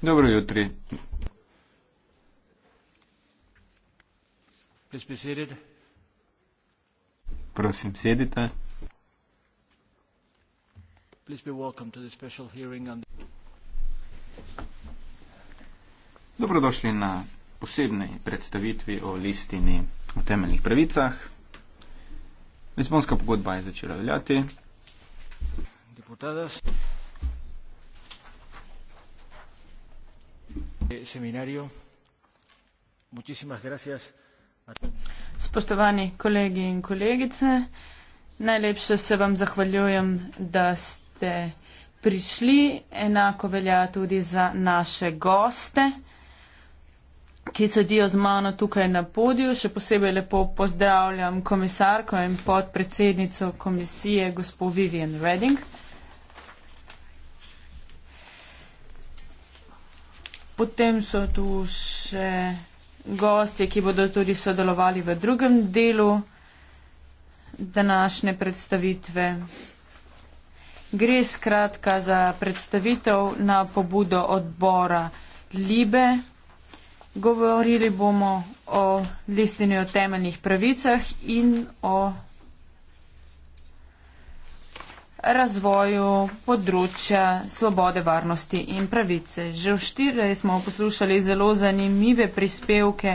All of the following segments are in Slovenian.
Dobro jutri. Prosim, sedite. Dobrodošli na posebni predstavitvi o listini o temeljnih pravicah. Lisbonska pogodba je začela veljati diputadas. Eh, seminario. Muchísimas gracias. Spoštovani kolegi in kolegice, najlepše se vam zahvaljujem, da ste prišli. Enako velja tudi za naše goste, ki sedijo z mano tukaj na podiju. Še posebej lepo pozdravljam komisarko in podpredsednico komisije, gospod Vivian Redding. Potem so tu še gostje, ki bodo tudi sodelovali v drugem delu današnje predstavitve. Gre skratka za predstavitev na pobudo odbora Libe. Govorili bomo o listini o temeljnih pravicah in o razvoju področja svobode, varnosti in pravice. Že v štirej smo poslušali zelo zanimive prispevke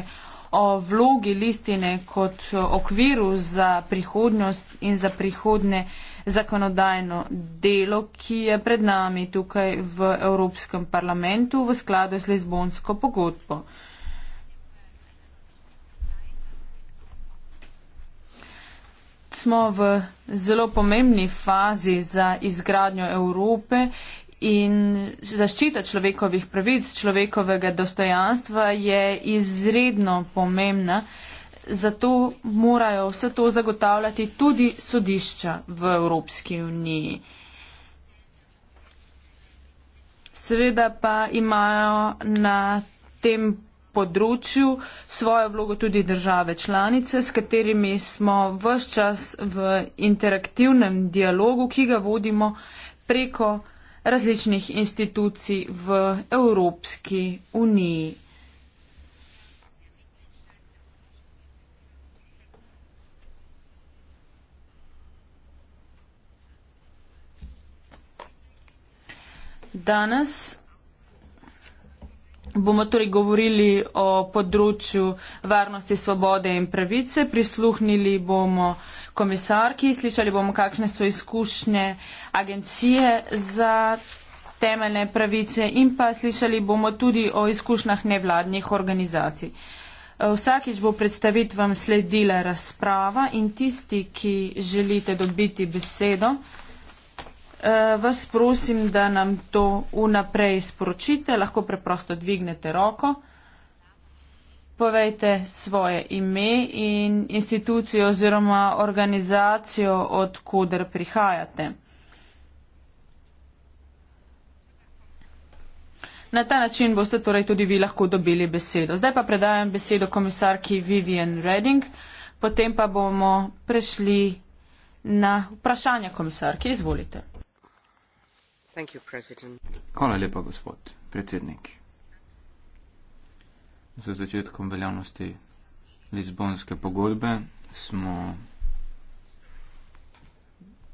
o vlogi listine kot okviru za prihodnost in za prihodne zakonodajno delo, ki je pred nami tukaj v Evropskem parlamentu v skladu s Lizbonsko pogodbo. smo v zelo pomembni fazi za izgradnjo Evrope in zaščita človekovih pravic, človekovega dostojanstva je izredno pomembna. Zato morajo vse to zagotavljati tudi sodišča v Evropski uniji. Seveda pa imajo na tem področju svojo vlogo tudi države članice, s katerimi smo vse čas v interaktivnem dialogu, ki ga vodimo preko različnih institucij v Evropski uniji. Danes Bomo torej govorili o področju varnosti, svobode in pravice. Prisluhnili bomo komisarki, slišali bomo, kakšne so izkušnje agencije za temeljne pravice in pa slišali bomo tudi o izkušnjah nevladnih organizacij. Vsakič bo predstavitvam sledila razprava in tisti, ki želite dobiti besedo, Eh, vas prosim, da nam to vnaprej sporočite, lahko preprosto dvignete roko, povejte svoje ime in institucijo oziroma organizacijo, od koder prihajate. Na ta način boste torej tudi vi lahko dobili besedo. Zdaj pa predajam besedo komisarki Vivian Redding, potem pa bomo prešli na vprašanja komisarki. Izvolite. Hvala lepa, gospod predsednik. Za začetkom veljavnosti Lizbonske pogodbe smo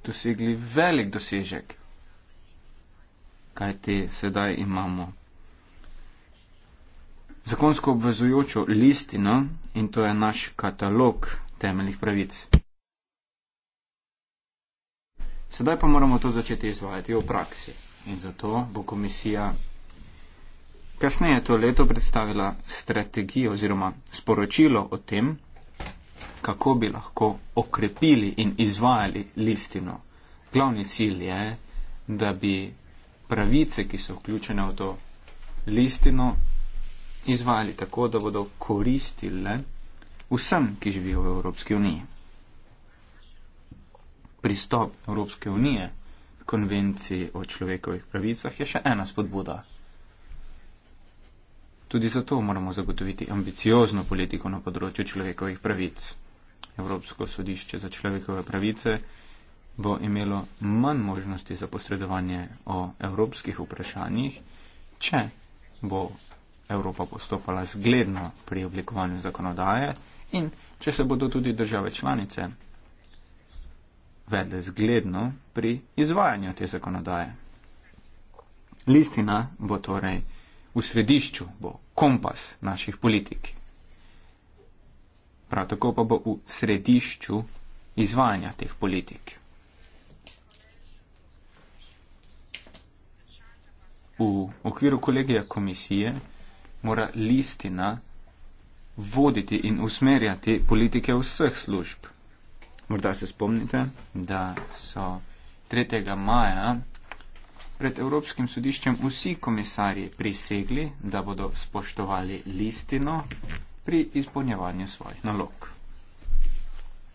dosegli velik dosežek, kajti sedaj imamo zakonsko obvezujočo listino in to je naš katalog temeljih pravic. Sedaj pa moramo to začeti izvajati v praksi. In zato bo komisija kasneje to leto predstavila strategijo oziroma sporočilo o tem, kako bi lahko okrepili in izvajali listino. Glavni cilj je, da bi pravice, ki so vključene v to listino, izvajali tako, da bodo koristile vsem, ki živijo v Evropski uniji pristop Evropske unije k konvenciji o človekovih pravicah je še ena spodbuda. Tudi zato moramo zagotoviti ambiciozno politiko na področju človekovih pravic. Evropsko sodišče za človekove pravice bo imelo manj možnosti za posredovanje o evropskih vprašanjih, če bo Evropa postopala zgledno pri oblikovanju zakonodaje in če se bodo tudi države članice vedle zgledno pri izvajanju te zakonodaje. Listina bo torej v središču, bo kompas naših politik. Prav tako pa bo v središču izvajanja teh politik. V okviru kolegija komisije mora listina voditi in usmerjati politike vseh služb. Morda se spomnite, da so 3. maja pred Evropskim sodiščem vsi komisarji prisegli, da bodo spoštovali listino pri izpolnjevanju svojih nalog.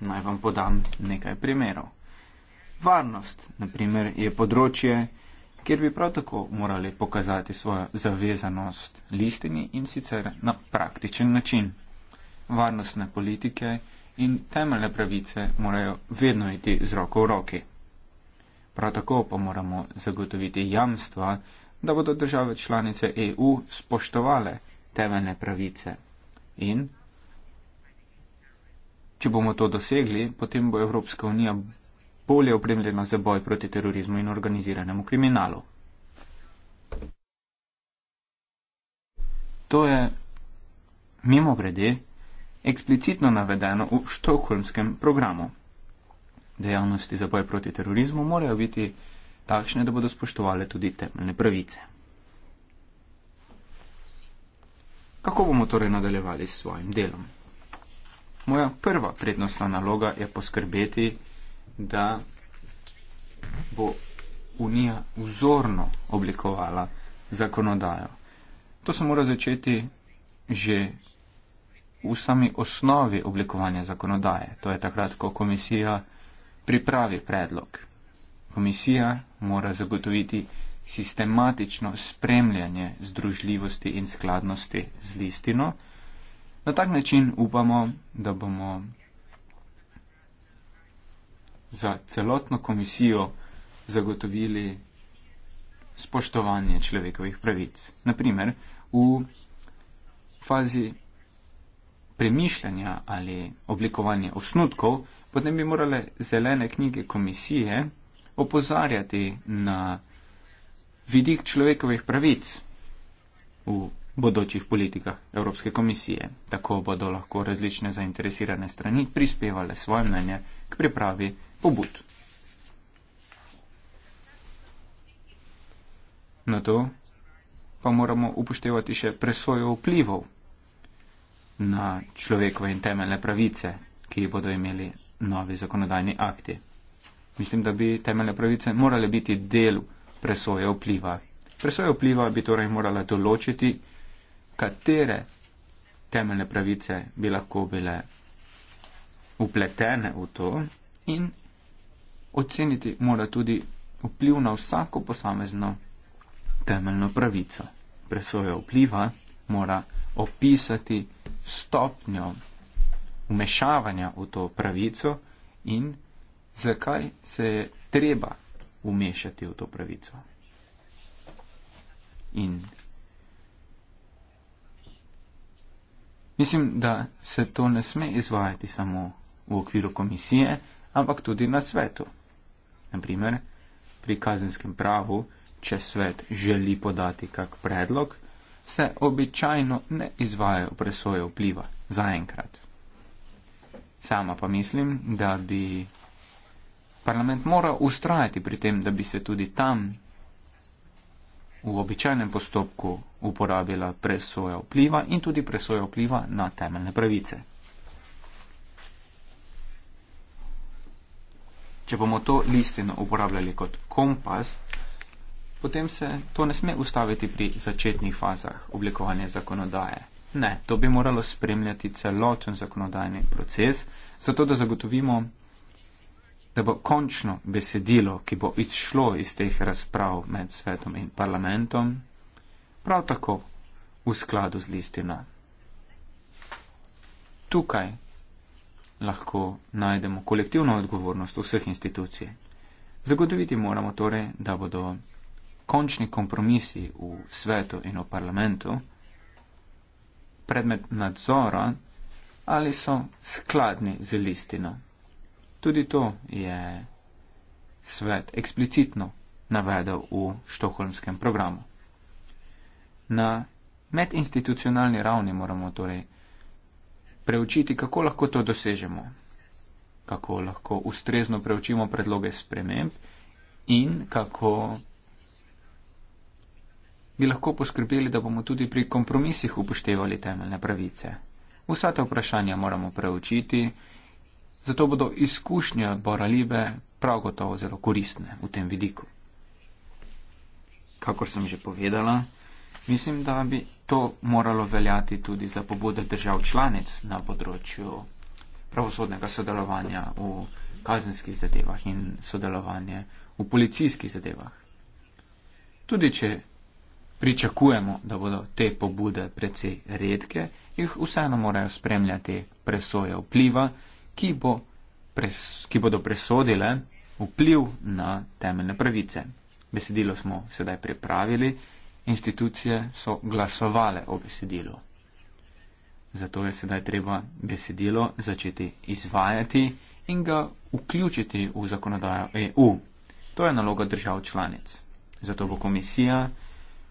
Naj vam podam nekaj primerov. Varnost, na primer, je področje, kjer bi prav tako morali pokazati svojo zavezanost listini in sicer na praktičen način. Varnostne politike in temeljne pravice morajo vedno iti z roko v roki. Prav tako pa moramo zagotoviti jamstva, da bodo države članice EU spoštovale temeljne pravice. In če bomo to dosegli, potem bo Evropska unija bolje opremljena za boj proti terorizmu in organiziranemu kriminalu. To je mimo grede eksplicitno navedeno v štokholmskem programu. Dejavnosti za boj proti terorizmu morajo biti takšne, da bodo spoštovali tudi temeljne pravice. Kako bomo torej nadaljevali s svojim delom? Moja prva prednostna naloga je poskrbeti, da bo Unija vzorno oblikovala zakonodajo. To se mora začeti že v sami osnovi oblikovanja zakonodaje. To je takrat, ko komisija pripravi predlog. Komisija mora zagotoviti sistematično spremljanje združljivosti in skladnosti z listino. Na tak način upamo, da bomo za celotno komisijo zagotovili spoštovanje človekovih pravic. Naprimer, v fazi premišljanja ali oblikovanje osnutkov, potem bi morale zelene knjige komisije opozarjati na vidik človekovih pravic v bodočih politikah Evropske komisije. Tako bodo lahko različne zainteresirane strani prispevale svoje mnenje k pripravi pobud. Na to pa moramo upoštevati še presojo vplivov na človekove in temeljne pravice, ki jih bodo imeli novi zakonodajni akti. Mislim, da bi temeljne pravice morale biti del presoje vpliva. Presoje vpliva bi torej morala določiti, katere temeljne pravice bi lahko bile upletene v to in oceniti mora tudi vpliv na vsako posamezno temeljno pravico. Presoje vpliva mora opisati, stopnjo umešavanja v to pravico in zakaj se je treba umešati v to pravico. In mislim, da se to ne sme izvajati samo v okviru komisije, ampak tudi na svetu. Naprimer, pri kazenskem pravu, če svet želi podati kak predlog, se običajno ne izvajajo presoje vpliva zaenkrat. Sama pa mislim, da bi parlament moral ustrajati pri tem, da bi se tudi tam v običajnem postopku uporabila presoja vpliva in tudi presoja vpliva na temeljne pravice. Če bomo to listino uporabljali kot kompas, potem se to ne sme ustaviti pri začetnih fazah oblikovanja zakonodaje. Ne, to bi moralo spremljati celoten zakonodajni proces, zato da zagotovimo, da bo končno besedilo, ki bo izšlo iz teh razprav med svetom in parlamentom, prav tako v skladu z listino. Tukaj lahko najdemo kolektivno odgovornost vseh institucij. Zagotoviti moramo torej, da bodo končni kompromisi v svetu in v parlamentu predmet nadzora, ali so skladni z listino. Tudi to je svet eksplicitno navedel v štokholmskem programu. Na medinstitucionalni ravni moramo torej preučiti, kako lahko to dosežemo, kako lahko ustrezno preučimo predloge sprememb in kako bi lahko poskrbeli, da bomo tudi pri kompromisih upoštevali temeljne pravice. Vsa ta vprašanja moramo preučiti, zato bodo izkušnje odbora Libe prav gotovo zelo koristne v tem vidiku. Kakor sem že povedala, mislim, da bi to moralo veljati tudi za pobude držav članic na področju pravosodnega sodelovanja v kazenskih zadevah in sodelovanje v policijskih zadevah. Tudi če pričakujemo, da bodo te pobude precej redke, jih vseeno morajo spremljati presoje vpliva, ki, bo pres, ki bodo presodile vpliv na temeljne pravice. Besedilo smo sedaj pripravili, institucije so glasovale o besedilu. Zato je sedaj treba besedilo začeti izvajati in ga vključiti v zakonodajo EU. To je naloga držav članic. Zato bo komisija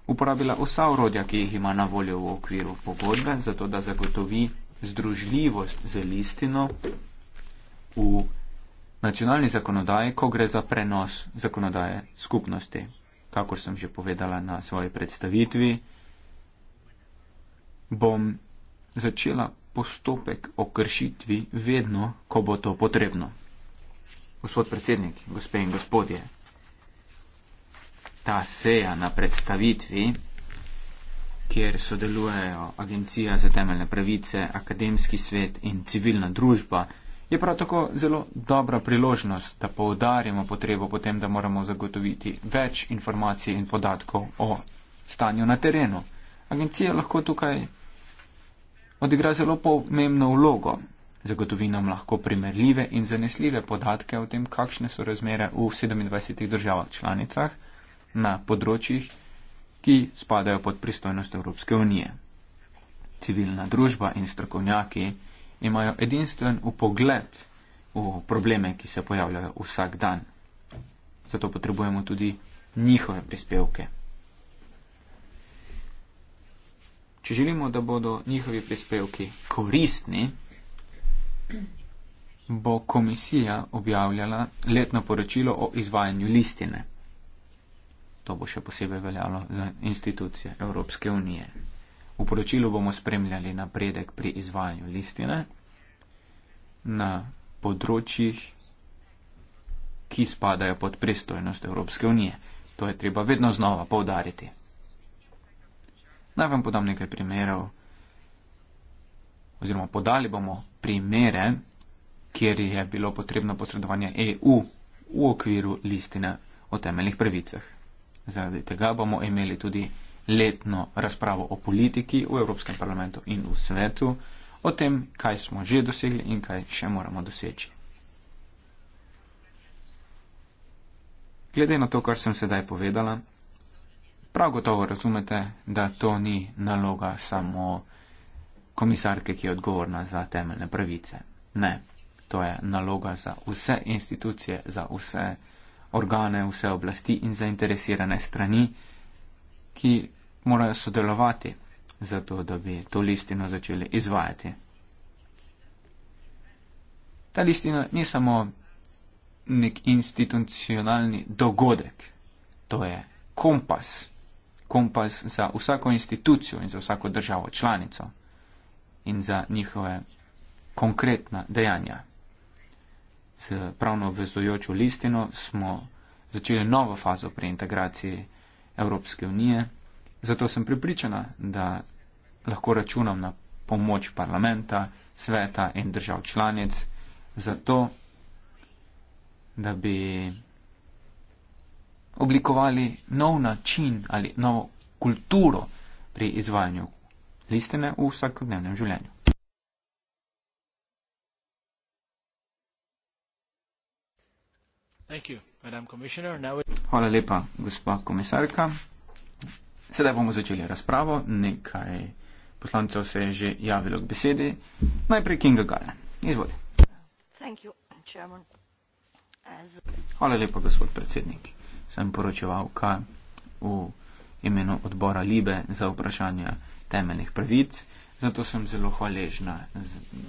uporabila vsa orodja, ki jih ima na voljo v okviru pogodbe, zato da zagotovi združljivost z listino v nacionalni zakonodaji, ko gre za prenos zakonodaje skupnosti. Kakor sem že povedala na svoji predstavitvi, bom začela postopek o kršitvi vedno, ko bo to potrebno. Gospod predsednik, gospe in gospodje, ta seja na predstavitvi, kjer sodelujejo Agencija za temeljne pravice, akademski svet in civilna družba, je prav tako zelo dobra priložnost, da poudarjamo potrebo potem, da moramo zagotoviti več informacij in podatkov o stanju na terenu. Agencija lahko tukaj odigra zelo pomembno vlogo. Zagotovi nam lahko primerljive in zanesljive podatke o tem, kakšne so razmere v 27 državah članicah na področjih, ki spadajo pod pristojnost Evropske unije. Civilna družba in strokovnjaki imajo edinstven upogled v probleme, ki se pojavljajo vsak dan. Zato potrebujemo tudi njihove prispevke. Če želimo, da bodo njihovi prispevki koristni, bo komisija objavljala letno poročilo o izvajanju listine. To bo še posebej veljalo za institucije Evropske unije. V poročilu bomo spremljali napredek pri izvajanju listine na področjih, ki spadajo pod pristojnost Evropske unije. To je treba vedno znova povdariti. Naj vam podam nekaj primerov, oziroma podali bomo primere, kjer je bilo potrebno posredovanje EU v okviru listine o temeljnih pravicah. Zaradi tega bomo imeli tudi letno razpravo o politiki v Evropskem parlamentu in v svetu, o tem, kaj smo že dosegli in kaj še moramo doseči. Glede na to, kar sem sedaj povedala, prav gotovo razumete, da to ni naloga samo komisarke, ki je odgovorna za temeljne pravice. Ne, to je naloga za vse institucije, za vse organe, vse oblasti in zainteresirane strani, ki morajo sodelovati za to, da bi to listino začeli izvajati. Ta listina ni samo nek institucionalni dogodek, to je kompas, kompas za vsako institucijo in za vsako državo članico in za njihove konkretna dejanja z pravno obvezujočo listino smo začeli novo fazo pri integraciji Evropske unije. Zato sem pripričana, da lahko računam na pomoč parlamenta, sveta in držav članic, zato da bi oblikovali nov način ali novo kulturo pri izvajanju listine v vsakodnevnem življenju. Hvala lepa, gospa komisarka. Sedaj bomo začeli razpravo. Nekaj poslancev se je že javilo k besedi. Najprej Kinga Gale. Izvoli. Hvala lepa, gospod predsednik. Sem poročevalka v imenu odbora Libe za vprašanja temeljnih pravic. Zato sem zelo hvaležna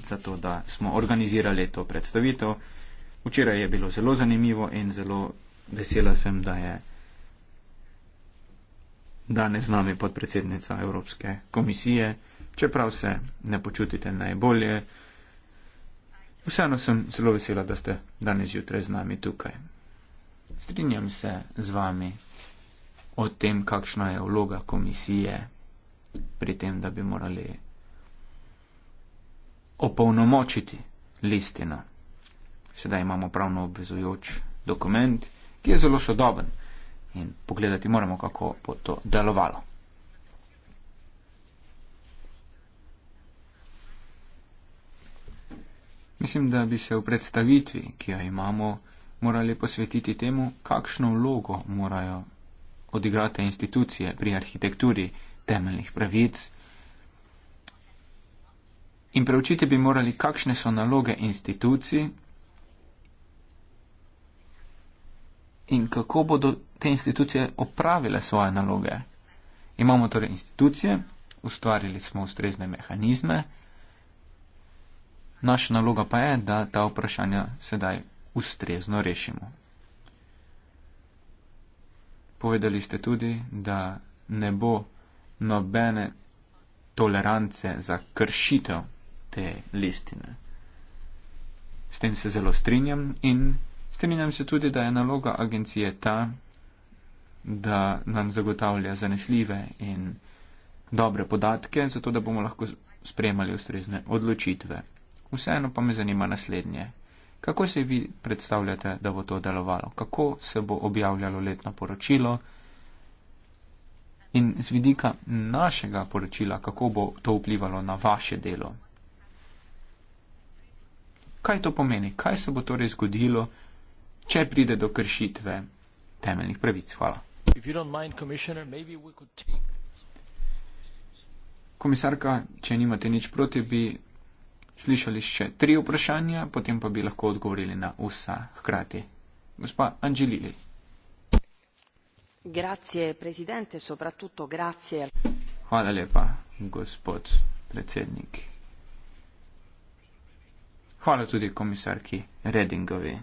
za to, da smo organizirali to predstavitev. Včeraj je bilo zelo zanimivo in zelo vesela sem, da je danes z nami podpredsednica Evropske komisije. Čeprav se ne počutite najbolje, vseeno sem zelo vesela, da ste danes jutraj z nami tukaj. Strinjam se z vami o tem, kakšna je vloga komisije pri tem, da bi morali opolnomočiti listino sedaj imamo pravno obvezujoč dokument, ki je zelo sodoben in pogledati moramo, kako bo to delovalo. Mislim, da bi se v predstavitvi, ki jo imamo, morali posvetiti temu, kakšno vlogo morajo odigrati institucije pri arhitekturi temeljnih pravic in preučiti bi morali, kakšne so naloge institucij, in kako bodo te institucije opravile svoje naloge. Imamo torej institucije, ustvarili smo ustrezne mehanizme, naša naloga pa je, da ta vprašanja sedaj ustrezno rešimo. Povedali ste tudi, da ne bo nobene tolerance za kršitev te listine. S tem se zelo strinjam in Strinjam se tudi, da je naloga agencije ta, da nam zagotavlja zanesljive in dobre podatke, zato da bomo lahko sprejemali ustrezne odločitve. Vseeno pa me zanima naslednje. Kako se vi predstavljate, da bo to delovalo? Kako se bo objavljalo letno poročilo? In z vidika našega poročila, kako bo to vplivalo na vaše delo? Kaj to pomeni? Kaj se bo torej zgodilo? če pride do kršitve temeljnih pravic. Hvala. Komisarka, če nimate nič proti, bi slišali še tri vprašanja, potem pa bi lahko odgovorili na vsa hkrati. Gospa Angelili. Grazie, presidente, soprattutto grazie. Hvala lepa, gospod predsednik. Hvala tudi komisarki Redingovi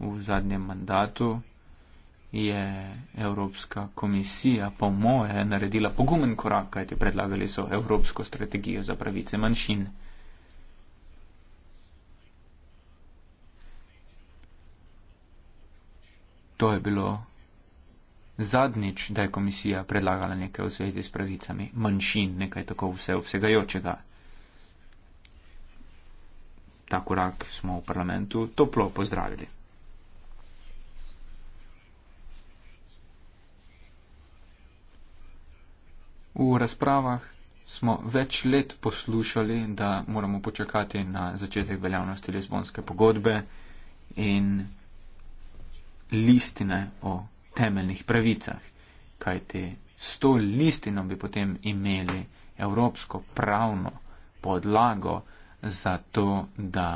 v zadnjem mandatu je Evropska komisija, po moje, naredila pogumen korak, kajti predlagali so Evropsko strategijo za pravice manjšin. To je bilo zadnjič, da je komisija predlagala nekaj v zvezi s pravicami manjšin, nekaj tako vseobsegajočega. Ta korak smo v parlamentu toplo pozdravili. V razpravah smo več let poslušali, da moramo počakati na začetek veljavnosti Lizbonske pogodbe in listine o temeljnih pravicah, kajti s to listino bi potem imeli evropsko pravno podlago za to, da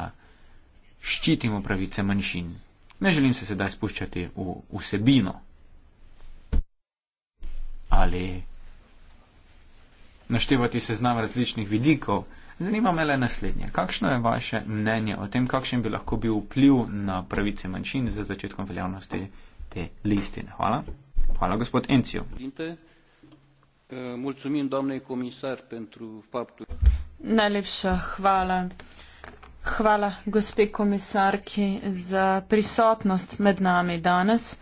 ščitimo pravice manjšin. Ne želim se sedaj spuščati v vsebino. Ali naštevati seznam različnih vidikov. Zanima me le naslednje. Kakšno je vaše mnenje o tem, kakšen bi lahko bil vpliv na pravice manjšin za začetkom veljavnosti te listine? Hvala. Hvala, gospod Encijo. Eh, Najlepša hvala. Hvala, gospe komisarki, za prisotnost med nami danes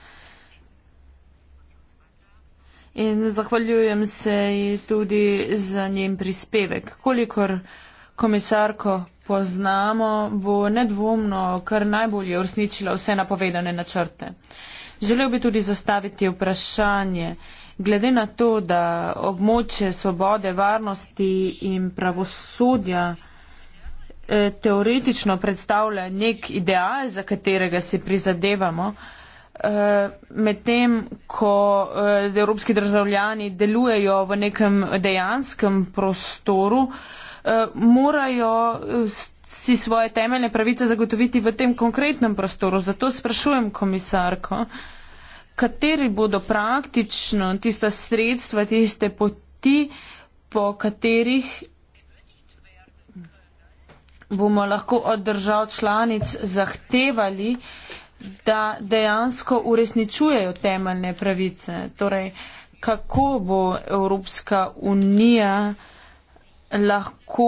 in zahvaljujem se ji tudi za njen prispevek. Kolikor komisarko poznamo, bo nedvomno kar najbolje uresničila vse napovedane načrte. Želel bi tudi zastaviti vprašanje. Glede na to, da območje svobode, varnosti in pravosodja eh, teoretično predstavlja nek ideal, za katerega si prizadevamo, eh, Eh, medtem ko uh, evropski državljani delujejo v nekem dejanskem prostoru, uh, morajo si svoje temeljne pravice zagotoviti v tem konkretnem prostoru. Zato sprašujem komisarko, kateri bodo praktično tista sredstva, tiste poti, po katerih bomo lahko od držav članic zahtevali, da dejansko uresničujejo temeljne pravice. Torej, kako bo Evropska unija lahko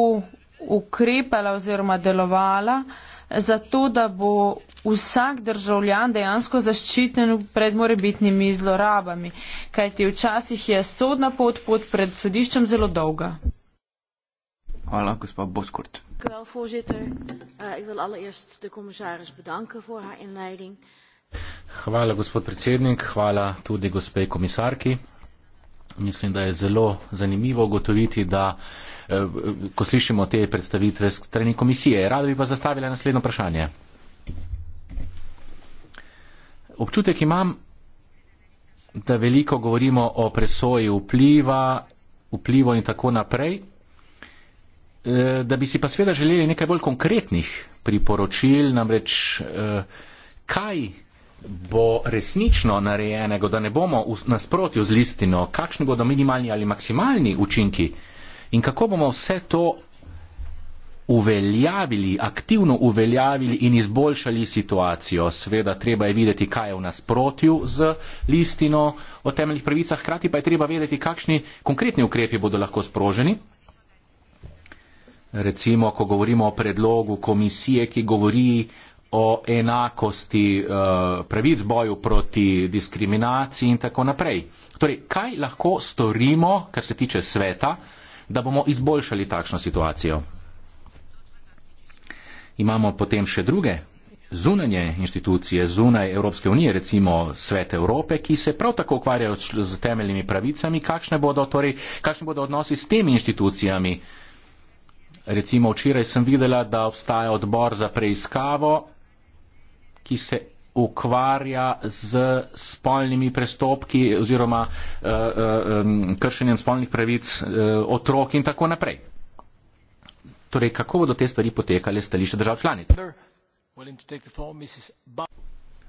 ukrepala oziroma delovala za to, da bo vsak državljan dejansko zaščiten pred morebitnimi zlorabami, kajti včasih je sodna pot pod pred sodiščem zelo dolga. Voilà, gospa Boskort. Dank u wel, voorzitter. Uh, ik wil allereerst de commissaris bedanken voor haar inleiding. Hvala, gospod predsednik, hvala tudi gospe komisarki. Mislim, da je zelo zanimivo ugotoviti, da eh, ko slišimo te predstavitve strani komisije, rada bi pa zastavila naslednjo vprašanje. Občutek imam, da veliko govorimo o presoji vpliva, vplivo in tako naprej. Eh, da bi si pa seveda želeli nekaj bolj konkretnih priporočil, namreč eh, kaj bo resnično narejenega, da ne bomo v nasprotju z listino, kakšni bodo minimalni ali maksimalni učinki in kako bomo vse to uveljavili, aktivno uveljavili in izboljšali situacijo. Sveda treba je videti, kaj je v nasprotju z listino o temeljnih pravicah, hkrati pa je treba vedeti, kakšni konkretni ukrepi bodo lahko sproženi recimo, ko govorimo o predlogu komisije, ki govori o enakosti eh, pravic boju proti diskriminaciji in tako naprej. Torej, kaj lahko storimo, kar se tiče sveta, da bomo izboljšali takšno situacijo? Imamo potem še druge zunanje inštitucije, zunaj Evropske unije, recimo Svet Evrope, ki se prav tako ukvarjajo z temeljnimi pravicami. Kakšne bodo, torej, kakšne bodo odnosi s temi inštitucijami? Uh, Recimo včeraj sem videla, da obstaja odbor za preiskavo, ki se ukvarja z spolnimi prestopki oziroma uh, uh, kršenjem spolnih pravic uh, otrok in tako naprej. Torej, kako bodo te stvari potekale stališče držav članic?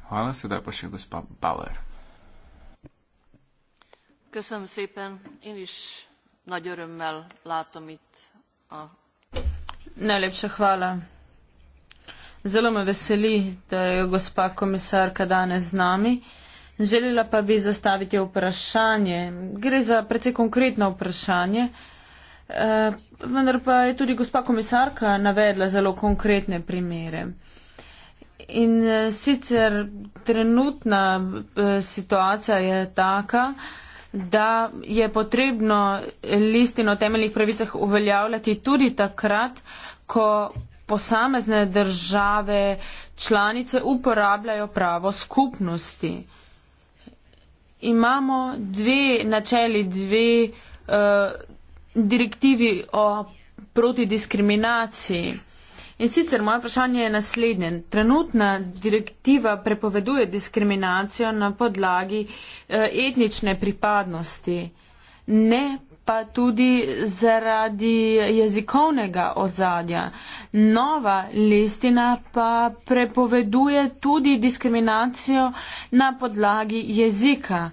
Hvala, sedaj pa še gospa Bauer. Köszönöm szépen, én is nagy örömmel látom itt a Najlepša hvala. Zelo me veseli, da je gospa komisarka danes z nami. Želela pa bi zastaviti vprašanje. Gre za precej konkretno vprašanje, eh, vendar pa je tudi gospa komisarka navedla zelo konkretne primere. In eh, sicer trenutna eh, situacija je taka, da je potrebno listino o temeljnih pravicah uveljavljati tudi takrat, ko posamezne države članice uporabljajo pravo skupnosti. Imamo dve načeli, dve uh, direktivi o protidiskriminaciji. In sicer moje vprašanje je naslednje. Trenutna direktiva prepoveduje diskriminacijo na podlagi eh, etnične pripadnosti, ne pa tudi zaradi jezikovnega ozadja. Nova listina pa prepoveduje tudi diskriminacijo na podlagi jezika.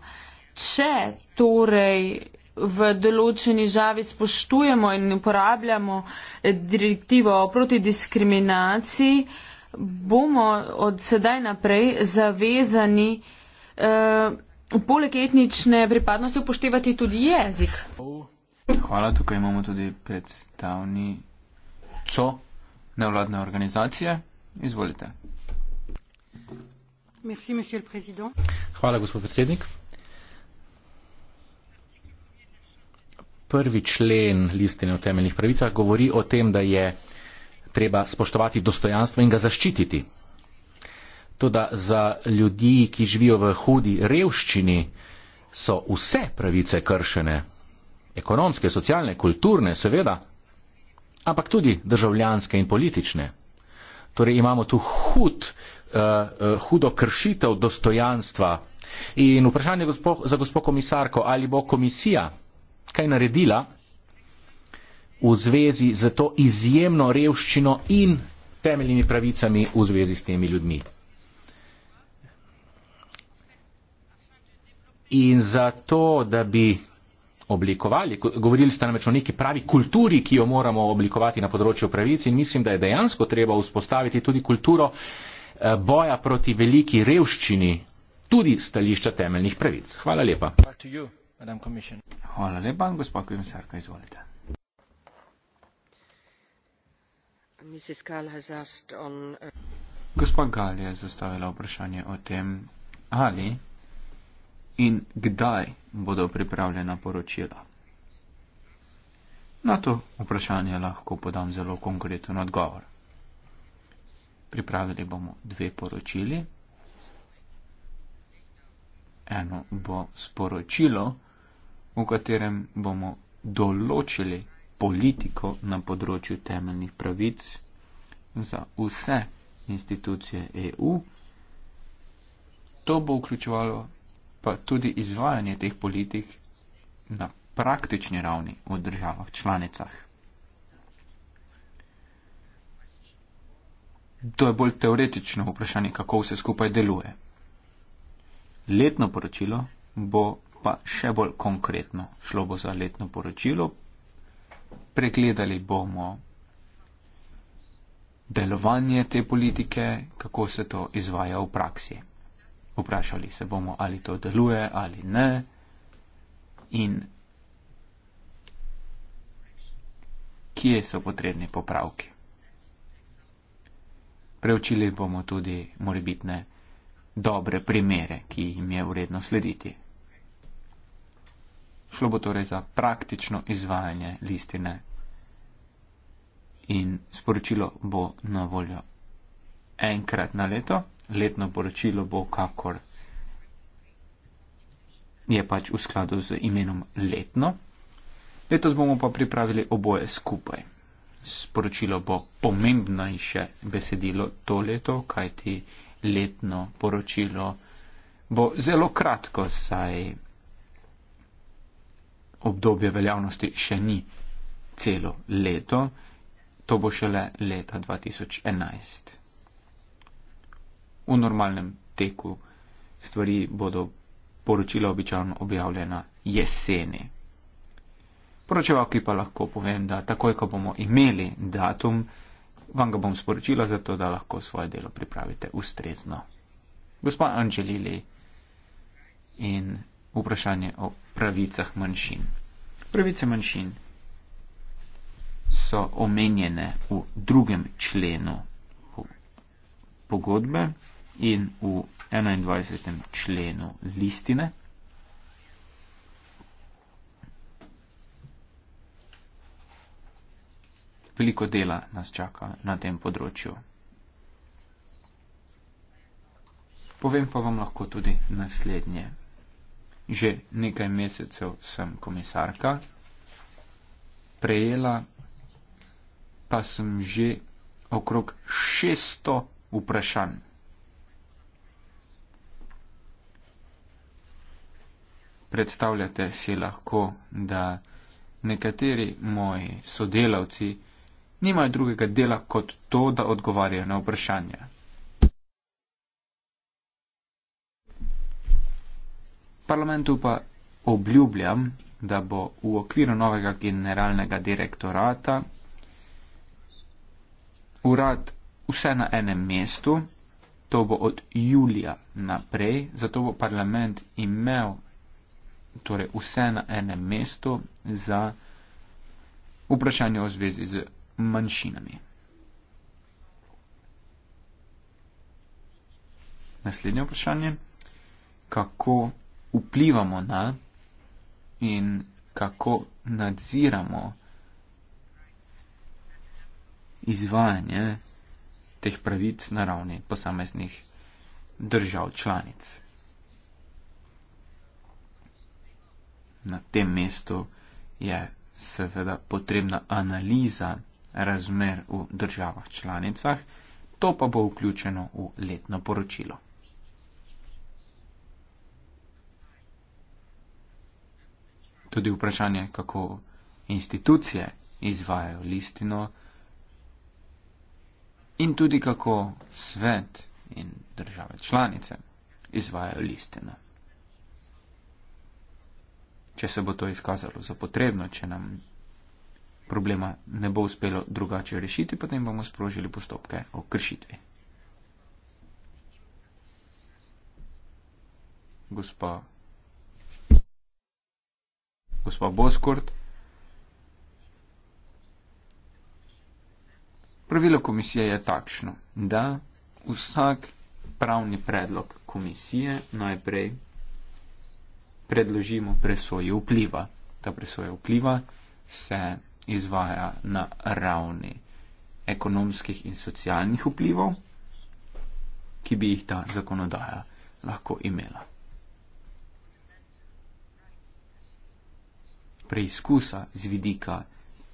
Če torej v določeni žavi spoštujemo in uporabljamo direktivo o protidiskriminaciji, bomo od sedaj naprej zavezani uh, poleg etnične pripadnosti upoštevati tudi jezik. Hvala, tukaj imamo tudi predstavnico nevladne organizacije. Izvolite. Merci, Hvala, gospod predsednik. prvi člen listine o temeljnih pravicah govori o tem, da je treba spoštovati dostojanstvo in ga zaščititi. Tudi za ljudi, ki živijo v hudi revščini, so vse pravice kršene. Ekonomske, socialne, kulturne, seveda, ampak tudi državljanske in politične. Torej imamo tu hud, uh, hudo kršitev dostojanstva. In vprašanje gospo, za gospod komisarko, ali bo komisija kaj naredila v zvezi z to izjemno revščino in temeljnimi pravicami v zvezi s temi ljudmi. In zato, da bi oblikovali, govorili ste namreč o neki pravi kulturi, ki jo moramo oblikovati na področju pravic in mislim, da je dejansko treba vzpostaviti tudi kulturo eh, boja proti veliki revščini, tudi stališča temeljnih pravic. Hvala lepa. Hvala lepa. Gospod komisarka, izvolite. Uh, Gospod Gal je zastavila vprašanje o tem, ali in kdaj bodo pripravljena poročila. Na to vprašanje lahko podam zelo konkreten odgovor. Pripravili bomo dve poročili. Eno bo sporočilo, v katerem bomo določili politiko na področju temeljnih pravic za vse institucije EU. To bo vključevalo pa tudi izvajanje teh politik na praktični ravni v državah članicah. To je bolj teoretično vprašanje, kako vse skupaj deluje. Letno poročilo bo pa še bolj konkretno. Šlo bo za letno poročilo. Pregledali bomo delovanje te politike, kako se to izvaja v praksi. Vprašali se bomo, ali to deluje ali ne. In kje so potrebni popravki. Preučili bomo tudi morebitne dobre primere, ki jim je vredno slediti šlo bo torej za praktično izvajanje listine in sporočilo bo na voljo enkrat na leto. Letno poročilo bo kakor je pač v skladu z imenom letno. Letos bomo pa pripravili oboje skupaj. Sporočilo bo pomembnejše besedilo to leto, kajti letno poročilo bo zelo kratko, saj obdobje veljavnosti še ni celo leto, to bo šele leta 2011. V normalnem teku stvari bodo poročila običajno objavljena jeseni. Poročevalki pa lahko povem, da takoj, ko bomo imeli datum, vam ga bom sporočila, zato da lahko svoje delo pripravite ustrezno. Gospa Angelili in vprašanje o pravicah manjšin. Pravice manjšin so omenjene v drugem členu pogodbe in v 21. členu listine. Veliko dela nas čaka na tem področju. Povem pa vam lahko tudi naslednje. Že nekaj mesecev sem komisarka, prejela pa sem že okrog 600 vprašanj. Predstavljate si lahko, da nekateri moji sodelavci nimajo drugega dela kot to, da odgovarjajo na vprašanja. parlamentu pa obljubljam, da bo v okviru novega generalnega direktorata urad vse na enem mestu, to bo od julija naprej, zato bo parlament imel torej vse na enem mestu za vprašanje o zvezi z manjšinami. Naslednje vprašanje. Kako vplivamo na in kako nadziramo izvajanje teh pravic na ravni posameznih držav članic. Na tem mestu je seveda potrebna analiza razmer v državah članicah, to pa bo vključeno v letno poročilo. tudi vprašanje, kako institucije izvajajo listino in tudi kako svet in države članice izvajajo listino. Če se bo to izkazalo za potrebno, če nam problema ne bo uspelo drugače rešiti, potem bomo sprožili postopke o kršitvi. Gospod gospa Boskort. Pravilo komisije je takšno, da vsak pravni predlog komisije najprej predložimo presoji vpliva. Ta presoja vpliva se izvaja na ravni ekonomskih in socialnih vplivov, ki bi jih ta zakonodaja lahko imela. preizkusa z vidika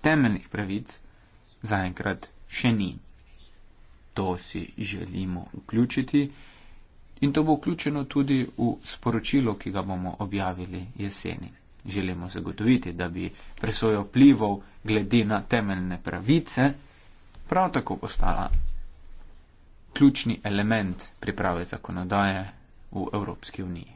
temeljnih pravic zaenkrat še ni. To si želimo vključiti in to bo vključeno tudi v sporočilo, ki ga bomo objavili jeseni. Želimo zagotoviti, da bi presojo vplivov glede na temeljne pravice prav tako postala ključni element priprave zakonodaje v Evropski uniji.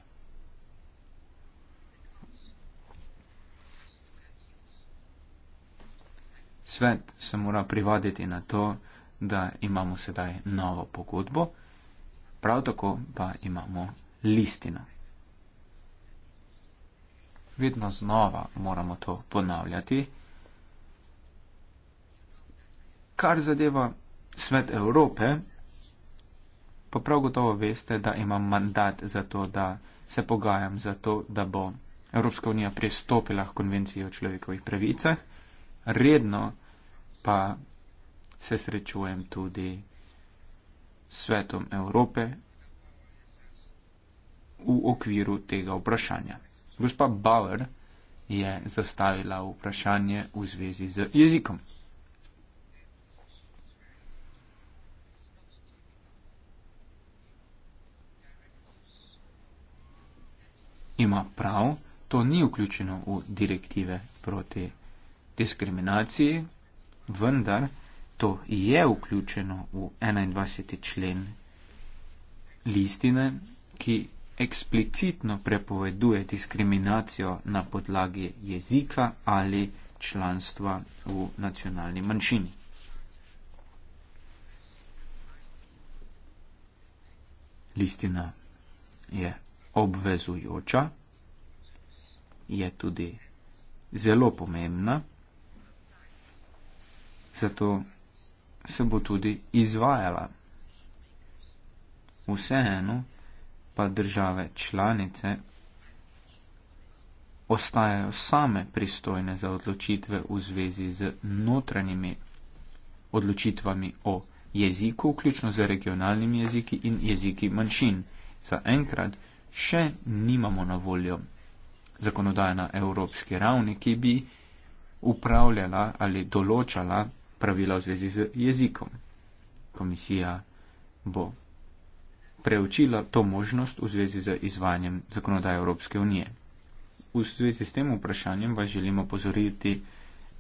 svet se mora privaditi na to, da imamo sedaj novo pogodbo, prav tako pa imamo listino. Vedno znova moramo to ponavljati. Kar zadeva svet Evrope, pa prav gotovo veste, da imam mandat za to, da se pogajam za to, da bo Evropska unija pristopila k konvenciji o človekovih pravicah. Redno pa se srečujem tudi s svetom Evrope v okviru tega vprašanja. Gospa Bauer je zastavila vprašanje v zvezi z jezikom. Ima prav, to ni vključeno v direktive proti diskriminaciji, vendar to je vključeno v 21. člen listine, ki eksplicitno prepoveduje diskriminacijo na podlagi jezika ali članstva v nacionalni manjšini. Listina je obvezujoča, je tudi zelo pomembna zato se bo tudi izvajala. Vseeno pa države članice ostajajo same pristojne za odločitve v zvezi z notranjimi odločitvami o jeziku, vključno z regionalnimi jeziki in jeziki manjšin. Za enkrat še nimamo na voljo zakonodaje na evropski ravni, ki bi upravljala ali določala pravila v zvezi z jezikom. Komisija bo preučila to možnost v zvezi z izvajanjem zakonodaje Evropske unije. V zvezi s tem vprašanjem vas želimo pozoriti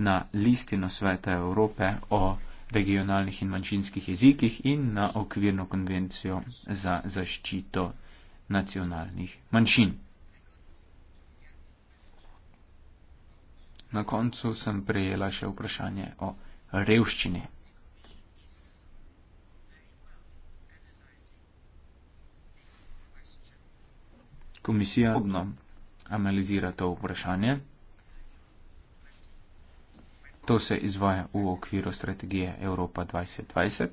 na listino Sveta Evrope o regionalnih in manjšinskih jezikih in na okvirno konvencijo za zaščito nacionalnih manjšin. Na koncu sem prejela še vprašanje o revščini. Komisija podno analizira to vprašanje. To se izvaja v okviru strategije Evropa 2020.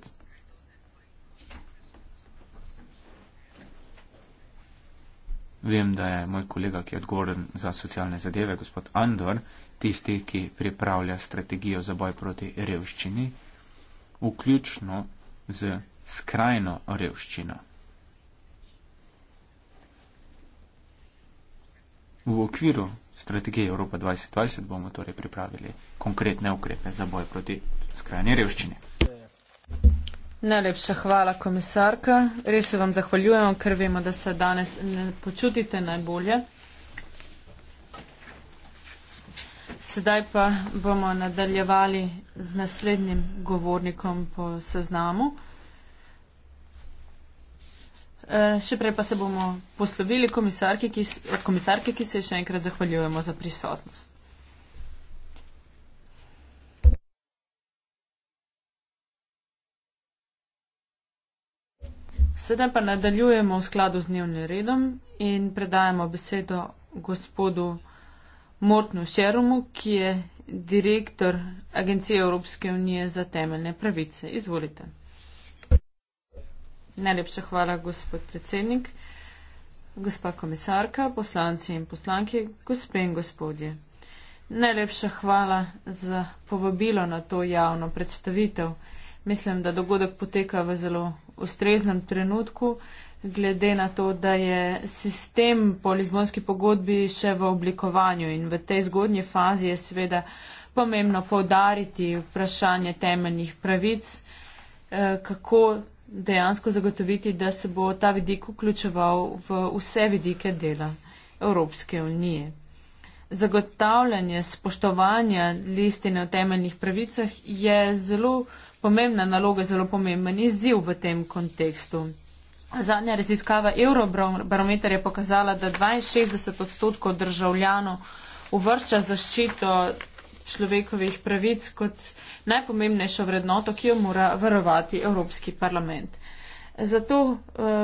Vem, da je moj kolega, ki je odgovoren za socialne zadeve, gospod Andor, tisti, ki pripravlja strategijo za boj proti revščini, vključno z skrajno revščino. V okviru strategije Evropa 2020 bomo torej pripravili konkretne ukrepe za boj proti skrajni revščini. Najlepša hvala, komisarka. Res se vam zahvaljujemo, ker vemo, da se danes ne počutite najbolje. sedaj pa bomo nadaljevali z naslednjim govornikom po seznamu. E, še prej pa se bomo poslovili od komisarke, ki se še enkrat zahvaljujemo za prisotnost. Sedaj pa nadaljujemo v skladu z dnevnim redom in predajamo besedo gospodu. Mortnu Šeromu, ki je direktor Agencije Evropske unije za temeljne pravice. Izvolite. Najlepša hvala, gospod predsednik, gospa komisarka, poslanci in poslanke, gospe in gospodje. Najlepša hvala za povabilo na to javno predstavitev. Mislim, da dogodek poteka v zelo ustreznem trenutku, glede na to, da je sistem po Lizbonski pogodbi še v oblikovanju in v tej zgodnji fazi je seveda pomembno povdariti vprašanje temeljnih pravic, eh, kako dejansko zagotoviti, da se bo ta vidik vključeval v vse vidike dela Evropske unije. Zagotavljanje spoštovanja listine o temeljnih pravicah je zelo pomembna naloga, zelo pomemben izziv v tem kontekstu. Zadnja raziskava Eurobarometer je pokazala, da 62 odstotkov državljanov uvršča zaščito človekovih pravic kot najpomembnejšo vrednoto, ki jo mora varovati Evropski parlament. Zato uh,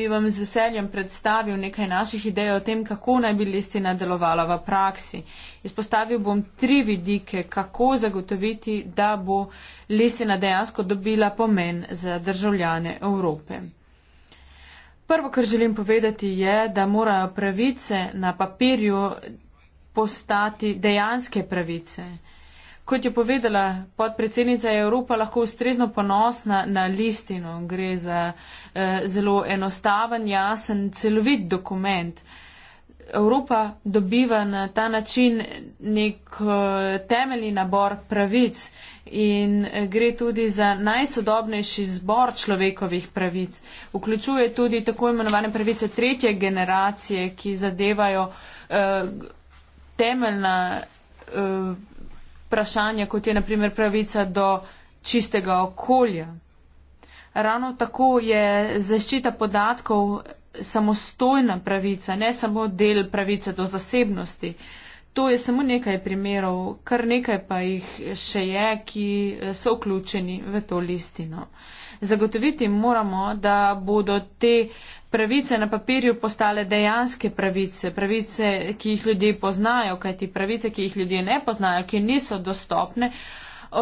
bi vam z veseljem predstavil nekaj naših idej o tem, kako naj bi listina delovala v praksi. Izpostavil bom tri vidike, kako zagotoviti, da bo listina dejansko dobila pomen za državljane Evrope. Prvo, kar želim povedati, je, da morajo pravice na papirju postati dejanske pravice. Kot je povedala podpredsednica, je Evropa lahko ustrezno ponosna na listino. Gre za eh, zelo enostaven, jasen, celovit dokument. Eh, Evropa dobiva na ta način nek eh, temeljni nabor pravic in eh, gre tudi za najsodobnejši zbor človekovih pravic. Vključuje tudi tako imenovane pravice tretje generacije, ki zadevajo eh, temeljna eh, vprašanja, eh, kot je naprimer pravica do čistega okolja. Ravno tako je zaščita podatkov samostojna pravica, ne samo del pravice do zasebnosti. To je samo nekaj primerov, kar nekaj pa jih še je, ki eh, so vključeni v to listino. Zagotoviti moramo, da bodo te pravice na papirju postale dejanske pravice, pravice, ki jih ljudje poznajo, kajti pravice, ki jih ljudje ne poznajo, ki niso dostopne,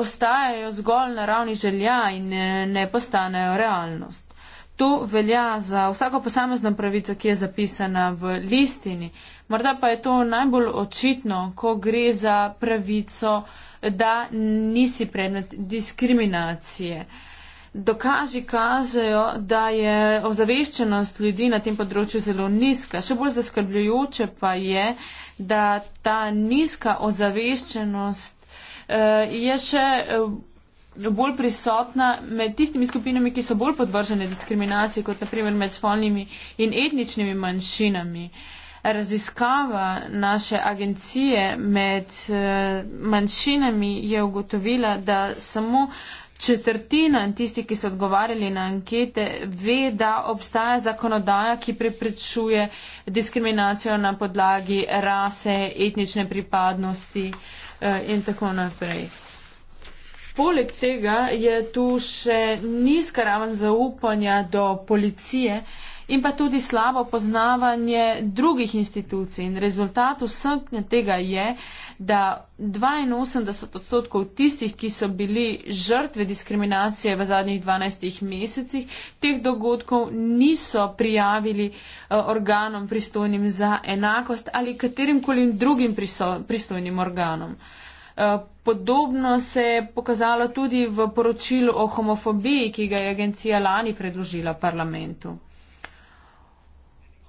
ostajajo zgolj na ravni želja in eh, ne postanejo realnost. To velja za vsako posamezno pravico, ki je zapisana v listini. Morda pa je to najbolj očitno, ko gre za pravico, da nisi predmet diskriminacije. Dokaži kažejo, da je ozaveščenost ljudi na tem področju zelo nizka. Še bolj zaskrbljujoče pa je, da ta nizka ozaveščenost uh, je še. Uh, bolj prisotna med tistimi skupinami, ki so bolj podvržene diskriminaciji, kot naprimer med spolnimi in etničnimi manjšinami. Raziskava naše agencije med eh, manjšinami je ugotovila, da samo četrtina tistih, ki so odgovarjali na ankete, ve, da obstaja zakonodaja, ki preprečuje diskriminacijo na podlagi rase, etnične pripadnosti eh, in tako naprej. Poleg tega je tu še nizka raven zaupanja do policije in pa tudi slabo poznavanje drugih institucij. In rezultat vsega tega je, da 82 odstotkov tistih, ki so bili žrtve diskriminacije v zadnjih 12 mesecih, teh dogodkov niso prijavili eh, organom pristojnim za enakost ali katerim kolim drugim pristojnim organom. Eh, podobno se je pokazalo tudi v poročilu o homofobiji, ki ga je agencija lani predložila parlamentu.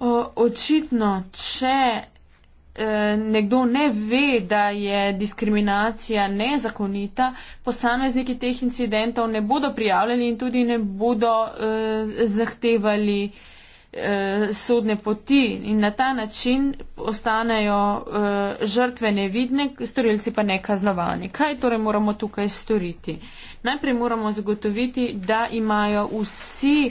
Eh, očitno, če eh, nekdo ne ve, da je diskriminacija nezakonita, posamezniki teh incidentov ne bodo prijavljali in tudi ne bodo zahtevali eh, sodne poti in na ta način ostanejo eh, žrtve nevidne, storilci pa nekaznovani. Kaj torej moramo tukaj storiti? Najprej moramo zagotoviti, da imajo vsi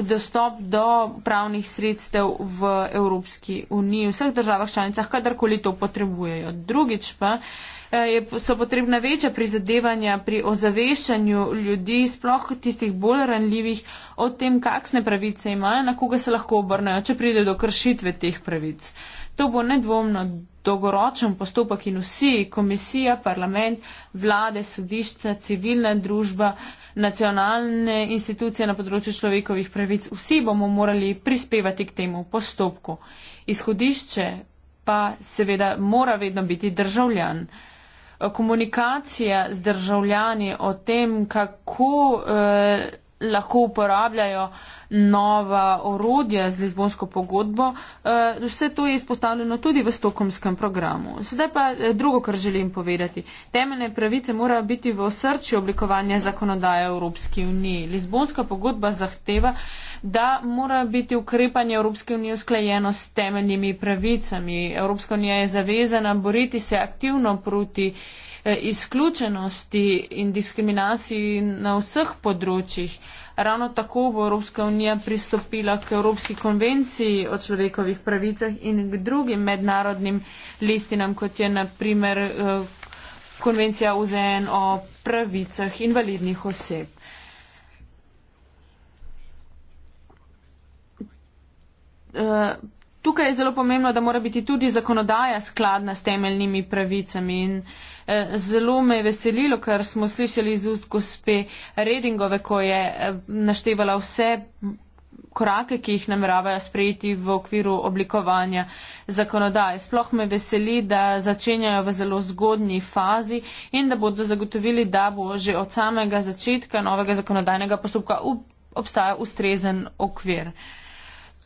dostop do pravnih sredstev v Evropski uniji, v vseh državah članicah, kadarkoli to potrebujejo. Drugič pa, eh, Eh, je, so potrebna večja prizadevanja pri ozaveščanju ljudi, sploh tistih bolj ranljivih, o tem, kakšne pravice imajo, na koga se lahko obrnejo, če pride do kršitve teh pravic. To bo nedvomno dolgoročen postopek in vsi, komisija, parlament, vlade, sodišča, civilna družba, nacionalne institucije na področju človekovih pravic, vsi bomo morali prispevati k temu postopku. Izhodišče pa seveda mora vedno biti državljan komunikacija z državljani o tem, kako. Uh, lahko uporabljajo nova orodja z Lizbonsko pogodbo. Eh, vse to je izpostavljeno tudi v stokomskem programu. Sedaj pa eh, drugo, kar želim povedati. Temeljne pravice morajo biti v osrči oblikovanja zakonodaje Evropske unije. Lizbonska pogodba zahteva, da mora biti ukrepanje Evropske unije usklajeno s temeljnimi pravicami. Evropska unija je zavezana boriti se aktivno proti Eh, izključenosti in diskriminaciji na vseh področjih. Ravno tako bo Evropska unija pristopila k Evropski konvenciji o človekovih pravicah in k drugim mednarodnim listinam, kot je naprimer eh, konvencija UZN o pravicah invalidnih oseb. Uh, Tukaj je zelo pomembno, da mora biti tudi zakonodaja skladna s temeljnimi pravicami. In, eh, zelo me je veselilo, kar smo slišali iz ust gospe Redingove, ko je eh, naštevala vse korake, ki jih nameravajo sprejeti v okviru oblikovanja zakonodaje. Sploh me veseli, da začenjajo v zelo zgodnji fazi in da bodo zagotovili, da bo že od samega začetka novega zakonodajnega postopka obstaja ustrezen okvir. Eh,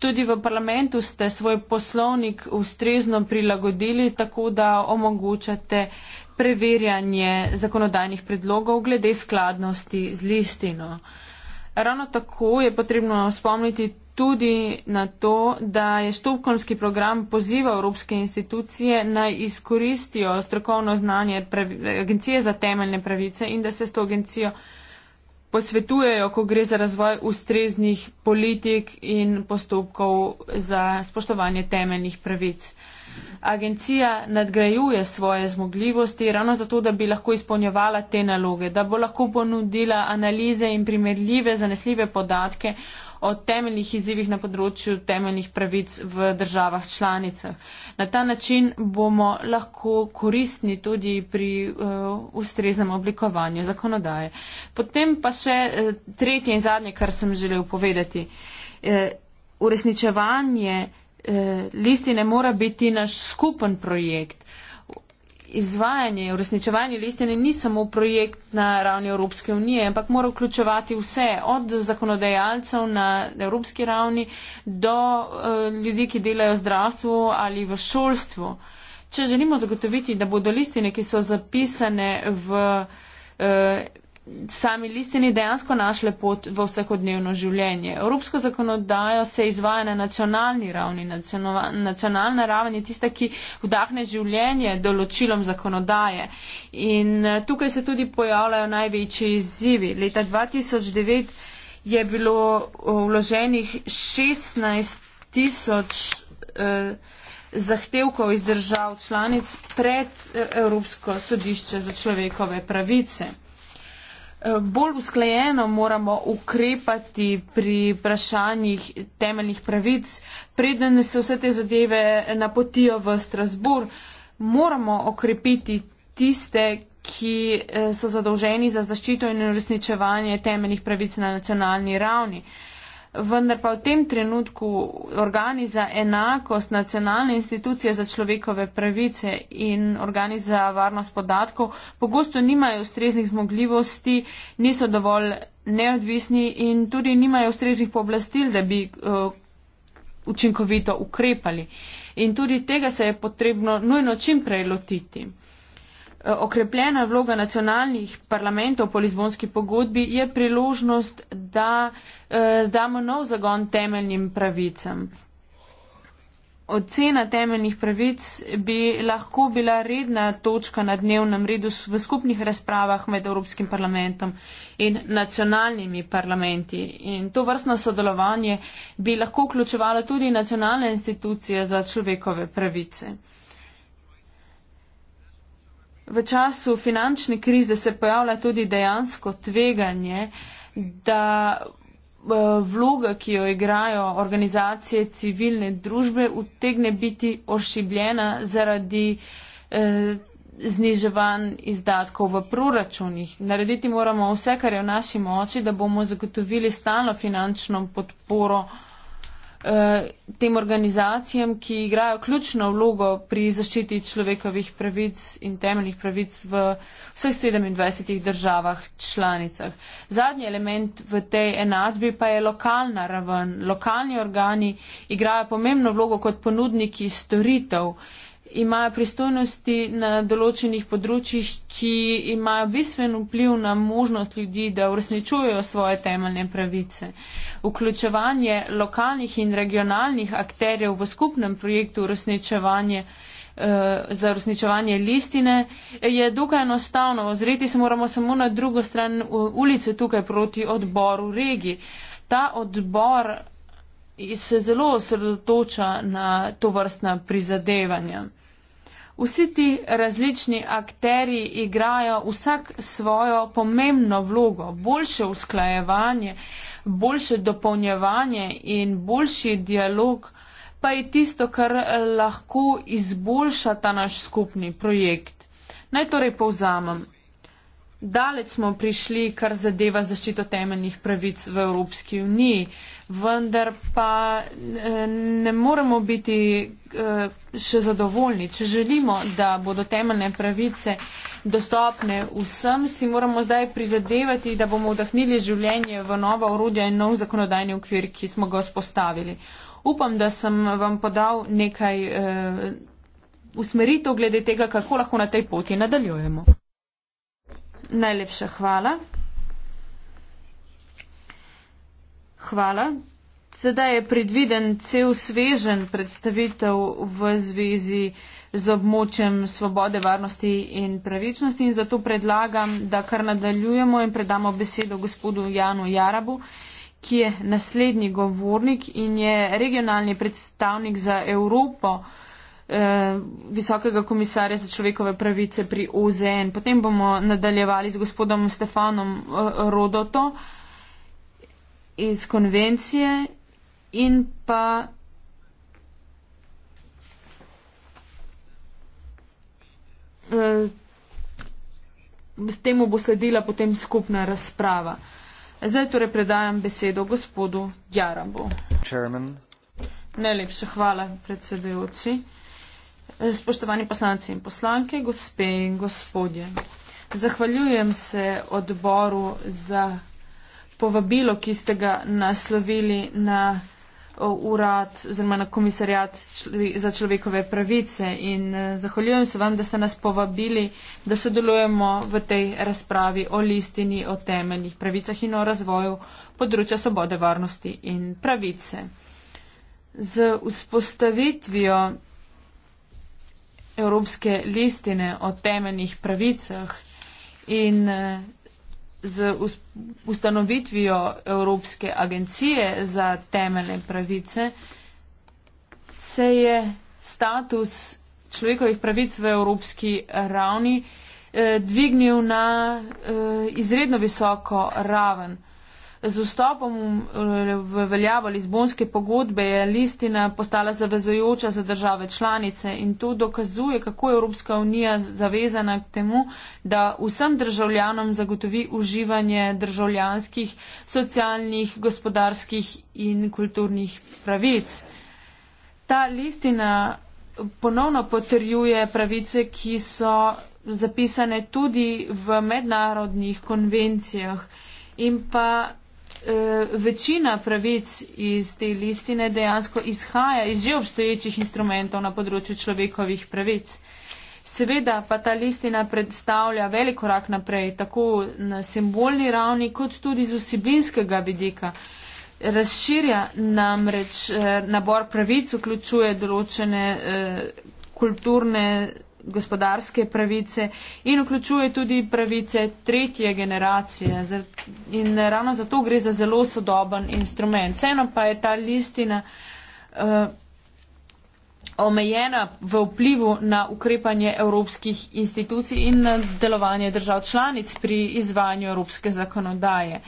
Tudi v parlamentu ste svoj poslovnik ustrezno prilagodili, tako da omogočate preverjanje zakonodajnih predlogov glede skladnosti z listino. Ravno tako je potrebno spomniti tudi na to, da je Štopkonski program pozival evropske institucije naj izkoristijo strokovno znanje pravi, Agencije za temeljne pravice in da se s to agencijo posvetujejo, ko gre za razvoj ustreznih politik in postopkov za spoštovanje temeljnih pravic. Agencija nadgrajuje svoje zmogljivosti ravno zato, da bi lahko izpolnjevala te naloge, da bo lahko ponudila analize in primerljive zanesljive podatke o temeljnih izzivih na področju temeljnih pravic v državah članicah. Na ta način bomo lahko koristni tudi pri uh, ustreznem oblikovanju zakonodaje. Potem pa še uh, tretje in zadnje, kar sem želel povedati. Uh, uresničevanje uh, Eh, listine mora biti naš skupen projekt. Izvajanje, uresničevanje listine ni samo projekt na ravni Evropske unije, ampak mora vključevati vse, od zakonodajalcev na evropski ravni do eh, ljudi, ki delajo v zdravstvu ali v šolstvu. Če želimo zagotoviti, da bodo listine, ki so zapisane v eh, sami listini dejansko našle pot v vsakodnevno življenje. Evropsko zakonodajo se izvaja na nacionalni ravni. Nacionova, nacionalna raven je tista, ki vdahne življenje določilom zakonodaje. In eh, tukaj se tudi pojavljajo največji izzivi. Leta 2009 je bilo eh, vloženih 16 tisoč eh, zahtevkov iz držav članic pred eh, Evropsko sodišče za človekove pravice. Eh, bolj usklajeno moramo ukrepati pri vprašanjih temeljnih pravic, preden se vse te zadeve napotijo v Strasbur. Moramo okrepiti tiste, ki eh, so zadolženi za zaščito in uresničevanje temeljnih pravic na nacionalni ravni. Uh, vendar pa v tem trenutku organi za enakost, nacionalne institucije za človekove pravice in organi za varnost podatkov pogosto nimajo ustreznih zmogljivosti, niso dovolj neodvisni in tudi nimajo ustreznih pooblastil, da bi uh, učinkovito ukrepali. In tudi tega se je potrebno nujno čim prej lotiti. Uh, Eh, okrepljena vloga nacionalnih parlamentov po Lizbonski pogodbi je priložnost, da eh, damo nov zagon temeljnim pravicam. Ocena temeljnih pravic bi lahko bila redna točka na dnevnem redu v skupnih razpravah med Evropskim parlamentom in nacionalnimi parlamenti. In to vrstno sodelovanje bi lahko vključevalo tudi nacionalne institucije za človekove pravice. V času finančne krize se pojavlja tudi dejansko tveganje, da eh, vloga, ki jo igrajo organizacije civilne družbe, utegne biti ošibljena zaradi eh, zniževanj izdatkov v proračunih. Narediti moramo vse, kar je v naši moči, da bomo zagotovili stalno finančno podporo Eh, tem organizacijam, ki igrajo ključno vlogo pri zaščiti človekovih pravic in temeljnih pravic v vseh 27 državah članicah. Zadnji element v tej enadbi pa je lokalna raven. Lokalni organi igrajo pomembno vlogo kot ponudniki storitev imajo pristojnosti na določenih področjih, ki imajo bistven vpliv na možnost ljudi, da uresničujejo svoje temeljne pravice. Vključevanje lokalnih in regionalnih akterjev v skupnem projektu uresničevanje eh, za uresničevanje listine je dokaj enostavno. Ozreti se moramo samo na drugo stran ulice tukaj proti odboru regiji. Ta odbor se zelo osredotoča na to vrstna prizadevanja. Vsi ti različni akteri igrajo vsak svojo pomembno vlogo. Boljše usklajevanje, boljše dopolnjevanje in boljši dialog pa je tisto, kar lahko izboljša ta naš skupni projekt. Naj torej povzamem. Daleč smo prišli, kar zadeva zaščito temeljnih pravic v Evropski uniji vendar pa eh, ne moremo biti eh, še zadovoljni. Če želimo, da bodo temeljne pravice dostopne vsem, si moramo zdaj prizadevati, da bomo vdahnili življenje v nova urodja in nov zakonodajni okvir, ki smo ga spostavili. Upam, da sem vam podal nekaj eh, usmeritev glede tega, kako lahko na tej poti nadaljujemo. Najlepša hvala. Hvala. Sedaj je predviden cel svežen predstavitev v zvezi z območjem svobode, varnosti in pravičnosti in zato predlagam, da kar nadaljujemo in predamo besedo gospodu Janu Jarabu, ki je naslednji govornik in je regionalni predstavnik za Evropo eh, visokega komisarja za človekove pravice pri OZN. Potem bomo nadaljevali z gospodom Stefanom eh, Rodoto. Eh, iz konvencije in pa eh, s temu bo sledila potem skupna razprava. Zdaj torej predajam besedo gospodu Jarambu. Chairman. Najlepša hvala, predsedujoči. Spoštovani poslanci in poslanke, gospe in gospodje. Zahvaljujem se odboru za povabilo, ki ste ga naslovili na urad oziroma na komisarjat za človekove pravice in eh, zahvaljujem se vam, da ste nas povabili, da sodelujemo v tej razpravi o listini, o temeljnih pravicah in o razvoju področja svobode, varnosti in pravice. Z vzpostavitvijo Evropske listine o temeljnih pravicah in eh, z ustanovitvijo Evropske agencije za temeljne pravice se je status človekovih pravic v evropski ravni eh, dvignil na eh, izredno visoko raven. Z vstopom eh, v veljavo Lizbonske pogodbe je listina postala zavezojoča za države članice in to dokazuje, kako je Evropska unija zavezana k temu, da vsem državljanom zagotovi uživanje državljanskih, socialnih, gospodarskih in kulturnih pravic. Ta listina ponovno potrjuje pravice, ki so zapisane tudi v mednarodnih konvencijah in pa Eh, večina pravic iz te listine dejansko izhaja iz že obstoječih instrumentov na področju človekovih pravic. Seveda pa ta listina predstavlja velik korak naprej, tako na simbolni ravni, kot tudi z vsebinskega vidika. Razširja namreč eh, nabor pravic, vključuje določene eh, kulturne gospodarske pravice in vključuje tudi pravice tretje generacije. In ravno zato gre za zelo sodoben instrument. Vseeno pa je ta listina eh, omejena v vplivu na ukrepanje evropskih institucij in na delovanje držav članic pri izvajanju evropske zakonodaje.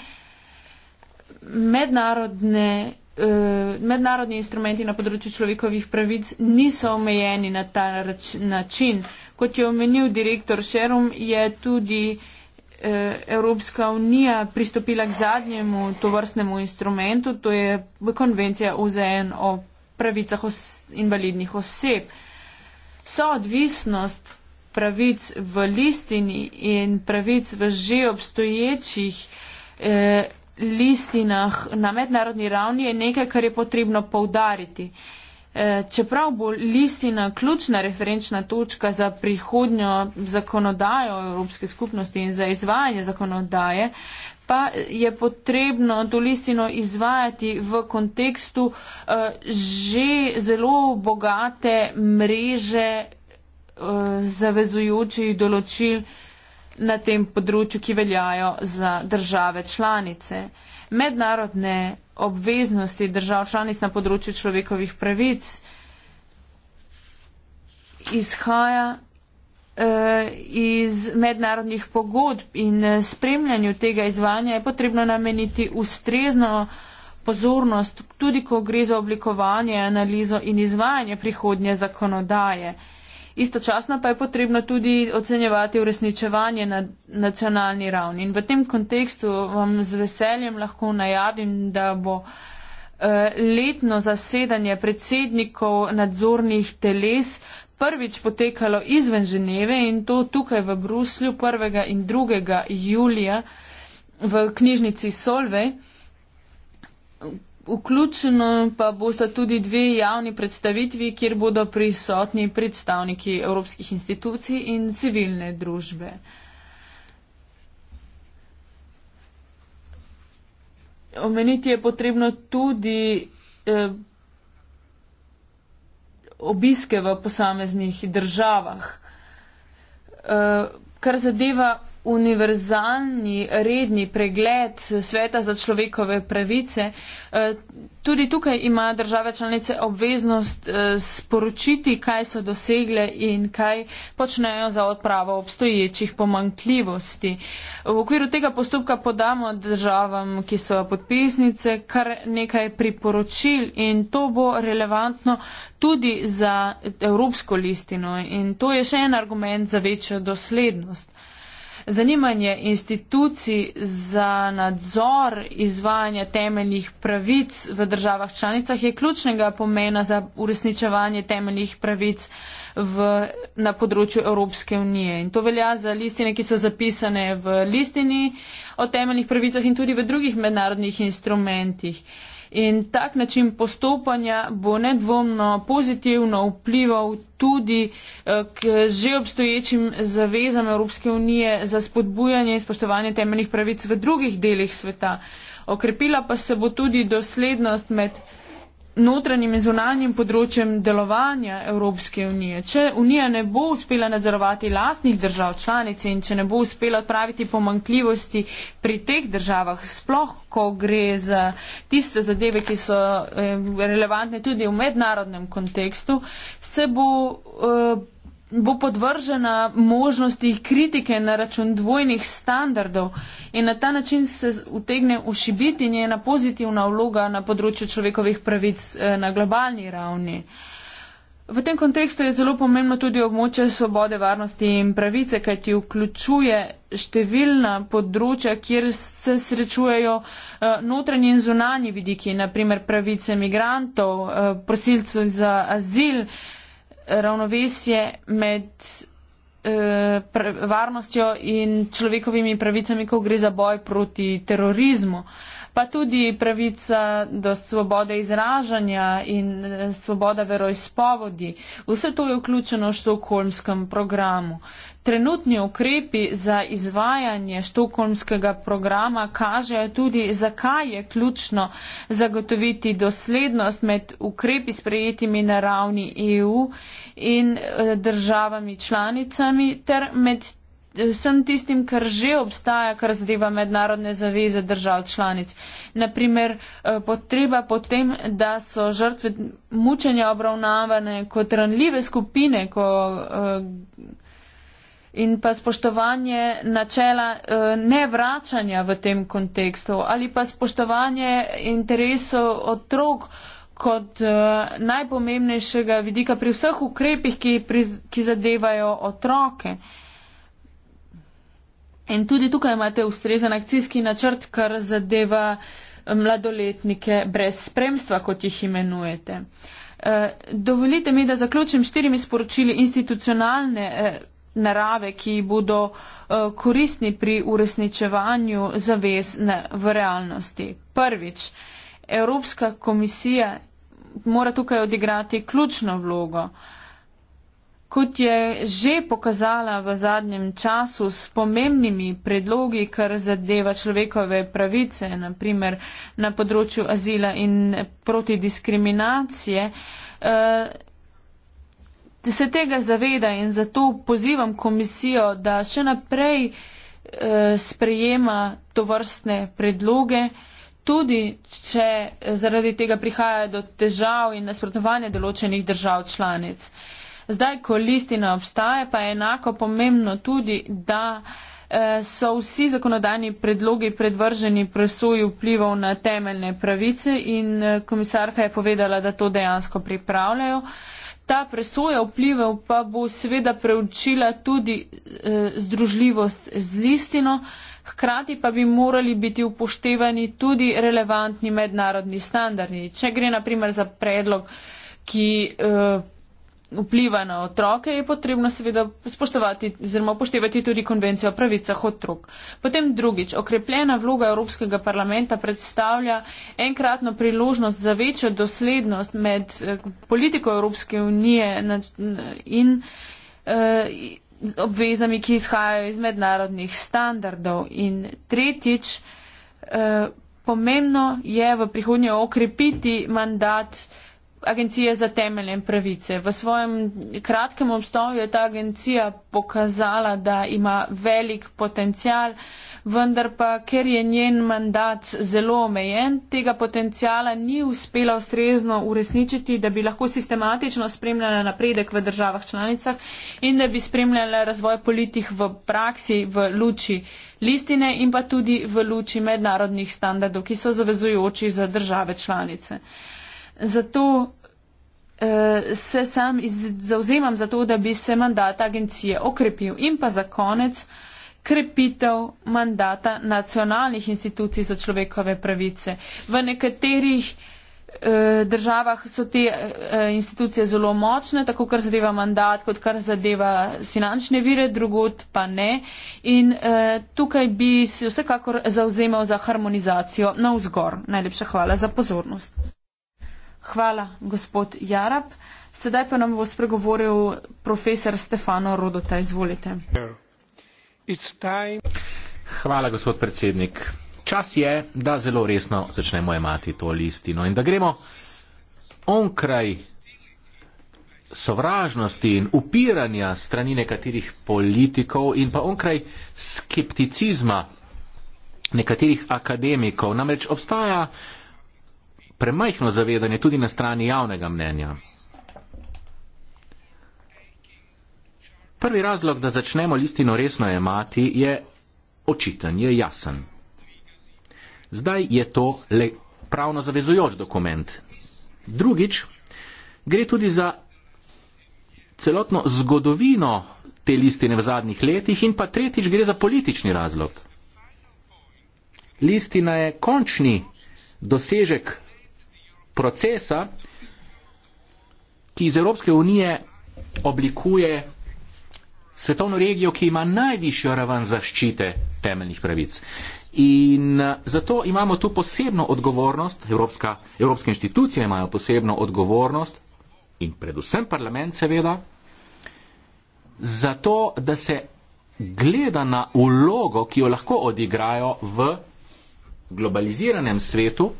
Mednarodne Eh, mednarodni instrumenti na področju človekovih pravic niso omejeni na ta rač, način. Kot je omenil direktor Šerum, je tudi eh, Evropska unija pristopila k zadnjemu tovrstnemu instrumentu, to je konvencija UZN o pravicah os invalidnih oseb. Soodvisnost pravic v listini in pravic v že obstoječih eh, listinah na mednarodni ravni je nekaj, kar je potrebno povdariti. E, čeprav bo listina ključna referenčna točka za prihodnjo zakonodajo Evropske skupnosti in za izvajanje zakonodaje, pa je potrebno to listino izvajati v kontekstu e, že zelo bogate mreže e, zavezujočih določil na tem področju, ki veljajo za države članice. Mednarodne obveznosti držav članic na področju človekovih pravic izhaja eh, iz mednarodnih pogodb in eh, spremljanju tega izvanja je potrebno nameniti ustrezno pozornost, tudi ko gre za oblikovanje, analizo in izvajanje prihodnje zakonodaje. Istočasno pa je potrebno tudi ocenjevati uresničevanje na nacionalni ravni. In v tem kontekstu vam z veseljem lahko najavim, da bo eh, letno zasedanje predsednikov nadzornih teles prvič potekalo izven Ženeve in to tukaj v Bruslju 1. in 2. julija v knjižnici Solvej. Vključeno pa bosta tudi dve javni predstavitvi, kjer bodo prisotni predstavniki evropskih institucij in civilne družbe. Omeniti je potrebno tudi eh, obiske v posameznih državah. Eh, kar zadeva univerzalni redni pregled sveta za človekove pravice. Eh, tudi tukaj ima države članice obveznost eh, sporočiti, kaj so dosegle in kaj počnejo za odpravo obstoječih pomankljivosti. V okviru tega postopka podamo državam, ki so podpisnice, kar nekaj priporočil in to bo relevantno tudi za evropsko listino in to je še en argument za večjo doslednost zanimanje institucij za nadzor izvajanja temeljnih pravic v državah članicah je ključnega pomena za uresničevanje temeljnih pravic v, na področju Evropske unije. In to velja za listine, ki so zapisane v listini o temeljnih pravicah in tudi v drugih mednarodnih instrumentih in tak način postopanja bo nedvomno pozitivno vplival tudi eh, k že obstoječim zavezam Evropske unije za spodbujanje in spoštovanje temeljnih pravic v drugih delih sveta. Okrepila pa se bo tudi doslednost med notranjim in zunanjim področjem delovanja Evropske unije. Če unija ne bo uspela nadzorovati lastnih držav članic in če ne bo uspela odpraviti pomankljivosti pri teh državah, sploh ko gre za tiste zadeve, ki so eh, relevantne tudi v mednarodnem kontekstu, se bo. Uh, bo podvržena možnosti kritike na račun dvojnih standardov in na ta način se utegne ušibiti njena pozitivna vloga na področju človekovih pravic eh, na globalni ravni. V tem kontekstu je zelo pomembno tudi območje svobode, varnosti in pravice, kajti vključuje številna področja, kjer se srečujejo eh, notranji in zunanji vidiki, naprimer pravice migrantov, eh, prosilcev za azil, ravnovesje med eh, varnostjo in človekovimi pravicami, ko gre za boj proti terorizmu pa tudi pravica do svobode izražanja in eh, svoboda veroizpovodi. Vse to je vključeno v štokholmskem programu. Trenutni ukrepi za izvajanje štokholmskega programa kažejo tudi, zakaj je ključno zagotoviti doslednost med ukrepi sprejetimi na ravni EU in eh, državami članicami ter med vsem tistim, kar že obstaja, kar zadeva mednarodne zaveze držav članic. Naprimer, eh, potreba potem, da so žrtve mučenja obravnavane kot ranljive skupine ko, eh, in pa spoštovanje načela eh, nevračanja v tem kontekstu ali pa spoštovanje interesov otrok kot uh, najpomembnejšega vidika pri vseh ukrepih, ki, pri, ki zadevajo otroke. Uh, In tudi tukaj imate ustrezen akcijski načrt, kar zadeva eh, mladoletnike brez spremstva, kot jih imenujete. Eh, dovolite mi, da zaključim štirimi sporočili institucionalne eh, narave, ki bodo koristni pri uresničevanju zavez v realnosti. Prvič, Evropska komisija mora tukaj odigrati ključno vlogo. Kot je že pokazala v zadnjem času s pomembnimi predlogi, kar zadeva človekove pravice, naprimer na področju azila in protidiskriminacije, eh, se tega zaveda in zato pozivam komisijo, da še naprej eh, sprejema to vrstne predloge, tudi če zaradi tega prihaja do težav in nasprotovanja določenih držav članic. Zdaj, ko listina obstaja, pa je enako pomembno tudi, da eh, so vsi zakonodajni predlogi predvrženi presuji vplivov na temeljne pravice in eh, komisarka je povedala, da to dejansko pripravljajo. Ta presoja vplivov pa bo seveda preučila tudi eh, združljivost z listino, hkrati pa bi morali biti upoštevani tudi relevantni mednarodni standardi. Če gre naprimer za predlog, ki eh, vpliva na otroke, je potrebno seveda spoštovati oziroma poštevati tudi konvencijo o pravicah otrok. Potem drugič, okrepljena vloga Evropskega parlamenta predstavlja enkratno priložnost za večjo doslednost med eh, politiko Evropske unije in eh, obvezami, ki izhajajo iz mednarodnih standardov. In tretjič, eh, pomembno je v prihodnje okrepiti mandat agencije za temeljne pravice. V svojem kratkem obstoju je ta agencija pokazala, da ima velik potencial, vendar pa, ker je njen mandat zelo omejen, tega potencijala ni uspela ustrezno uresničiti, da bi lahko sistematično spremljala napredek v državah članicah in da bi spremljala razvoj politik v praksi v luči listine in pa tudi v luči mednarodnih standardov, ki so zavezujoči za države članice. Zato eh, se sam iz, zauzemam za to, da bi se mandat agencije okrepil in pa za konec krepitev mandata nacionalnih institucij za človekove pravice. V nekaterih eh, državah so te eh, institucije zelo močne, tako kar zadeva mandat, kot kar zadeva finančne vire, drugot pa ne. In eh, tukaj bi se vsekakor zauzemal za harmonizacijo na vzgor. Najlepša hvala za pozornost. Hvala, gospod Jarab. Sedaj pa nam bo spregovoril profesor Stefano Rodota. Izvolite. Hvala, gospod predsednik. Čas je, da zelo resno začnemo imati to listino in da gremo onkraj sovražnosti in upiranja strani nekaterih politikov in pa onkraj skepticizma nekaterih akademikov. Namreč obstaja premajhno zavedanje tudi na strani javnega mnenja. Prvi razlog, da začnemo listino resno jemati, je očiten, je jasen. Zdaj je to le pravno zavezujoč dokument. Drugič, gre tudi za celotno zgodovino te listine v zadnjih letih in pa tretjič gre za politični razlog. Listina je končni dosežek procesa, ki iz Evropske unije oblikuje svetovno regijo, ki ima najvišjo raven zaščite temeljnih pravic. In eh, zato imamo tu posebno odgovornost, Evropska, evropske inštitucije imajo posebno odgovornost in predvsem parlament seveda, zato da se gleda na ulogo, ki jo lahko odigrajo v globaliziranem svetu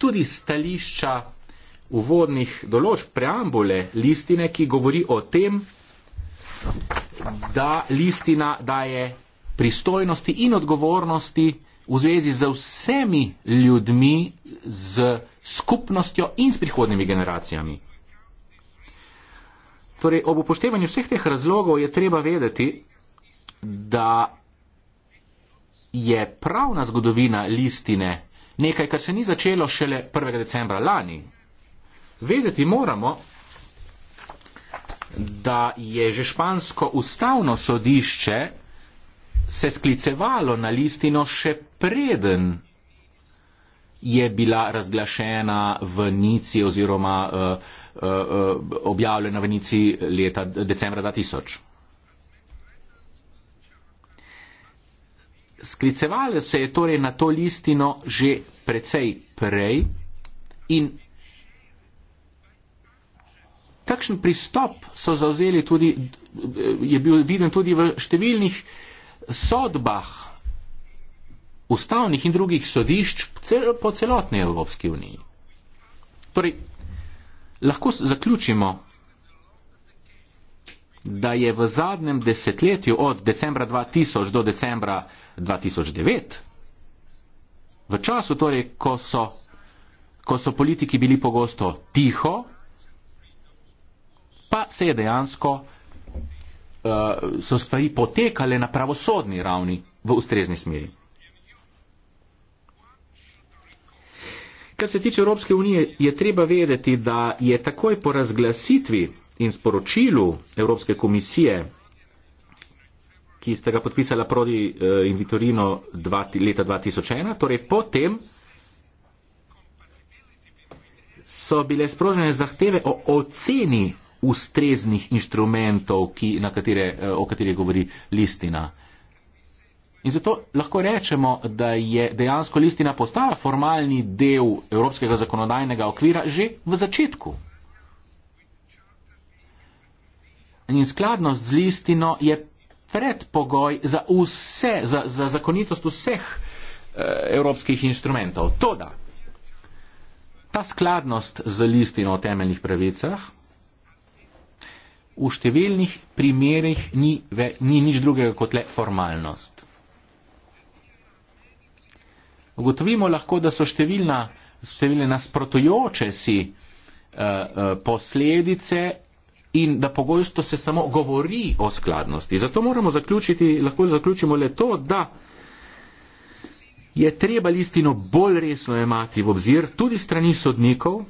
tudi stališča uvodnih določb preambule listine, ki govori o tem, da listina daje pristojnosti in odgovornosti v zvezi z vsemi ljudmi, z skupnostjo in s prihodnimi generacijami. Torej, ob upoštevanju vseh teh razlogov je treba vedeti, da je pravna zgodovina listine nekaj, kar se ni začelo šele 1. decembra lani. Vedeti moramo, da je že špansko ustavno sodišče se sklicevalo na listino še preden je bila razglašena v Nici oziroma uh, uh, uh, objavljena v Nici leta decembra 2000. Skliceval se je torej na to listino že precej prej in takšen pristop so zavzeli tudi, je bil viden tudi v številnih sodbah ustavnih in drugih sodišč po celotni Evropski uniji. Torej, lahko zaključimo, da je v zadnjem desetletju od decembra 2000 do decembra 2009, v času torej, ko so, ko so politiki bili pogosto tiho, pa se je dejansko, uh, so stvari potekale na pravosodni ravni v ustrezni smeri. Kar se tiče Evropske unije, je treba vedeti, da je takoj po razglasitvi in sporočilu Evropske komisije ki ste ga podpisala proti uh, eh, in Vitorino leta 2001, torej potem so bile sprožene zahteve o oceni ustreznih inštrumentov, ki, katere, uh, o katerih govori listina. In zato lahko rečemo, da je dejansko listina postala formalni del evropskega zakonodajnega okvira že v začetku. In skladnost z listino je predpogoj za vse, za, za zakonitost vseh eh, evropskih instrumentov. Toda ta skladnost z listino o temeljnih pravicah v številnih primerjih ni, ve, ni nič drugega kot le formalnost. Ugotovimo lahko, da so številna, številne nasprotujoče si uh, uh, posledice in da pogosto se samo govori o skladnosti. Zato moramo zaključiti, lahko zaključimo le to, da je treba listino bolj resno imati v obzir tudi strani sodnikov,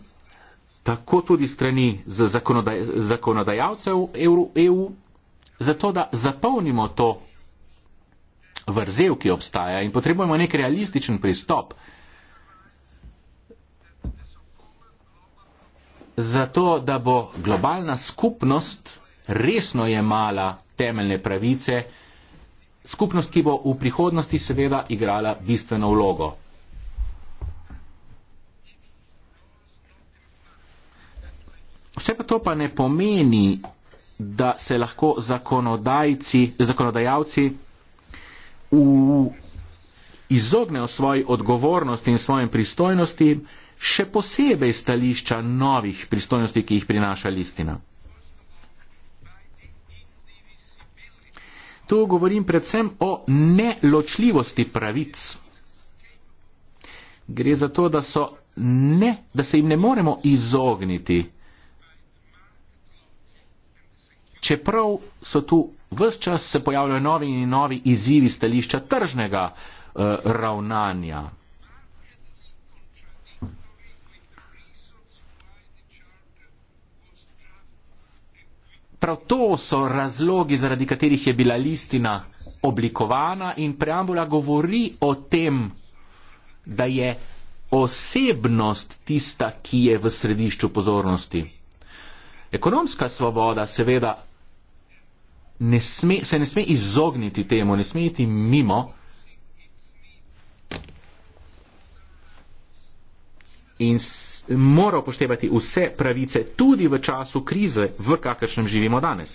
tako tudi strani zakonodaj, zakonodajalcev EU, EU, zato da zapolnimo to vrzel, ki obstaja in potrebujemo nek realističen pristop. zato da bo globalna skupnost resno jemala temeljne pravice, skupnost, ki bo v prihodnosti seveda igrala bistveno vlogo. Vse pa to pa ne pomeni, da se lahko zakonodajalci izognejo svoji odgovornosti in svojim pristojnostim, še posebej stališča novih pristojnosti, ki jih prinaša listina. Tu govorim predvsem o neločljivosti pravic. Gre za to, da, ne, da se jim ne moremo izogniti, čeprav so tu vse čas se pojavljajo novi in novi izzivi stališča tržnega uh, ravnanja. Prav to so razlogi, zaradi katerih je bila listina oblikovana in preambula govori o tem, da je osebnost tista, ki je v središču pozornosti. Ekonomska svoboda seveda ne sme, se ne sme izogniti temu, ne sme iti mimo, in mora upoštevati vse pravice tudi v času krize, v kakršnem živimo danes.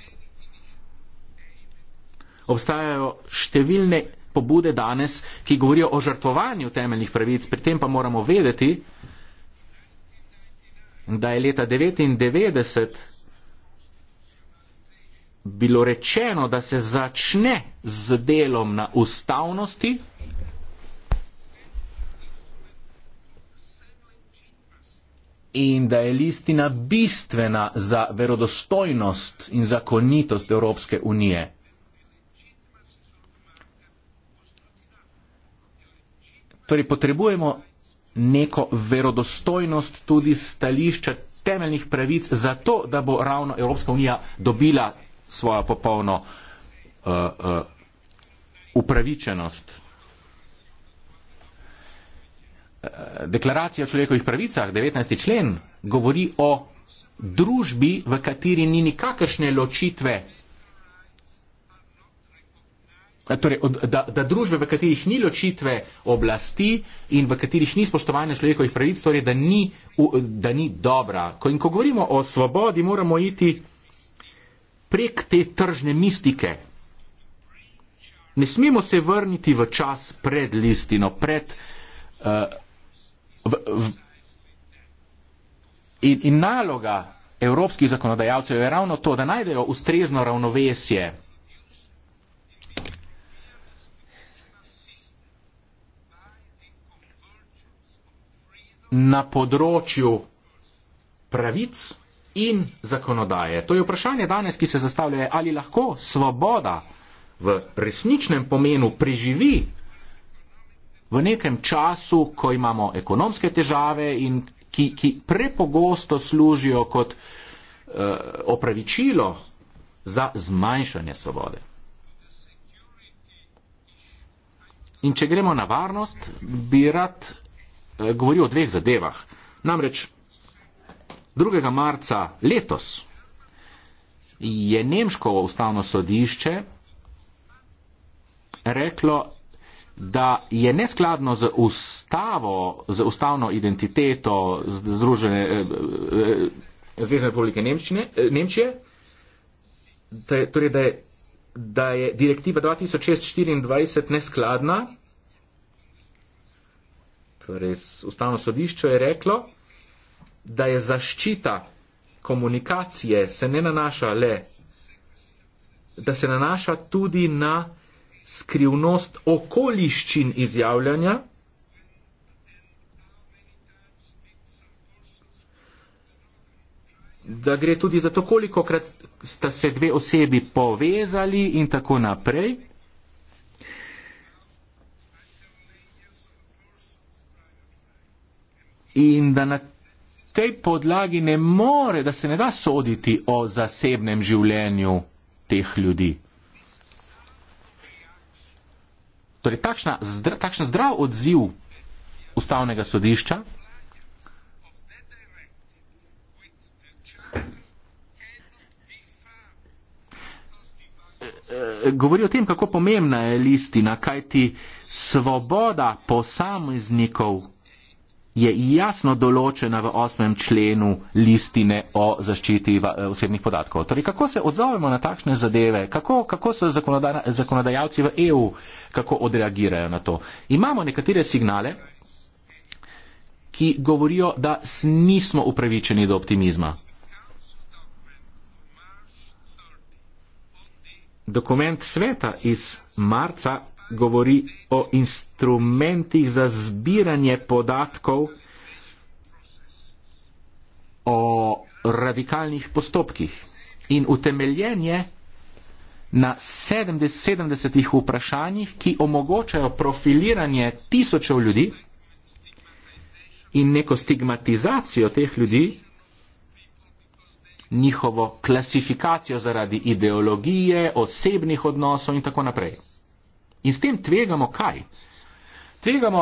Obstajajo številne pobude danes, ki govorijo o žrtvovanju temeljnih pravic, pri tem pa moramo vedeti, da je leta 1999 bilo rečeno, da se začne z delom na ustavnosti in da je listina bistvena za verodostojnost in zakonitost Evropske unije. Torej potrebujemo neko verodostojnost tudi stališča temeljnih pravic za to, da bo ravno Evropska unija dobila svojo popolno uh, uh, upravičenost deklaracija o človekovih pravicah, 19. člen, govori o družbi, v kateri ni nikakršne ločitve. Torej, da, da družbe, v katerih ni ločitve oblasti in v katerih ni spoštovanja človekovih pravic, torej, da ni, da ni dobra. Ko, in ko govorimo o svobodi, moramo iti prek te tržne mistike. Ne smemo se vrniti v čas pred listino, pred uh, v, v, in, in naloga evropskih zakonodajalcev je ravno to, da najdejo ustrezno ravnovesje. na področju pravic in zakonodaje. To je vprašanje danes, ki se zastavlja, ali lahko svoboda v resničnem pomenu preživi v nekem času, ko imamo ekonomske težave in ki, ki prepogosto služijo kot uh, opravičilo za zmanjšanje svobode. In če gremo na varnost, bi rad eh, govoril o dveh zadevah. Namreč 2. marca letos je Nemško ustavno sodišče reklo, da je neskladno z ustavo, z ustavno identiteto Združene, eh, eh Zvezne republike Nemčine, eh, Nemčije, da je, torej da, je, da je direktiva 2624 neskladna, torej ustavno sodišče je reklo, da je zaščita komunikacije se ne nanaša le, da se nanaša tudi na skrivnost okoliščin izjavljanja. Da gre tudi za to, koliko krat sta se dve osebi povezali in tako naprej. In da na tej podlagi ne more, da se ne da soditi o zasebnem življenju teh ljudi. Torej, takšna, zdr, takšen zdrav odziv ustavnega sodišča govori o tem, kako pomembna je listina, kajti svoboda posameznikov je jasno določena v osmem členu listine o zaščiti eh, osebnih podatkov. Torej, kako se odzovemo na takšne zadeve, kako, kako so zakonodajalci v EU, kako odreagirajo na to. Imamo nekatere signale, ki govorijo, da nismo upravičeni do optimizma. Dokument sveta iz marca govori o instrumentih za zbiranje podatkov o radikalnih postopkih. In utemeljen je na 70 vprašanjih, ki omogočajo profiliranje tisočev ljudi in neko stigmatizacijo teh ljudi, njihovo klasifikacijo zaradi ideologije, osebnih odnosov in tako naprej. In s tem tvegamo kaj? Tvegamo,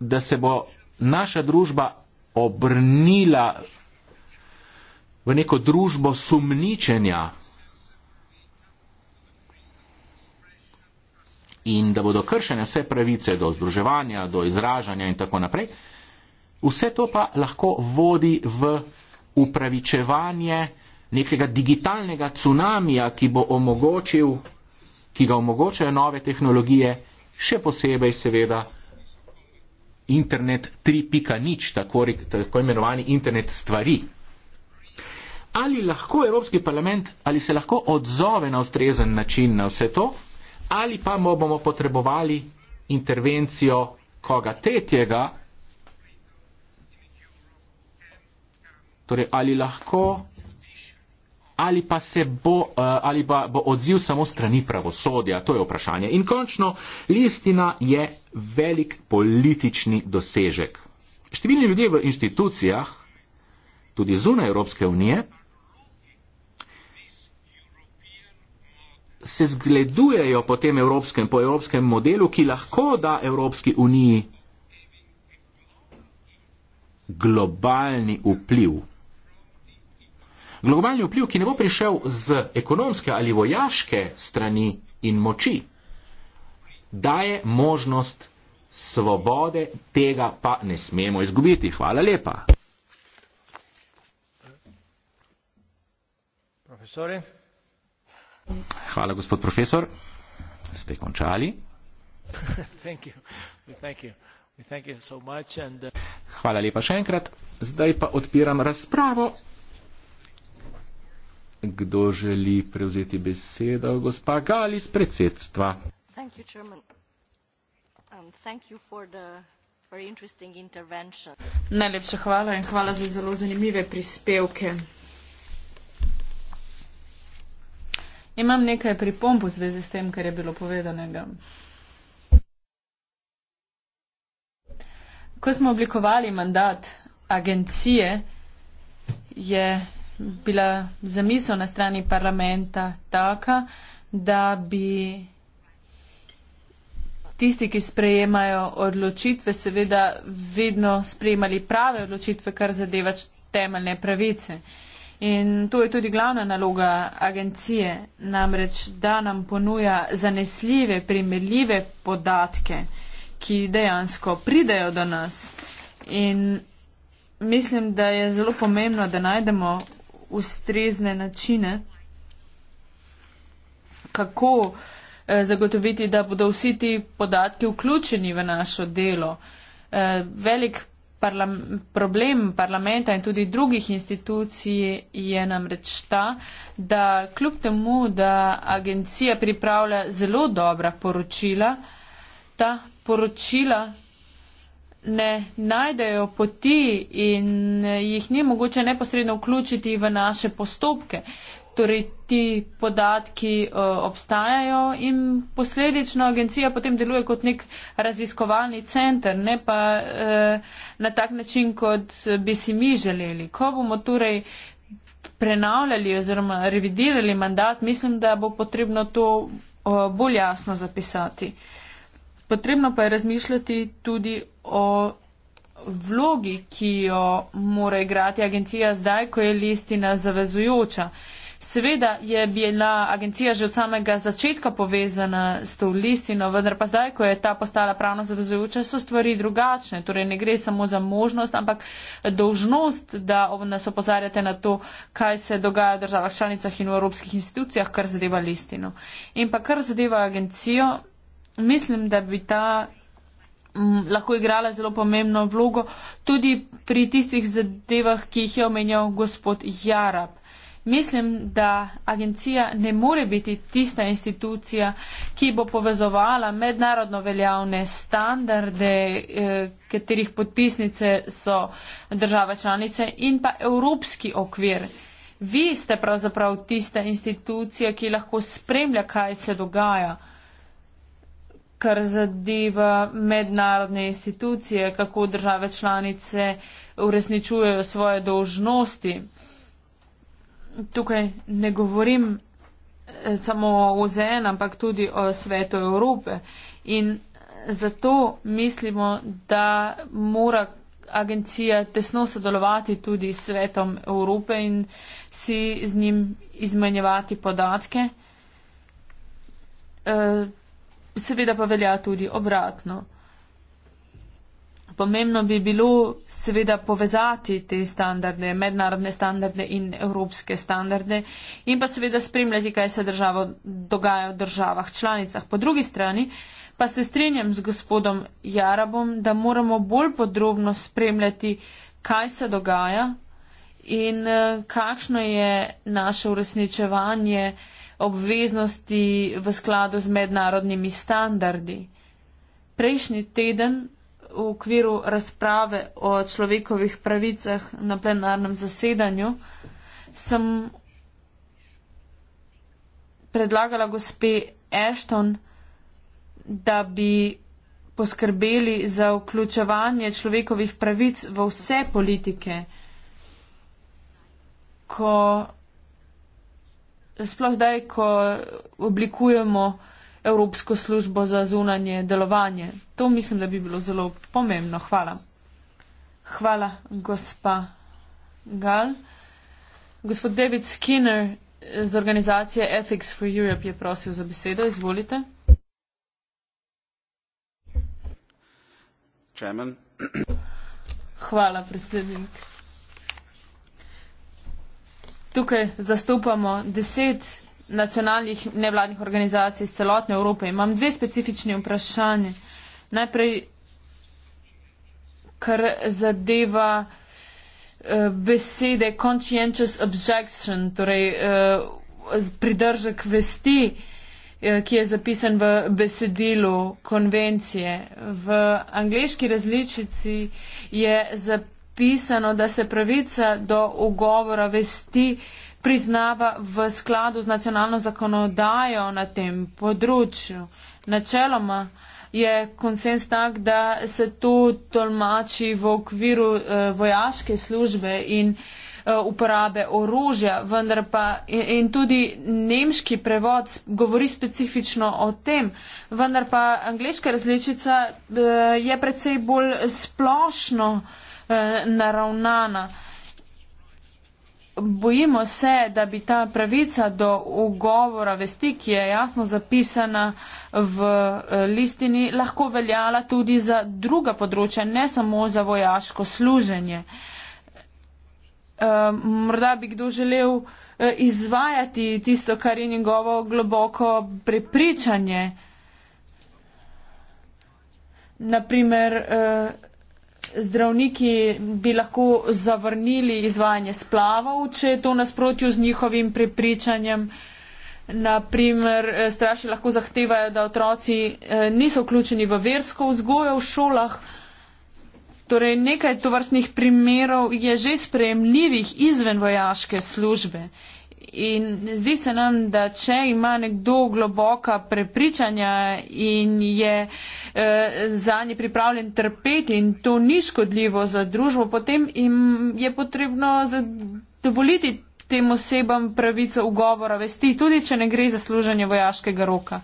da se bo naša družba obrnila v neko družbo sumničenja in da bodo kršene vse pravice do združevanja, do izražanja in tako naprej. Vse to pa lahko vodi v upravičevanje nekega digitalnega tsunamija, ki bo omogočil ki ga omogočajo nove tehnologije, še posebej seveda internet 3.0, tako, tako imenovani internet stvari. Ali lahko Evropski parlament ali se lahko odzove na ustrezen način na vse to, ali pa bomo potrebovali intervencijo koga tretjega, torej ali lahko ali pa se bo, eh, ali pa bo odziv samo strani pravosodja, to je vprašanje. In končno, listina je velik politični dosežek. Številni ljudje v inštitucijah, tudi zunaj Evropske unije, se zgledujejo po tem evropskem, po evropskem modelu, ki lahko da Evropski uniji globalni vpliv, globalni vpliv, ki ne bo prišel z ekonomske ali vojaške strani in moči, daje možnost svobode, tega pa ne smemo izgubiti. Hvala lepa. Profesori. Hvala, gospod profesor. Ste končali? Thank you. Thank you. Thank you so much and... Uh, Hvala lepa še enkrat. Zdaj pa odpiram razpravo. Kdo želi prevzeti besedo? Gospa Gali iz predsedstva. Um, Najlepša hvala in hvala za zelo zanimive prispevke. Imam nekaj pripomb v zvezi s tem, kar je bilo povedanega. Ko smo oblikovali mandat agencije, je bila zamisel na strani parlamenta taka, da bi tisti, ki sprejemajo odločitve, seveda vedno sprejemali prave odločitve, kar zadeva temeljne pravice. In to je tudi glavna naloga agencije, namreč da nam ponuja zanesljive, primerljive podatke, ki dejansko pridejo do nas. In mislim, da je zelo pomembno, da najdemo ustrezne načine, kako eh, zagotoviti, da bodo vsi ti podatki vključeni v našo delo. Eh, velik parlam problem parlamenta in tudi drugih institucij je namreč ta, da kljub temu, da agencija pripravlja zelo dobra poročila, ta poročila ne najdejo poti in jih ni mogoče neposredno vključiti v naše postopke. Torej, ti podatki uh, obstajajo in posledično agencija potem deluje kot nek raziskovalni center, ne pa uh, na tak način, kot bi si mi želeli. Ko bomo torej prenavljali oziroma revidirali mandat, mislim, da bo potrebno to uh, bolj jasno zapisati. Potrebno pa je razmišljati tudi o vlogi, ki jo mora igrati agencija zdaj, ko je listina zavezujoča. Seveda je bila agencija že od samega začetka povezana s to listino, vendar pa zdaj, ko je ta postala pravno zavezujoča, so stvari drugačne. Torej ne gre samo za možnost, ampak dožnost, da nas opozarjate na to, kaj se dogaja v državah članicah in v evropskih institucijah, kar zadeva listino. In pa kar zadeva agencijo, mislim, da bi ta lahko igrala zelo pomembno vlogo tudi pri tistih zadevah, ki jih je omenjal gospod Jarab. Mislim, da agencija ne more biti tista institucija, ki bo povezovala mednarodno veljavne standarde, eh, katerih podpisnice so država članice in pa evropski okvir. Vi ste pravzaprav tista institucija, ki lahko spremlja, kaj se dogaja kar zadeva mednarodne institucije, kako države članice uresničujejo svoje dožnosti. Tukaj ne govorim eh, samo o UZN, ampak tudi o svetu Evrope. In zato mislimo, da mora agencija tesno sodelovati tudi s svetom Evrope in si z njim izmenjevati podatke. E, seveda pa velja tudi obratno. Pomembno bi bilo seveda povezati te standarde, mednarodne standarde in evropske standarde in pa seveda spremljati, kaj se državo dogaja v državah članicah. Po drugi strani pa se strinjam z gospodom Jarabom, da moramo bolj podrobno spremljati, kaj se dogaja in eh, kakšno je naše uresničevanje eh, obveznosti v skladu z mednarodnimi standardi. Prejšnji teden v okviru razprave o človekovih pravicah na plenarnem zasedanju sem predlagala gospe Ashton, da bi poskrbeli za vključevanje človekovih pravic v vse politike. Ko sploh zdaj, ko oblikujemo Evropsko službo za zunanje delovanje. To mislim, da bi bilo zelo pomembno. Hvala. Hvala, gospa Gal. Gospod David Skinner z organizacije Ethics for Europe je prosil za besedo. Izvolite. Chairman. Hvala, predsednik tukaj zastopamo deset nacionalnih nevladnih organizacij iz celotne Evrope. Imam dve specifični vprašanje. Najprej, kar zadeva eh, besede conscientious objection, torej eh, pridržek vesti, eh, ki je zapisan v besedilu konvencije. V angliški različici je zapisan zapisano, da se pravica do ugovora vesti priznava v skladu z nacionalno zakonodajo na tem področju. Načeloma je konsens tak, da se to tolmači v okviru eh, vojaške službe in eh, uporabe orožja, vendar pa in, in tudi nemški prevod govori specifično o tem, vendar pa angliška različica eh, je predvsej bolj splošno eh, Eh, naravnana. Bojimo se, da bi ta pravica do ugovora vesti, ki je jasno zapisana v eh, listini, lahko veljala tudi za druga področja, ne samo za vojaško služenje. Eh, morda bi kdo želel izvajati tisto, kar je njegovo globoko prepričanje. Naprimer, zdravniki bi lahko zavrnili izvajanje splavov, če je to nasprotju z njihovim prepričanjem. Naprimer, eh, straši lahko zahtevajo, da otroci eh, niso vključeni v versko vzgojo v šolah. Torej, nekaj tovrstnih primerov je že sprejemljivih izven vojaške službe In zdi se nam, da če ima nekdo globoka prepričanja in je eh, za nje pripravljen trpeti in to ni škodljivo za družbo, potem jim je potrebno dovoliti tem osebam pravico ugovora vesti, tudi če ne gre za služenje vojaškega roka.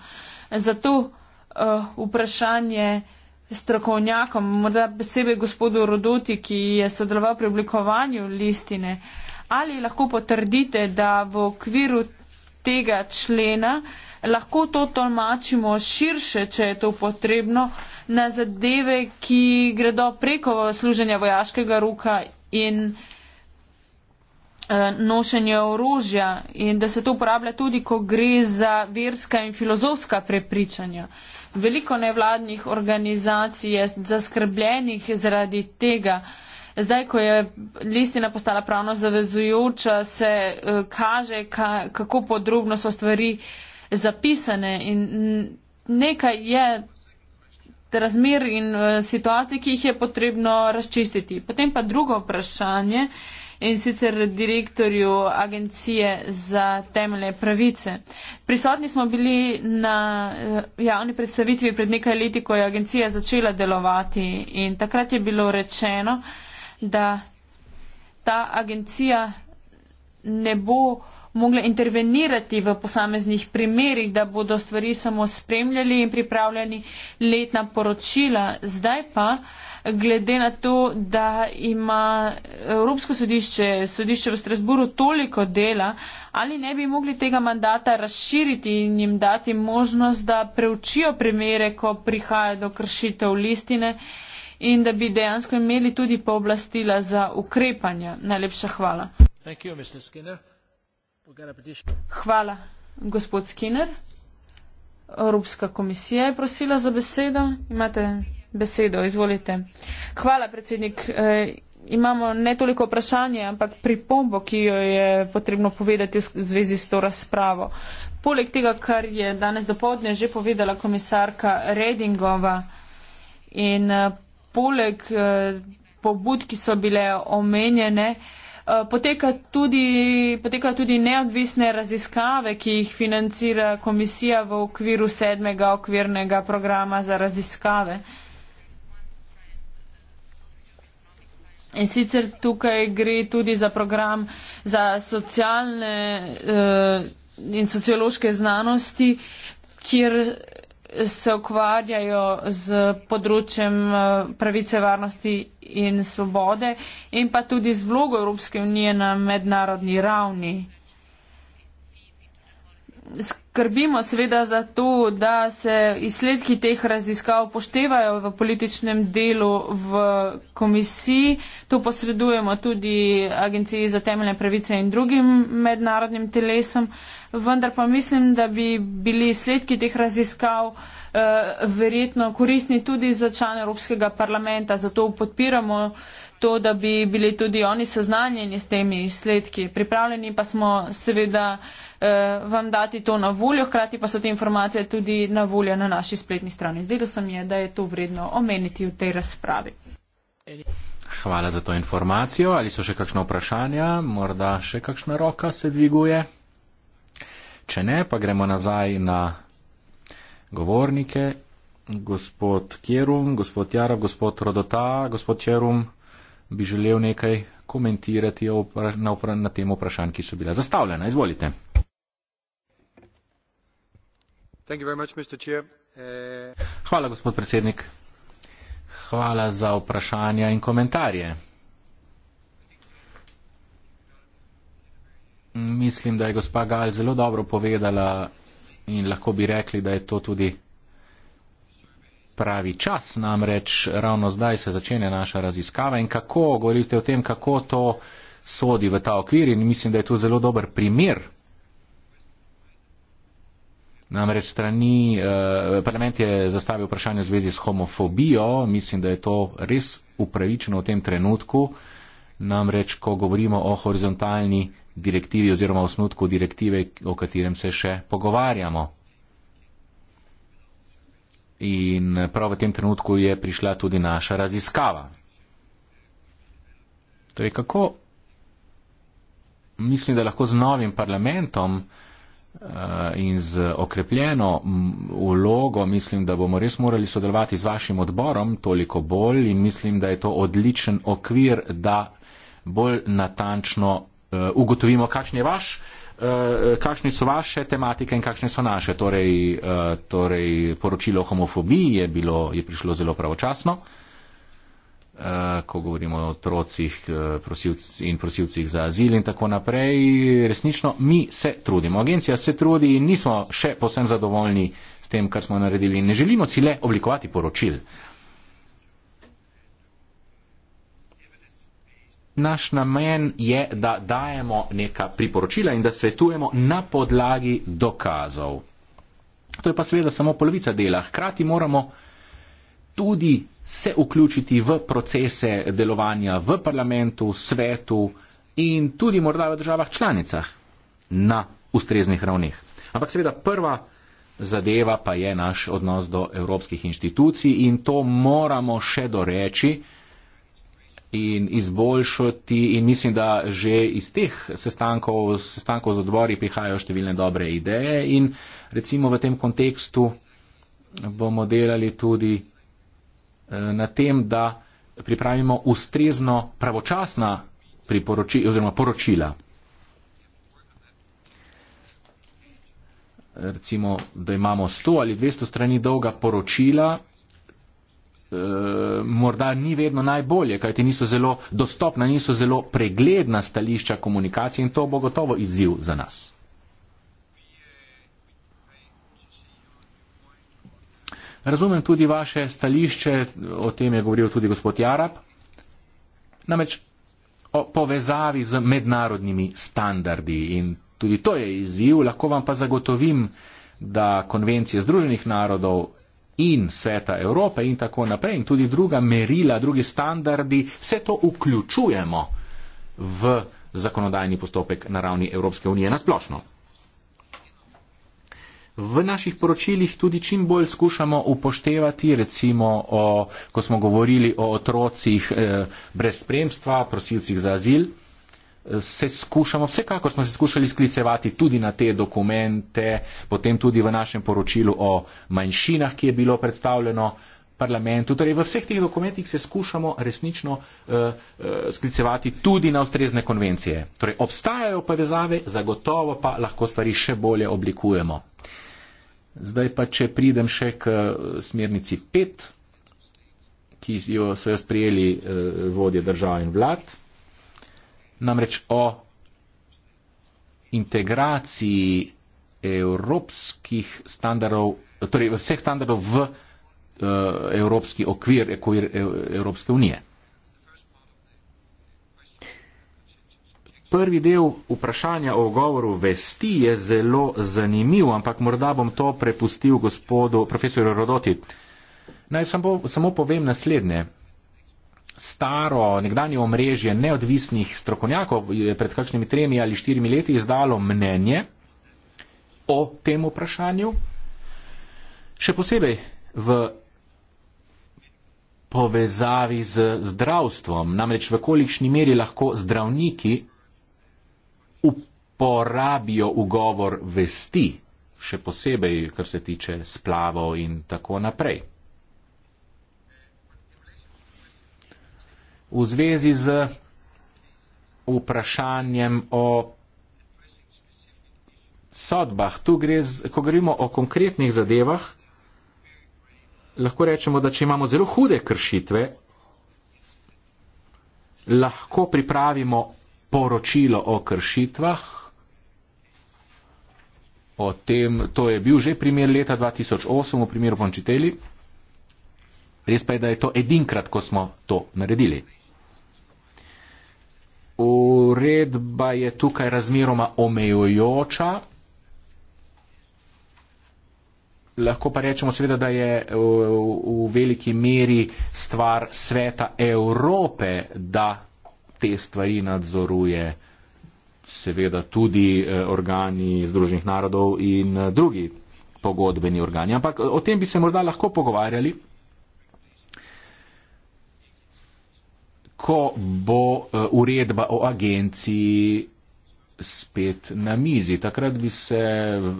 Zato eh, vprašanje strokovnjakom, morda posebej gospodu Rodoti, ki je sodeloval pri oblikovanju listine. Eh, Ali lahko potrdite, da v okviru tega člena lahko to tolmačimo širše, če je to potrebno, na zadeve, ki gredo preko služenja vojaškega ruka in eh, nošenje orožja in da se to uporablja tudi, ko gre za verska in filozofska prepričanja. Veliko nevladnih organizacij je zaskrbljenih zaradi tega, uh, Zdaj, ko je listina postala pravno zavezujoča, se eh, kaže, kako podrobno so stvari zapisane in nekaj je razmer in eh, situacij, ki jih je potrebno razčistiti. Potem pa drugo vprašanje in sicer direktorju Agencije za temelje pravice. Prisotni smo bili na eh, javni predstavitvi pred nekaj leti, ko je agencija začela delovati in takrat je bilo rečeno, da ta agencija ne bo mogla intervenirati v posameznih primerih, da bodo stvari samo spremljali in pripravljali letna poročila. Zdaj pa, glede na to, da ima Evropsko sodišče, sodišče v Strasburu toliko dela, ali ne bi mogli tega mandata razširiti in jim dati možnost, da preučijo primere, ko prihaja do kršitev listine. Uh, in da bi dejansko imeli tudi pooblastila za ukrepanje. Najlepša hvala. Hvala, gospod Skinner. Evropska komisija je prosila za besedo. Imate besedo, izvolite. Hvala, predsednik. E, imamo ne toliko vprašanje, ampak pripombo, ki jo je potrebno povedati v zvezi s to razpravo. Poleg tega, kar je danes dopoledne že povedala komisarka Redingova in e, poleg eh, pobud, ki so bile omenjene, eh, poteka tudi, poteka tudi neodvisne raziskave, ki jih financira komisija v okviru sedmega okvirnega programa za raziskave. In sicer tukaj gre tudi za program za socialne uh, in sociološke znanosti, kjer se ukvarjajo z področjem eh, pravice varnosti in svobode in pa tudi z vlogo Evropske unije na mednarodni ravni skrbimo seveda za to, da se izsledki teh raziskav poštevajo v političnem delu v komisiji. To posredujemo tudi Agenciji za temeljne pravice in drugim mednarodnim telesom. Vendar pa mislim, da bi bili izsledki teh raziskav eh, verjetno koristni tudi za člane Evropskega parlamenta. Zato podpiramo eh, to, da bi bili tudi oni seznanjeni s temi izsledki. Pripravljeni pa smo seveda eh, vam dati to na voljo, hkrati pa so te informacije tudi na voljo na naši spletni strani. Zdelo se mi je, da je to vredno omeniti v tej razpravi. Hvala za to informacijo. Ali so še kakšno vprašanja? Morda še kakšna roka se dviguje? Če ne, pa gremo nazaj na govornike. Gospod Kjerum, gospod Jarov, gospod Rodota, gospod Čerum bi želel nekaj komentirati na, na tem vprašanju, ki so bila zastavljena. Izvolite. Much, eh. Hvala, gospod predsednik. Hvala za vprašanja in komentarje. Mislim, da je gospa Gal zelo dobro povedala in lahko bi rekli, da je to tudi pravi čas, namreč ravno zdaj se začne naša raziskava in kako, govorili ste o tem, kako to sodi v ta okvir in mislim, da je to zelo dober primer. Namreč strani, eh, parlament je zastavil vprašanje v zvezi s homofobijo, mislim, da je to res upravičeno v tem trenutku, namreč ko govorimo o horizontalni direktivi oziroma osnutku direktive, o katerem se še pogovarjamo. In prav v tem trenutku je prišla tudi naša raziskava. Torej, kako mislim, da lahko z novim parlamentom eh, in z okrepljeno vlogo, mislim, da bomo res morali sodelovati z vašim odborom toliko bolj in mislim, da je to odličen okvir, da bolj natančno eh, ugotovimo, kakšen je vaš Eh, kakšni so vaše tematike in kakšne so naše. Torej, eh, torej poročilo o homofobiji je, bilo, je prišlo zelo pravočasno, eh, ko govorimo o otrocih in prosilcih za azil in tako naprej. Resnično, mi se trudimo. Agencija se trudi in nismo še posem zadovoljni s tem, kar smo naredili. Ne želimo si le oblikovati poročil. naš namen je, da dajemo neka priporočila in da svetujemo na podlagi dokazov. To je pa seveda samo polovica dela. Hkrati moramo tudi se vključiti v procese delovanja v parlamentu, svetu in tudi morda v državah članicah na ustreznih ravneh. Ampak seveda prva zadeva pa je naš odnos do evropskih inštitucij in to moramo še doreči in izboljšati in mislim, da že iz teh sestankov, sestankov z odbori prihajajo številne dobre ideje in recimo v tem kontekstu bomo delali tudi eh, na tem, da pripravimo ustrezno pravočasna oziroma poročila. Recimo, da imamo 100 ali 200 strani dolga poročila Eh, morda ni vedno najbolje, kajti niso zelo dostopna, niso zelo pregledna stališča komunikacije in to bo gotovo izziv za nas. Razumem tudi vaše stališče, o tem je govoril tudi gospod Jarab, namreč o povezavi z mednarodnimi standardi in tudi to je izziv, lahko vam pa zagotovim, da konvencije Združenih narodov in sveta Evrope in tako naprej in tudi druga merila, drugi standardi, vse to vključujemo v zakonodajni postopek na ravni Evropske unije nasplošno. V naših poročilih tudi čim bolj skušamo upoštevati, recimo, o, ko smo govorili o otrocih eh, brez spremstva, prosilcih za azil, se skušamo, vsekakor smo se skušali sklicevati tudi na te dokumente, potem tudi v našem poročilu o manjšinah, ki je bilo predstavljeno parlamentu. Torej, v vseh teh dokumentih se skušamo resnično uh, uh, sklicevati tudi na ustrezne konvencije. Torej, obstajajo povezave, zagotovo pa lahko stvari še bolje oblikujemo. Zdaj pa, če pridem še k eh, smernici 5, ki jo so jo sprijeli uh, vodje držav in vlad namreč o integraciji evropskih standardov, torej vseh standardov v eh, evropski okvir, okvir eh, Evropske unije. Prvi del vprašanja o govoru vesti je zelo zanimiv, ampak morda bom to prepustil gospodu profesorju Rodoti. Naj samo, samo povem naslednje staro, nekdanje omrežje neodvisnih strokovnjakov je pred kakšnimi tremi ali štirimi leti izdalo mnenje o tem vprašanju, še posebej v povezavi z zdravstvom, namreč v kolikšni meri lahko zdravniki uporabijo ugovor vesti, še posebej, kar se tiče splavov in tako naprej. v zvezi z vprašanjem o sodbah. Tu gre, ko govorimo o konkretnih zadevah, lahko rečemo, da če imamo zelo hude kršitve, lahko pripravimo poročilo o kršitvah. O tem, to je bil že primer leta 2008 v primeru Pončiteli. Res pa je, da je to edinkrat, ko smo to naredili uredba je tukaj razmeroma omejujoča. Lahko pa rečemo seveda, da je v, v veliki meri stvar sveta Evrope, da te stvari nadzoruje seveda tudi eh, organi Združenih narodov in eh, drugi pogodbeni organi. Ampak o tem bi se morda lahko pogovarjali. ko bo e, uredba o agenciji spet na mizi. Takrat bi se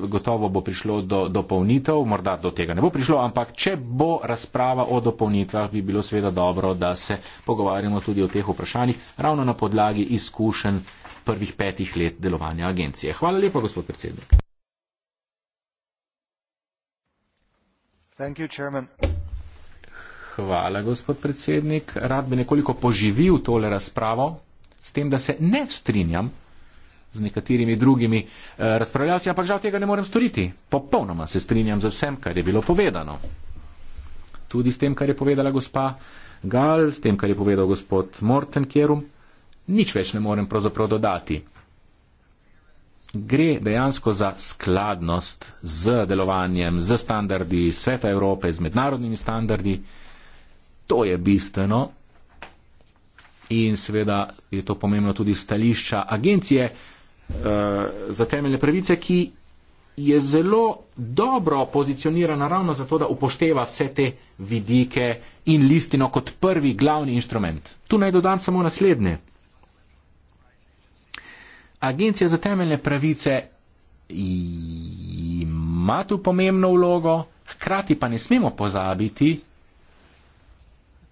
gotovo bo prišlo do dopolnitev, morda do tega ne bo prišlo, ampak če bo razprava o dopolnitvah, bi bilo seveda dobro, da se pogovarjamo tudi o teh vprašanjih, ravno na podlagi izkušenj prvih petih let delovanja agencije. Hvala lepa, gospod predsednik. Thank you, Chairman. Hvala, gospod predsednik. Rad bi nekoliko poživil tole razpravo s tem, da se ne strinjam z nekaterimi drugimi eh, razpravljalci, ampak žal tega ne morem storiti. Popolnoma se strinjam z vsem, kar je bilo povedano. Tudi s tem, kar je povedala gospa Gal, s tem, kar je povedal gospod Mortenkerum, nič več ne morem pravzaprav dodati. Gre dejansko za skladnost z delovanjem, z standardi Sveta Evrope, z mednarodnimi standardi. To je bistveno. In seveda je to pomembno tudi stališča agencije eh, za temeljne pravice, ki je zelo dobro pozicionirana ravno zato, da upošteva vse te vidike in listino kot prvi glavni inštrument. Tu naj dodam samo naslednje. Agencija za temeljne pravice ima tu pomembno vlogo, hkrati pa ne smemo pozabiti,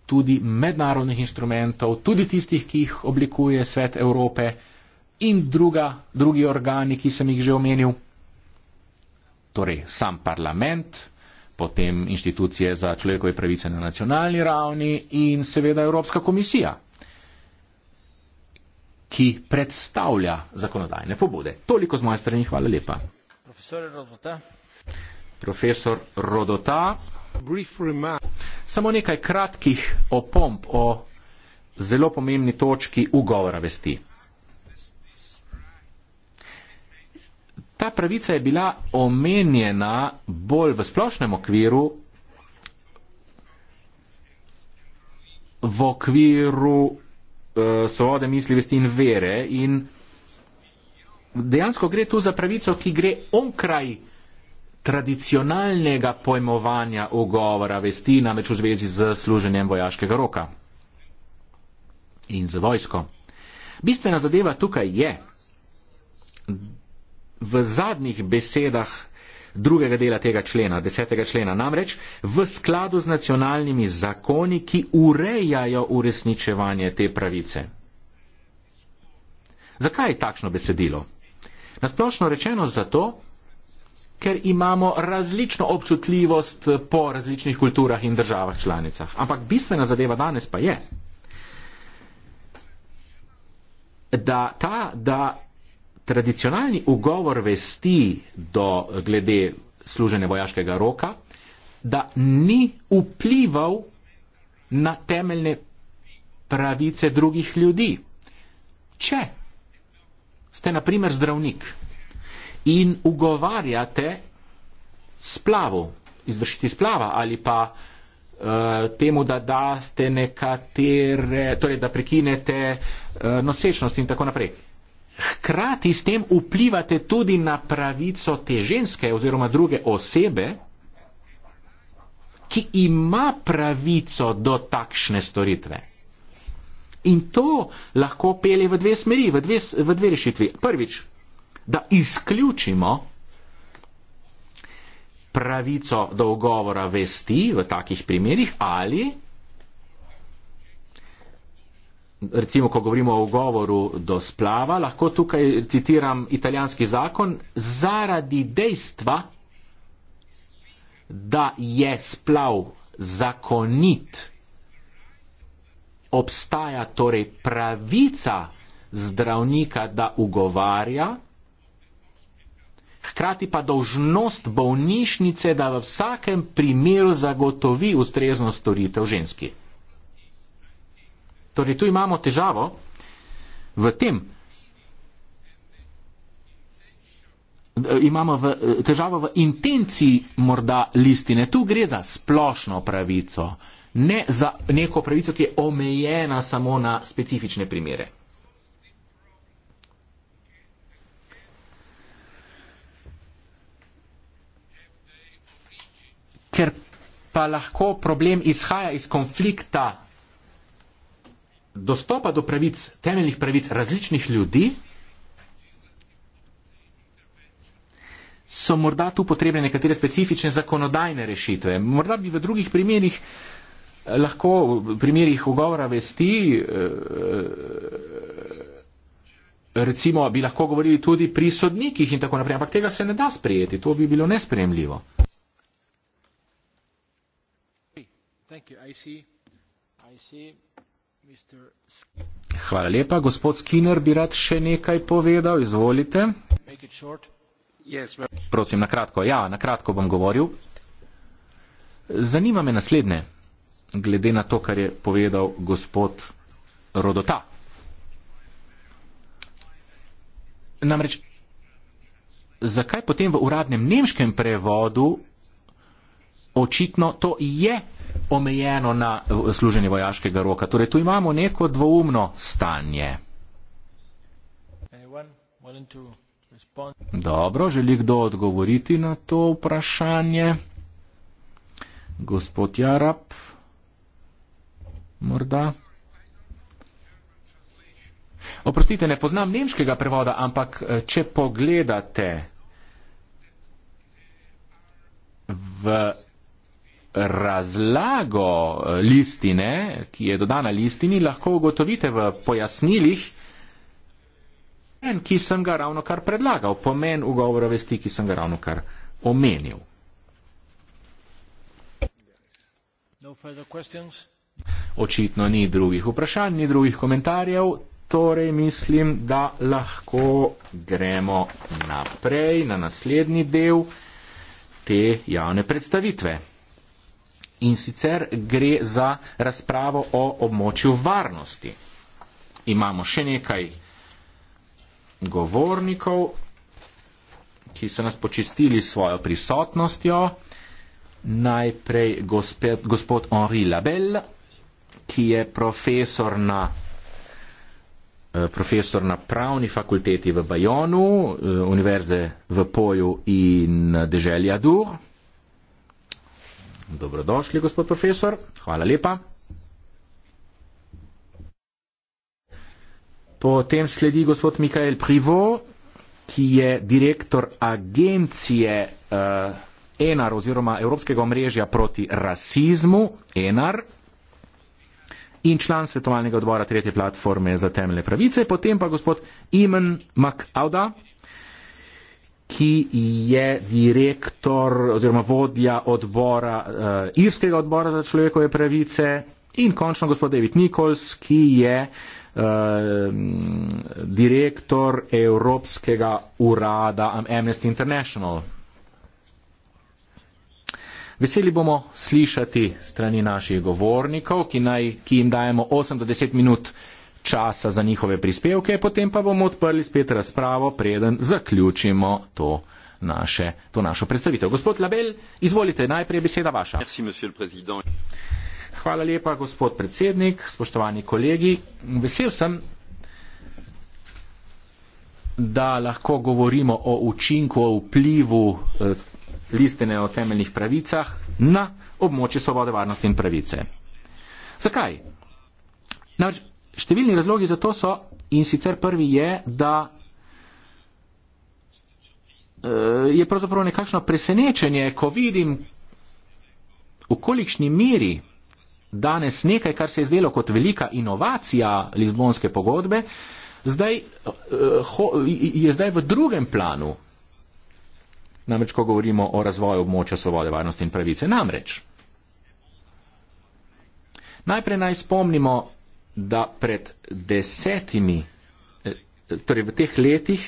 tudi mednarodnih instrumentov, tudi tistih, ki jih oblikuje svet Evrope in druga, drugi organi, ki sem jih že omenil, torej sam parlament, potem inštitucije za človekove pravice na nacionalni ravni in seveda Evropska komisija, ki predstavlja zakonodajne pobude. Toliko z moje strani, hvala lepa. Profesor Rodota. Profesor Rodota. Samo nekaj kratkih opomb o zelo pomembni točki ugovora vesti. Ta pravica je bila omenjena bolj v splošnem okviru, v okviru uh, svobode misli, vesti in vere. In dejansko gre tu za pravico, ki gre onkraj tradicionalnega pojmovanja ugovora vesti, namreč v zvezi z služenjem vojaškega roka in z vojsko. Bistvena zadeva tukaj je v zadnjih besedah drugega dela tega člena, desetega člena, namreč v skladu z nacionalnimi zakoni, ki urejajo uresničevanje te pravice. Zakaj je takšno besedilo? Nasplošno rečeno zato, ker imamo različno občutljivost eh, po različnih kulturah in državah članicah. Ampak bistvena zadeva danes pa je, da ta, da tradicionalni ugovor vesti do glede služene vojaškega roka, da ni vplival na temeljne pravice drugih ljudi. Če ste na primer zdravnik, in ugovarjate splavu, izvršiti splava ali pa uh, temu, da daste nekatere, torej da prekinete uh, nosečnost in tako naprej. Hkrati s tem vplivate tudi na pravico te ženske oziroma druge osebe, ki ima pravico do takšne storitve. In to lahko pelje v dve smeri, v dve, v dve rešitvi. Prvič, da izključimo pravico do ogovora vesti v takih primerih ali recimo, ko govorimo o ugovoru do splava, lahko tukaj citiram italijanski zakon, zaradi dejstva, da je splav zakonit, obstaja torej pravica zdravnika, da ugovarja hkrati pa dožnost bolnišnice, da v vsakem primeru zagotovi ustrezno storitev ženski. Torej, tu imamo težavo v tem, imamo v, težavo v intenciji morda listine. Tu gre za splošno pravico, ne za neko pravico, ki je omejena samo na specifične primere. ker pa lahko problem izhaja iz konflikta dostopa do pravic, temeljnih pravic različnih ljudi, so morda tu potrebne nekatere specifične zakonodajne rešitve. Morda bi v drugih primerih eh, lahko, v primerih ugovora vesti, eh, recimo bi lahko govorili tudi pri sodnikih in tako naprej, ampak tega se ne da sprejeti, to bi bilo nespremljivo. Thank you. I see. I see. Mr. Hvala lepa. Gospod Skinner bi rad še nekaj povedal. Izvolite. Yes, Prosim, na kratko. Ja, na kratko bom govoril. Zanima me naslednje, glede na to, kar je povedal gospod Rodota. Namreč, zakaj potem v uradnem nemškem prevodu očitno to je omejeno na eh, služenje vojaškega roka. Torej tu imamo neko dvoumno stanje. Dobro, želi kdo odgovoriti na to vprašanje? Gospod Jarab, morda. Oprostite, ne poznam nemškega prevoda, ampak eh, če pogledate v razlago eh, listine, ki je dodana listini, lahko ugotovite v pojasnilih, ki sem ga ravno kar predlagal, pomen ugovora vesti, ki sem ga ravno kar omenil. No Očitno ni drugih vprašanj, ni drugih komentarjev, torej mislim, da lahko gremo naprej na naslednji del te javne predstavitve in sicer gre za razpravo o območju varnosti. Imamo še nekaj govornikov, ki so nas počistili svojo prisotnostjo. Najprej gospod, gospod Henri Label, ki je profesor na eh, profesor na pravni fakulteti v Bajonu, eh, univerze v Poju in deželi Adur. Dobrodošli, gospod profesor. Hvala lepa. Potem sledi gospod Mikael Privo, ki je direktor agencije uh, Enar oziroma Evropskega omrežja proti rasizmu Enar in član svetovalnega odbora tretje platforme za temeljne pravice. Potem pa gospod Imen Makauda, ki je direktor oziroma vodja odbora, uh, irskega odbora za človekove pravice in končno gospod David Nichols, ki je uh, direktor Evropskega urada Amnesty International. Veseli bomo slišati strani naših govornikov, ki, naj, ki jim dajemo 8 do 10 minut uh, časa za njihove prispevke, potem pa bomo odprli spet razpravo, preden zaključimo to, naše, to našo predstavitev. Gospod Label, izvolite, najprej beseda vaša. Hvala lepa, gospod predsednik, spoštovani kolegi. Vesel sem, da lahko govorimo o učinku, o vplivu eh, listene o temeljnih pravicah na območje svobode, varnosti in pravice. Zakaj? Namreč Številni razlogi za to so in sicer prvi je, da eh, je pravzaprav nekakšno presenečenje, ko vidim, v kolikšni miri danes nekaj, kar se je zdelo kot velika inovacija Lizbonske pogodbe, zdaj, eh, je zdaj v drugem planu, namreč ko govorimo o razvoju območja svobode, varnosti in pravice. Namreč, najprej naj spomnimo, da pred desetimi, eh, torej v teh letih,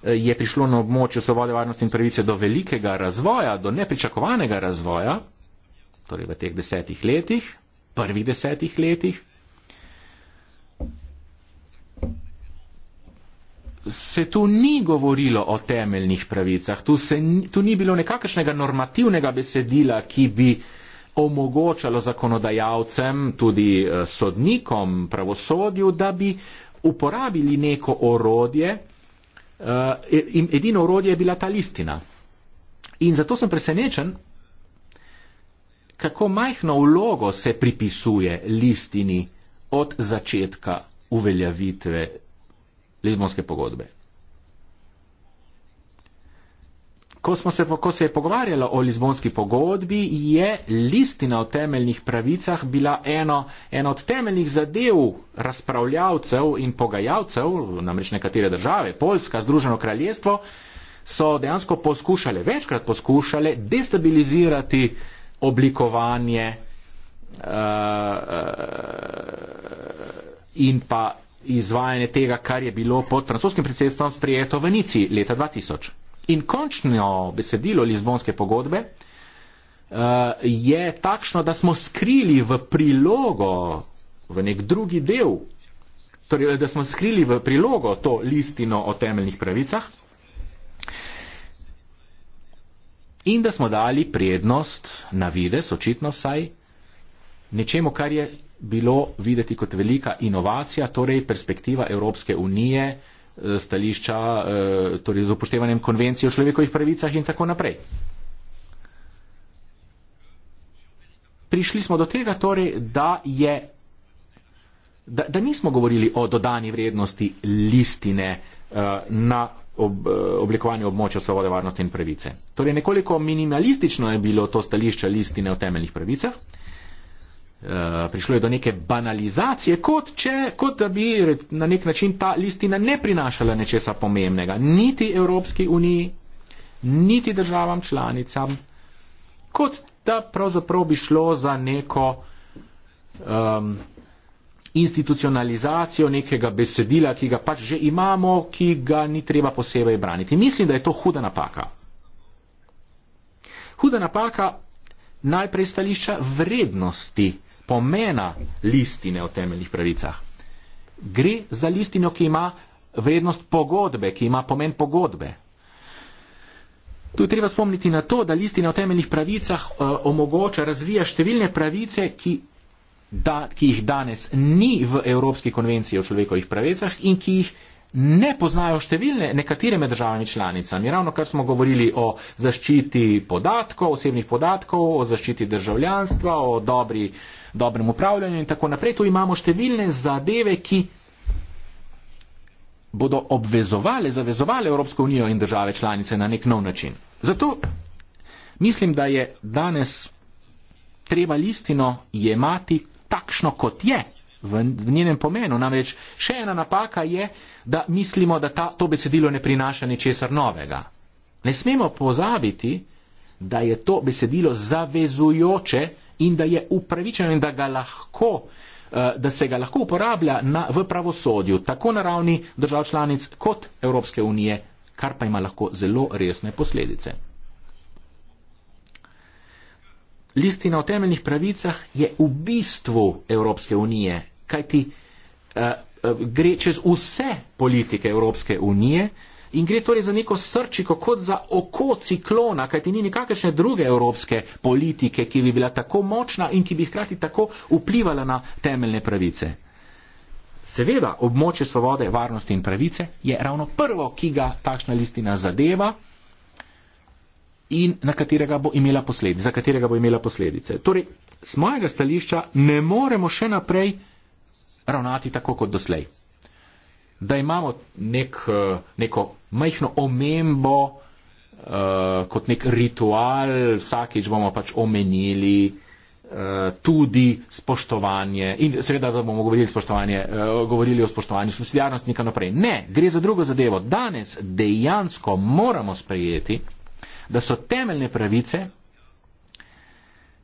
eh, je prišlo na območju svobode, varnosti in pravice do velikega razvoja, do nepričakovanega razvoja, torej v teh desetih letih, prvih desetih letih. Se tu ni govorilo o temeljnih pravicah, tu, se, tu ni bilo nekakšnega normativnega besedila, ki bi uh, omogočalo zakonodajalcem, tudi eh, sodnikom, pravosodju, da bi uporabili neko orodje. Eh, e, in edino orodje je bila ta listina. In zato sem presenečen, kako majhno vlogo se pripisuje listini od začetka uveljavitve Lizbonske pogodbe. ko, se, ko se je pogovarjalo o Lizbonski pogodbi, je listina o temeljnih pravicah bila eno, eno od temeljnih zadev razpravljavcev in pogajalcev, namreč nekatere države, Poljska, Združeno kraljestvo, so dejansko poskušale, večkrat poskušale destabilizirati oblikovanje uh, in pa izvajanje tega, kar je bilo pod francoskim predsedstvom sprejeto v Nici leta 2000. In končno besedilo Lizbonske pogodbe eh, je takšno, da smo skrili v prilogo, v nek drugi del, torej da smo skrili v prilogo to listino o temeljnih pravicah in da smo dali prednost na vides, očitno vsaj, nečemu, kar je bilo videti kot velika inovacija, torej perspektiva Evropske unije, stališča, eh, torej z upoštevanjem konvencije o človekovih pravicah in tako naprej. Prišli smo do tega, torej, da, je, da, da nismo govorili o dodani vrednosti listine eh, na ob, eh, oblikovanju območja svobode, varnosti in pravice. Torej, nekoliko minimalistično je bilo to stališče listine o temeljnih pravicah. Eh, prišlo je do neke banalizacije, kot, če, kot da bi na nek način ta listina ne prinašala nečesa pomembnega, niti Evropski uniji, niti državam članicam, kot da pravzaprav bi šlo za neko um, institucionalizacijo nekega besedila, ki ga pač že imamo, ki ga ni treba posebej braniti. Mislim, da je to huda napaka. Huda napaka najprej stališča vrednosti pomena listine o temeljnih pravicah. Gre za listino, ki ima vrednost pogodbe, ki ima pomen pogodbe. Tu je treba spomniti na to, da listina o temeljnih pravicah uh, omogoča, razvija številne pravice, ki, da, ki jih danes ni v Evropski konvenciji o človekovih pravicah in ki jih ne poznajo številne, nekatere med državami članicami. Ravno kar smo govorili o zaščiti podatkov, osebnih podatkov, o zaščiti državljanstva, o dobri, dobrem upravljanju in tako naprej, tu imamo številne zadeve, ki bodo obvezovali, zavezovali Evropsko unijo in države članice na nek nov način. Zato mislim, da je danes treba listino jemati takšno, kot je v, v njenem pomenu. Namreč še ena napaka je, da mislimo, da ta, to besedilo ne prinaša ničesar novega. Ne smemo pozabiti, da je to besedilo zavezujoče in da je upravičeno in da ga lahko eh, da se ga lahko uporablja na, v pravosodju, tako na ravni držav članic kot Evropske unije, kar pa ima lahko zelo resne posledice. Listina o temeljnih pravicah je v bistvu Evropske unije kajti uh, gre čez vse politike Evropske unije in gre torej za neko srčiko kot za oko ciklona, kajti ni nikakršne druge evropske politike, ki bi bila tako močna in ki bi hkrati tako vplivala na temeljne pravice. Seveda, območje svobode, varnosti in pravice je ravno prvo, ki ga takšna listina zadeva in na katerega bo imela posledice, za katerega bo imela posledice. Torej, z mojega stališča ne moremo še naprej ravnati tako kot doslej. Da imamo nek, eh, neko majhno omembo uh, kot nek ritual, vsakeč bomo pač omenili uh, tudi spoštovanje in seveda, da bomo govorili, spoštovanje, uh, govorili o spoštovanju subsidijarnosti in tako naprej. Ne, gre za drugo zadevo. Danes dejansko moramo sprejeti, da so temeljne pravice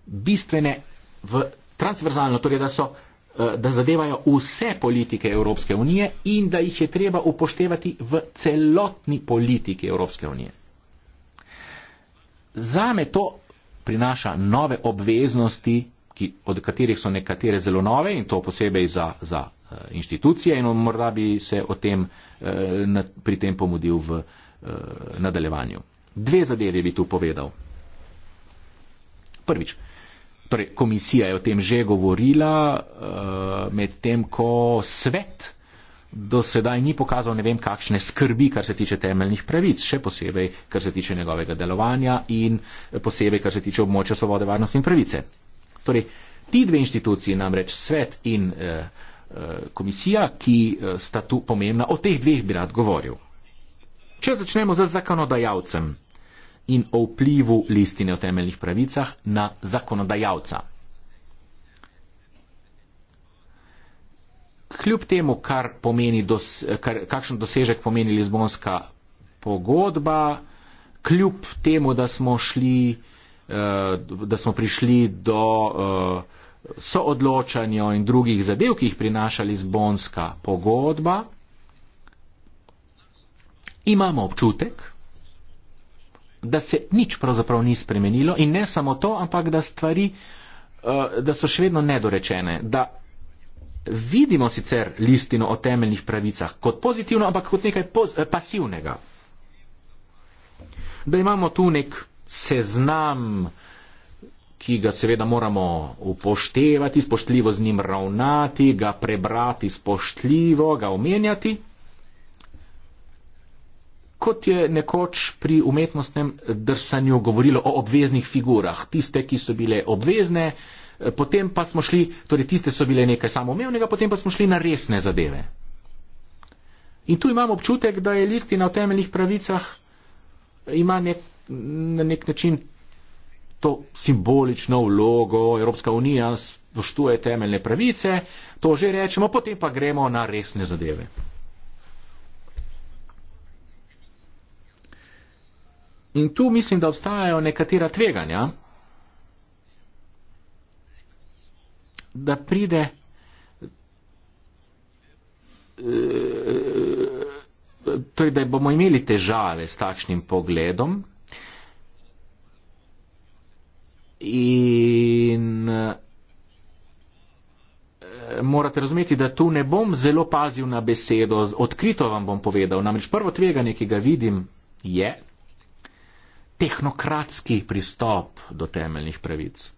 bistvene v transverzalno, torej da so uh, Eh, da zadevajo vse politike Evropske unije in da jih je treba upoštevati v celotni politiki Evropske unije. Zame to prinaša nove obveznosti, ki, od katerih so nekatere zelo nove in to posebej za, za eh, inštitucije in morda bi se o tem eh, pri tem pomudil v nadaljevanju. Dve zadeve bi tu povedal. Prvič, torej komisija je o tem že govorila, eh, medtem ko svet do sedaj ni pokazal ne vem kakšne skrbi, kar se tiče temeljnih pravic, še posebej, kar se tiče njegovega delovanja in posebej, kar se tiče območja svobode, varnosti in pravice. Torej, ti dve inštituciji, namreč svet in eh, eh, komisija, ki sta tu pomembna, o teh dveh bi rad govoril. Če začnemo z zakonodajalcem, in o vplivu listine o temeljnih pravicah na zakonodajalca. Kljub temu, kar pomeni, dos, kar, kakšen dosežek pomeni Lizbonska pogodba, kljub temu, da smo, šli, eh, da smo prišli do eh, soodločanja in drugih zadev, ki jih prinaša Lizbonska pogodba, imamo občutek, da se nič pravzaprav ni spremenilo in ne samo to, ampak da stvari, eh, da so še vedno nedorečene, da vidimo sicer listino o temeljnih pravicah kot pozitivno, ampak kot nekaj eh, pasivnega. Da imamo tu nek seznam, ki ga seveda moramo upoštevati, spoštljivo z njim ravnati, ga prebrati spoštljivo, ga omenjati kot je nekoč pri umetnostnem drsanju govorilo o obveznih figurah, tiste, ki so bile obvezne, eh, potem pa smo šli, torej tiste so bile nekaj samoumevnega, potem pa smo šli na resne zadeve. In tu imam občutek, da je listina o temeljnih pravicah eh, ima nek, na nek način to simbolično vlogo, Evropska unija spoštuje temeljne pravice, to že rečemo, potem pa gremo na resne zadeve. In tu mislim, da obstajajo nekatera tveganja, da pride eh, torej, da bomo imeli težave s takšnim pogledom in eh, morate razumeti, da tu ne bom zelo pazil na besedo, odkrito vam bom povedal, namreč prvo tveganje, ki ga vidim, je, tehnokratski pristop do temeljnih pravic.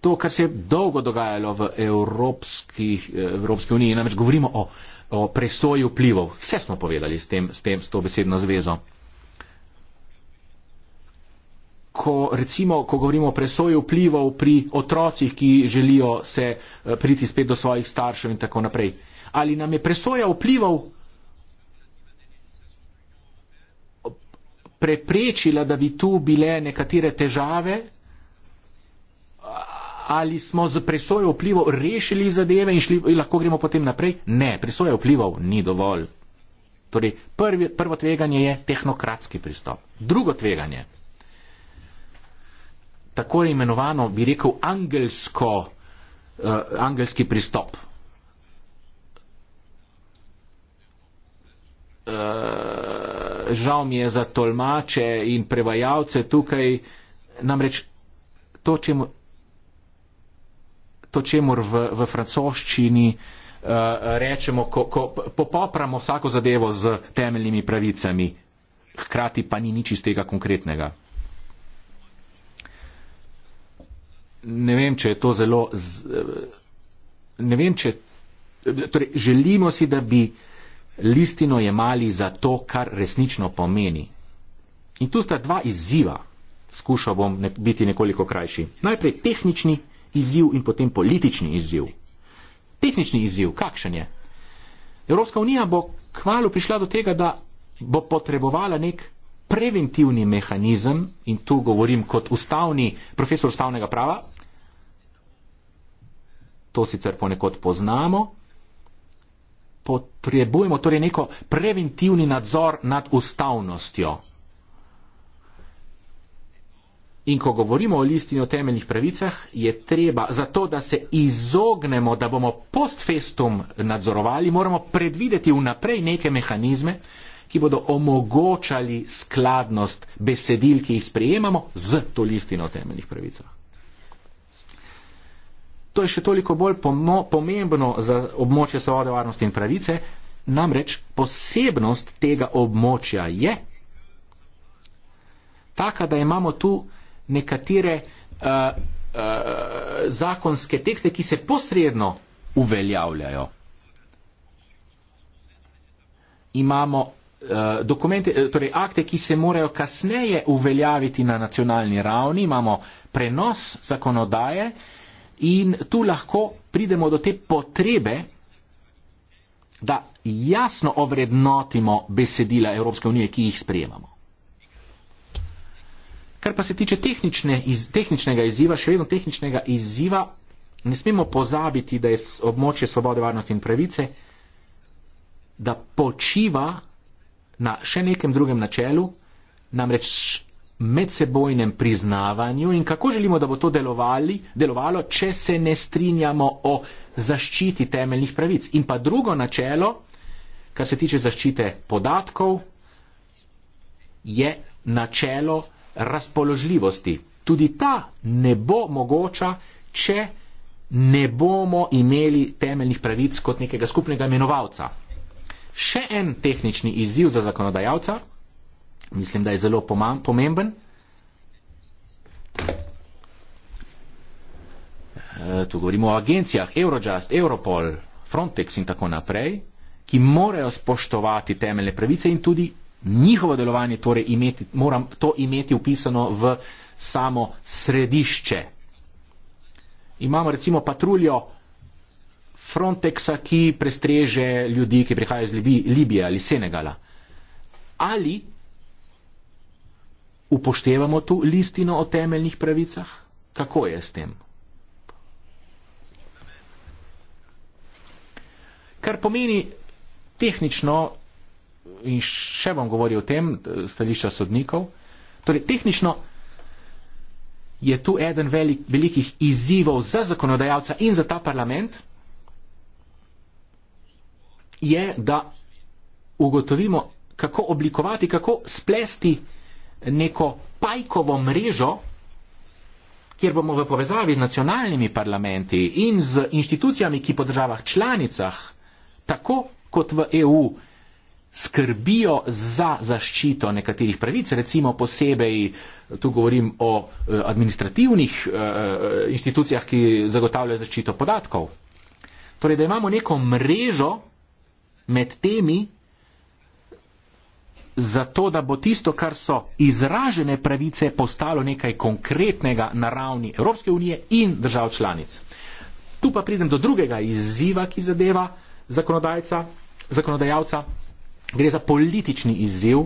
To, kar se je dolgo dogajalo v Evropski, Evropski uniji, namreč govorimo o, o presoji vplivov. Vse smo povedali s tem, s tem, s to besedno zvezo. Ko recimo, ko govorimo o presoji vplivov pri otrocih, ki želijo se eh, priti spet do svojih staršev in tako naprej. Ali nam je presoja vplivov preprečila, da bi tu bile nekatere težave, ali smo z presojo vplivov rešili zadeve in šli, lahko gremo potem naprej? Ne, presoja vplivov ni dovolj. Torej, prvi, prvo tveganje je tehnokratski pristop. Drugo tveganje, tako imenovano, bi rekel, angelsko, uh, angelski pristop. Uh, žal mi je za tolmače in prevajalce tukaj, namreč to, čemu, to, čemu v, v francoščini uh, rečemo, ko, ko popopramo vsako zadevo z temeljnimi pravicami, hkrati pa ni nič iz tega konkretnega. Ne vem, če je to zelo. Z, eh, ne vem, če. Torej, želimo si, da bi listino jemali za to, kar resnično pomeni. In tu sta dva izziva, skušal bom ne, biti nekoliko krajši. Najprej tehnični izziv in potem politični izziv. Tehnični izziv, kakšen je? Evropska unija bo kmalo prišla do tega, da bo potrebovala nek preventivni mehanizem, in tu govorim kot ustavni profesor ustavnega prava, to sicer ponekod poznamo, potrebujemo torej neko preventivni nadzor nad ustavnostjo. In ko govorimo o listini o temeljnih pravicah, je treba za to, da se izognemo, da bomo post festum nadzorovali, moramo predvideti vnaprej neke mehanizme, ki bodo omogočali skladnost besedil, ki jih sprejemamo z to listino o temeljnih pravicah. To je še toliko bolj pomembno za območje svobode, varnosti in pravice, namreč posebnost tega območja je taka, da imamo tu nekatere uh, uh, zakonske tekste, ki se posredno uveljavljajo. Imamo uh, dokumente, torej akte, ki se morajo kasneje uveljaviti na nacionalni ravni, imamo prenos zakonodaje, uh, In tu lahko pridemo do te potrebe, da jasno ovrednotimo besedila Evropske unije, ki jih sprejemamo. Kar pa se tiče tehnične, iz, tehničnega izziva, še vedno tehničnega izziva, ne smemo pozabiti, da je območje svobode, varnosti in pravice, da počiva na še nekem drugem načelu, namreč medsebojnem priznavanju in kako želimo, da bo to delovali, delovalo, če se ne strinjamo o zaščiti temeljnih pravic. In pa drugo načelo, kar se tiče zaščite podatkov, je načelo razpoložljivosti. Tudi ta ne bo mogoča, če ne bomo imeli temeljnih pravic kot nekega skupnega imenovalca. Še en tehnični izziv za zakonodajalca mislim, da je zelo pomemben. Eh, tu govorimo o agencijah Eurojust, Europol, Frontex in tako naprej, ki morajo spoštovati temeljne pravice in tudi njihovo delovanje, torej imeti, moram to imeti upisano v samo središče. Imamo recimo patruljo Frontexa, ki prestreže ljudi, ki prihajajo iz Libije ali Senegala. Ali upoštevamo tu listino o temeljnih pravicah? Kako je s tem? Kar pomeni tehnično, in še bom govoril o tem, stališča sodnikov, torej tehnično je tu eden velik, velikih izzivov za zakonodajalca in za ta parlament, je, da ugotovimo, kako oblikovati, kako splesti neko pajkovo mrežo, kjer bomo v povezavi z nacionalnimi parlamenti in z inštitucijami, ki po državah članicah, tako kot v EU, skrbijo za zaščito nekaterih pravic, recimo posebej tu govorim o eh, administrativnih eh, eh, inštitucijah, ki zagotavljajo zaščito podatkov. Torej, da imamo neko mrežo med temi, zato, da bo tisto, kar so izražene pravice, postalo nekaj konkretnega na ravni Evropske unije in držav članic. Tu pa pridem do drugega izziva, ki zadeva zakonodajca, zakonodajalca. Gre za politični izziv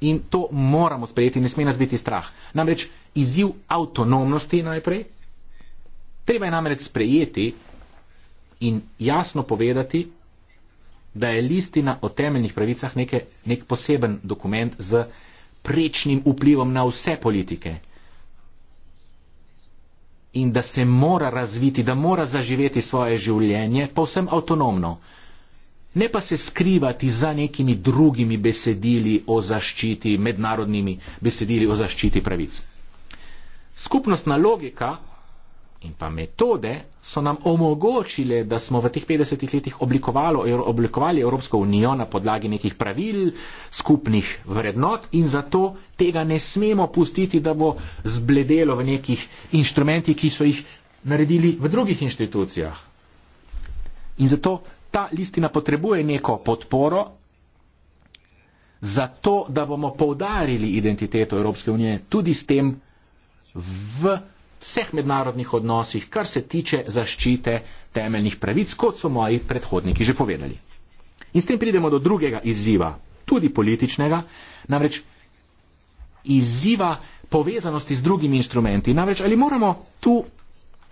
in to moramo sprejeti, ne sme nas biti strah. Namreč izziv avtonomnosti najprej. Treba je namreč sprejeti in jasno povedati, da je listina o temeljnih pravicah neke, nek poseben dokument z prečnim vplivom na vse politike in da se mora razviti, da mora zaživeti svoje življenje povsem avtonomno. Ne pa se skrivati za nekimi drugimi besedili o zaščiti, mednarodnimi besedili o zaščiti pravic. Skupnostna logika in pa metode so nam omogočile, da smo v teh 50 letih oblikovali Evropsko unijo na podlagi nekih pravil, skupnih vrednot in zato tega ne smemo pustiti, da bo zbledelo v nekih inštrumentih, ki so jih naredili v drugih inštitucijah. In zato ta listina potrebuje neko podporo, zato da bomo povdarili identiteto Evropske unije tudi s tem v vseh mednarodnih odnosih, kar se tiče zaščite temeljnih pravic, kot so moji predhodniki že povedali. In s tem pridemo do drugega izziva, tudi političnega, namreč izziva povezanosti z drugimi instrumenti. Namreč ali moramo tu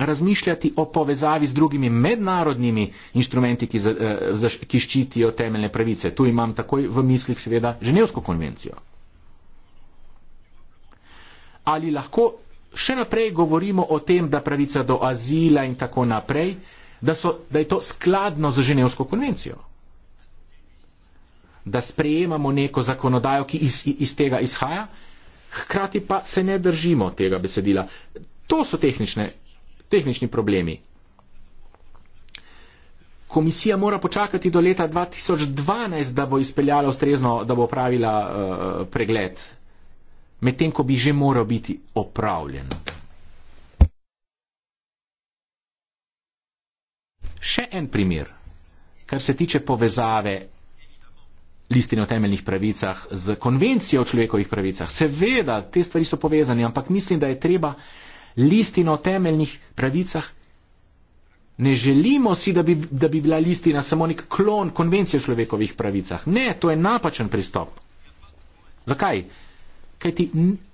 razmišljati o povezavi z drugimi mednarodnimi instrumenti, ki, za, eh, ki ščitijo temeljne pravice. Tu imam takoj v mislih seveda Ženevsko konvencijo. Ali lahko še naprej govorimo o tem, da pravica do azila in tako naprej, da, so, da je to skladno z Ženevsko konvencijo. Da sprejemamo neko zakonodajo, ki iz, iz tega izhaja, hkrati pa se ne držimo tega besedila. To so tehnični problemi. Komisija mora počakati do leta 2012, da bo izpeljala ustrezno, da bo pravila uh, eh, pregled medtem ko bi že moral biti opravljen. Še en primer, kar se tiče povezave listine o temeljnih pravicah z konvencijo o človekovih pravicah. Seveda, te stvari so povezane, ampak mislim, da je treba listino o temeljnih pravicah. Ne želimo si, da bi, da bi bila listina samo nek klon konvencije o človekovih pravicah. Ne, to je napačen pristop. Zakaj? kajti,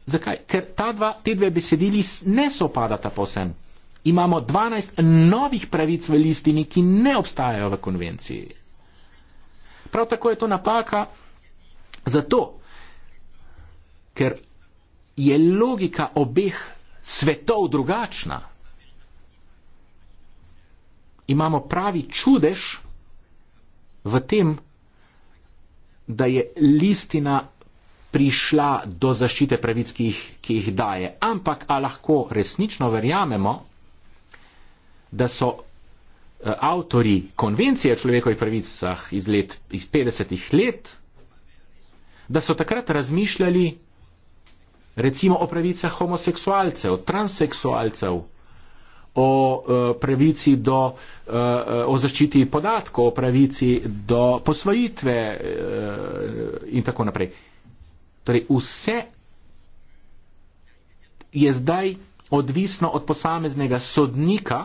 zakaj? Ker dva, te dve besedili ne sopadata posem. Imamo 12 novih pravic v listini, ki ne obstajajo v konvenciji. Prav tako je to napaka zato, ker je logika obeh svetov drugačna. Imamo pravi čudež v tem, da je listina prišla do zaščite pravic, ki jih, ki jih daje. Ampak a lahko resnično verjamemo, da so eh, avtori konvencije o človekovih pravicah iz, let, iz 50-ih let, da so takrat razmišljali recimo o pravicah homoseksualcev, transseksualcev, o eh, pravici do, eh, o zaščiti podatkov, o pravici do posvojitve in tako naprej. Torej, vse je zdaj odvisno od posameznega sodnika,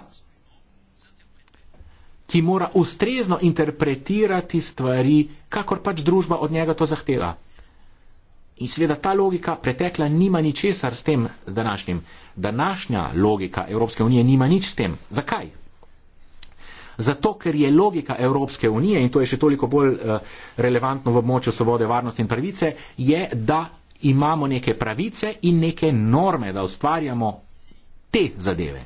ki mora ustrezno interpretirati stvari, kakor pač družba od njega to zahteva. In seveda ta logika pretekla nima ničesar s tem današnjim. Današnja logika Evropske unije nima nič s tem. Zakaj? zato ker je logika Evropske unije, in to je še toliko bolj eh, relevantno v območju svobode, varnosti in pravice, je, da imamo neke pravice in neke norme, da ustvarjamo te zadeve.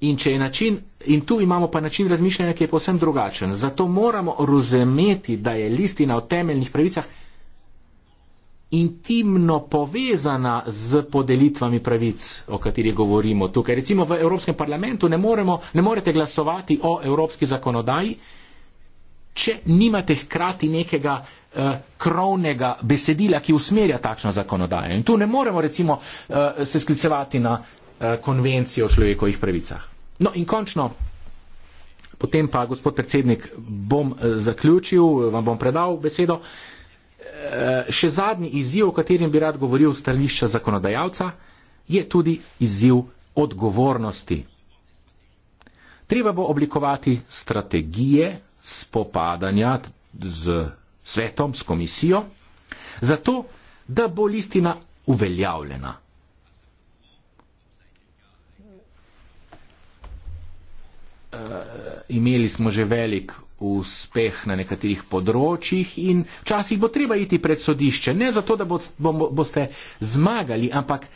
In, način, in tu imamo pa način razmišljanja, ki je povsem drugačen. Zato moramo razumeti, da je listina o temeljnih pravicah intimno povezana z podelitvami pravic, o katerih govorimo tukaj. Recimo v Evropskem parlamentu ne, moremo, ne morete glasovati o evropski zakonodaji, če nimate hkrati nekega eh, krovnega besedila, ki usmerja takšno zakonodajo. In tu ne moremo recimo eh, se sklicevati na eh, konvencijo o človekovih pravicah. No in končno, potem pa, gospod predsednik, bom eh, zaključil, eh, vam bom predal besedo. Eh, Eh, še zadnji izziv, o katerem bi rad govoril stališča zakonodajalca, je tudi izziv odgovornosti. Treba bo oblikovati strategije spopadanja z svetom, s komisijo, zato, da bo listina uveljavljena. Uh, imeli smo že velik uspeh na nekaterih področjih in včasih bo treba iti pred sodišče. Ne zato, da boste zmagali, ampak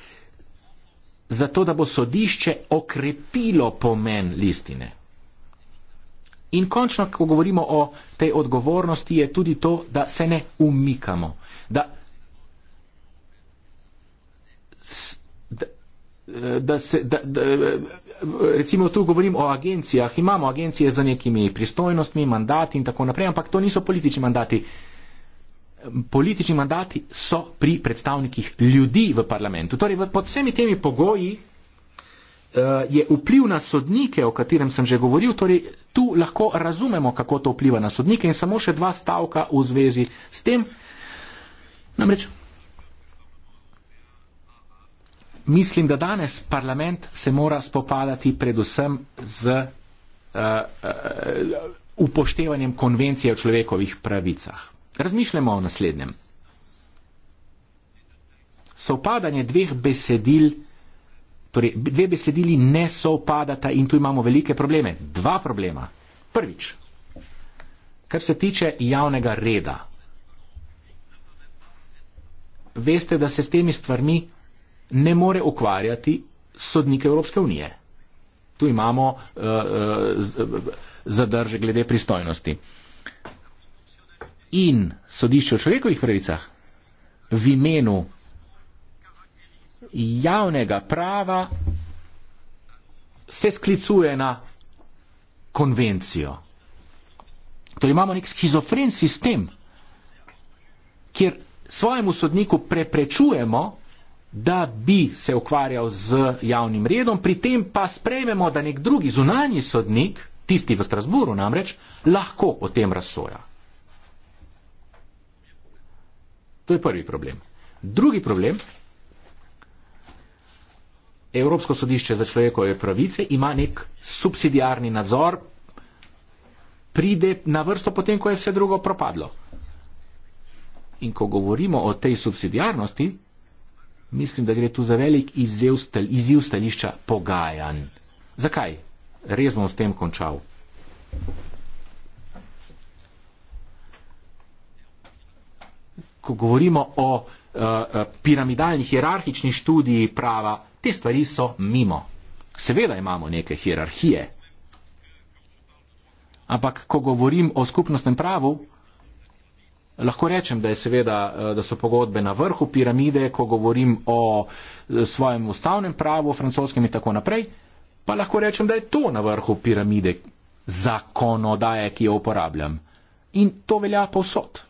zato, da bo sodišče okrepilo pomen listine. In končno, ko govorimo o tej odgovornosti, je tudi to, da se ne umikamo. Da, da, eh, da se, da, da, recimo tu govorim o agencijah, imamo agencije z nekimi pristojnostmi, mandati in tako naprej, ampak to niso politični mandati. Politični mandati so pri predstavnikih ljudi v parlamentu. Torej, pod vsemi temi pogoji eh, je vpliv na sodnike, o katerem sem že govoril, torej tu lahko razumemo, kako to vpliva na sodnike in samo še dva stavka v zvezi s tem. Namreč mislim, da danes parlament se mora spopadati predvsem z uh, uh, upoštevanjem konvencije o človekovih pravicah. Razmišljamo o naslednjem. Sovpadanje dveh besedil, torej dve besedili ne sovpadata in tu imamo velike probleme. Dva problema. Prvič, kar se tiče javnega reda. Veste, da se s temi stvarmi ne more ukvarjati sodnike Evropske unije. Tu imamo uh, eh, eh, zadržek glede pristojnosti. In sodišče o človekovih pravicah v imenu javnega prava se sklicuje na konvencijo. Torej imamo nek schizofren sistem, kjer svojemu sodniku preprečujemo, da bi se ukvarjal z javnim redom, pri tem pa sprejmemo, da nek drugi zunanji sodnik, tisti v Strasburu namreč, lahko o tem razsoja. To je prvi problem. Drugi problem. Evropsko sodišče za človekove pravice ima nek subsidijarni nadzor, pride na vrsto potem, ko je vse drugo propadlo. In ko govorimo o tej subsidijarnosti, Mislim, da gre tu za velik izziv, stel, izziv stališča pogajanj. Zakaj? Res bom s tem končal. Ko govorimo o uh, piramidalni, hierarhični študiji prava, te stvari so mimo. Seveda imamo neke hierarhije. Ampak, ko govorim o skupnostnem pravu, Lahko rečem, da, seveda, eh, da so pogodbe na vrhu piramide, ko govorim o eh, svojem ustavnem pravu, francoskem in tako naprej, pa lahko rečem, da je to na vrhu piramide zakonodaje, ki jo uporabljam. In to velja povsod.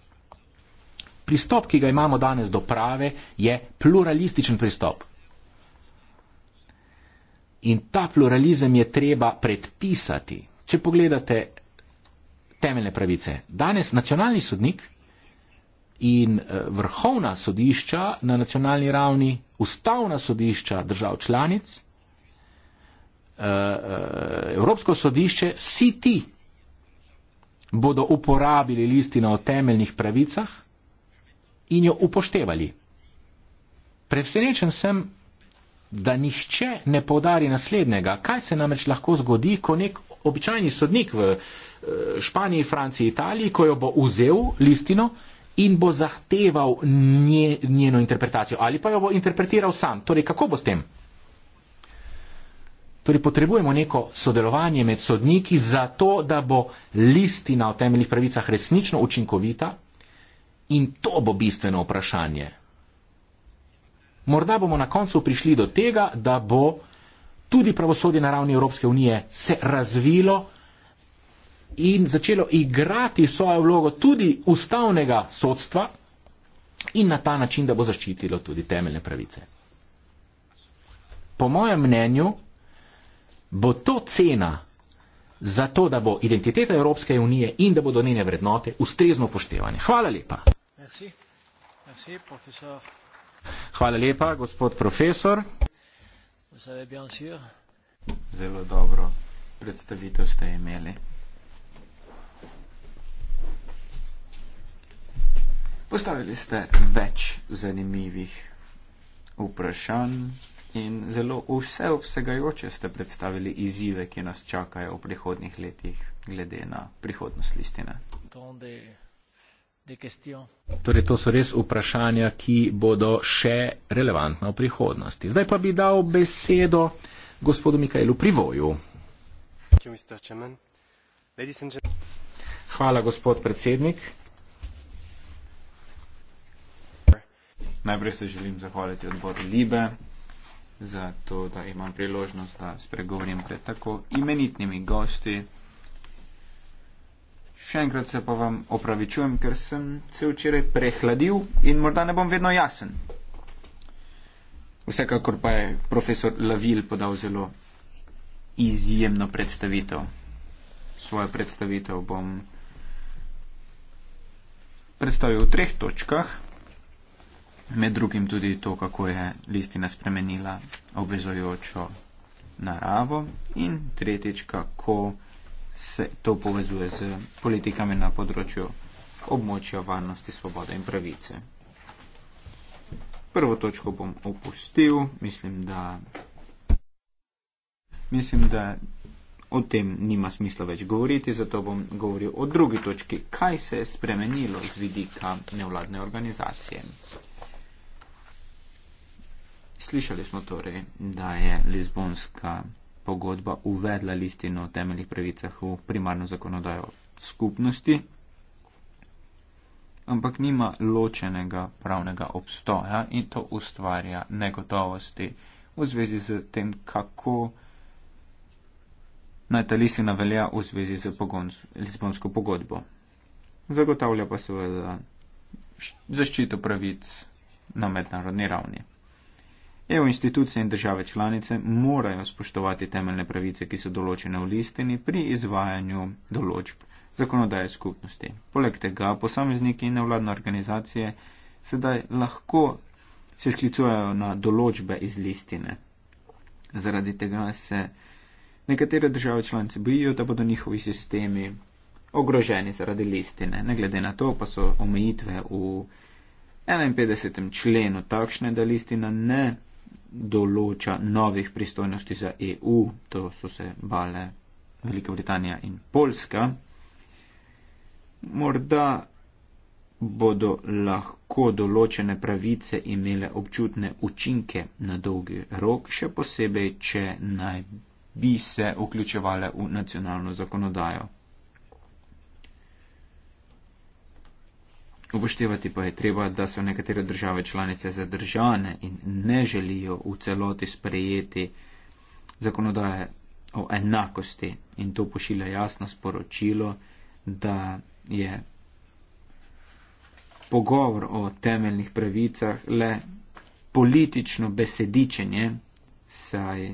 Pristop, ki ga imamo danes do prave, je pluralističen pristop. In ta pluralizem je treba predpisati. Če pogledate temeljne pravice, danes nacionalni sodnik in eh, vrhovna sodišča na nacionalni ravni, ustavna sodišča držav članic, eh, eh, Evropsko sodišče, vsi ti bodo uporabili listino o temeljnih pravicah in jo upoštevali. Presenečen sem, da nihče ne podari naslednjega, kaj se namreč lahko zgodi, ko nek običajni sodnik v Španiji, Franciji, Italiji, ko jo bo vzel listino, in bo zahteval nje, njeno interpretacijo ali pa jo bo interpretiral sam. Torej, kako bo s tem? Torej, potrebujemo neko sodelovanje med sodniki za to, da bo listina o temeljnih pravicah resnično učinkovita in to bo bistveno vprašanje. Morda bomo na koncu prišli do tega, da bo tudi pravosodje na ravni Evropske unije se razvilo in začelo igrati svojo vlogo tudi ustavnega sodstva in na ta način, da bo zaščitilo tudi temeljne pravice. Po mojem mnenju bo to cena za to, da bo identiteta Evropske unije in da bodo njene vrednote ustrezno upoštevane. Hvala lepa. Merci. Merci, profesor. Hvala lepa, gospod profesor. Zelo dobro predstavitev ste imeli. Postavili ste več zanimivih vprašanj in zelo vseobsegajoče ste predstavili izzive, ki nas čakajo v prihodnih letih, glede na prihodnost listine. Torej, to so res vprašanja, ki bodo še relevantna v prihodnosti. Zdaj pa bi dal besedo gospodu Mikaelu Privoju. Hvala, gospod predsednik. Najprej se želim zahvaliti odboru Libe za to, da imam priložnost, da spregovorim pred tako imenitnimi gosti. Še enkrat se pa vam opravičujem, ker sem se včeraj prehladil in morda ne bom vedno jasen. Vsekakor pa je profesor Lavil podal zelo izjemno predstavitev. Svojo predstavitev bom predstavil v treh točkah med drugim tudi to, kako je listina spremenila obvezojočo naravo in tretjič, kako se to povezuje z politikami na področju območja varnosti, svobode in pravice. Prvo točko bom opustil, mislim, da. Mislim, da o tem nima smisla več govoriti, zato bom govoril o drugi točki, kaj se je spremenilo z vidika nevladne organizacije. Slišali smo torej, da je Lizbonska pogodba uvedla listino o temeljnih pravicah v primarno zakonodajo skupnosti, ampak nima ločenega pravnega obstoja in to ustvarja negotovosti v zvezi z tem, kako naj ta listina velja v zvezi z pogons, Lizbonsko pogodbo. Zagotavlja pa seveda zaščito pravic na mednarodni ravni. EU institucije in države članice morajo spoštovati temeljne pravice, ki so določene v listini pri izvajanju določb zakonodaje skupnosti. Poleg tega posamezniki in nevladne organizacije sedaj lahko se sklicujejo na določbe iz listine. Zaradi tega se nekatere države članice bojijo, da bodo njihovi sistemi ogroženi zaradi listine. Ne glede na to, pa so omejitve v 51. členu takšne, da listina ne določa novih pristojnosti za EU, to so se bale Velika Britanija in Poljska. Morda bodo lahko določene pravice imele občutne učinke na dolgi rok, še posebej, če naj bi se vključevale v nacionalno zakonodajo. Upoštevati pa je treba, da so nekatere države članice zadržane in ne želijo v celoti sprejeti zakonodaje o enakosti in to pošilja jasno sporočilo, da je pogovor o temeljnih pravicah le politično besedičenje, saj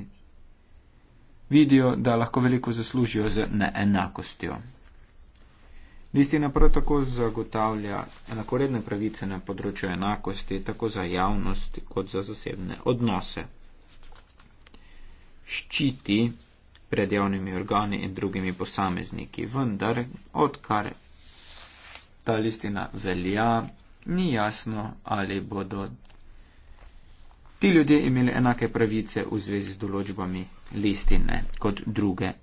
vidijo, da lahko veliko zaslužijo z neenakostjo. Listina prav tako zagotavlja enakoredne pravice na področju enakosti, tako za javnost kot za zasebne odnose. Ščiti pred javnimi organi in drugimi posamezniki, vendar odkar ta listina velja, ni jasno, ali bodo ti ljudje imeli enake pravice v zvezi z določbami listine kot druge,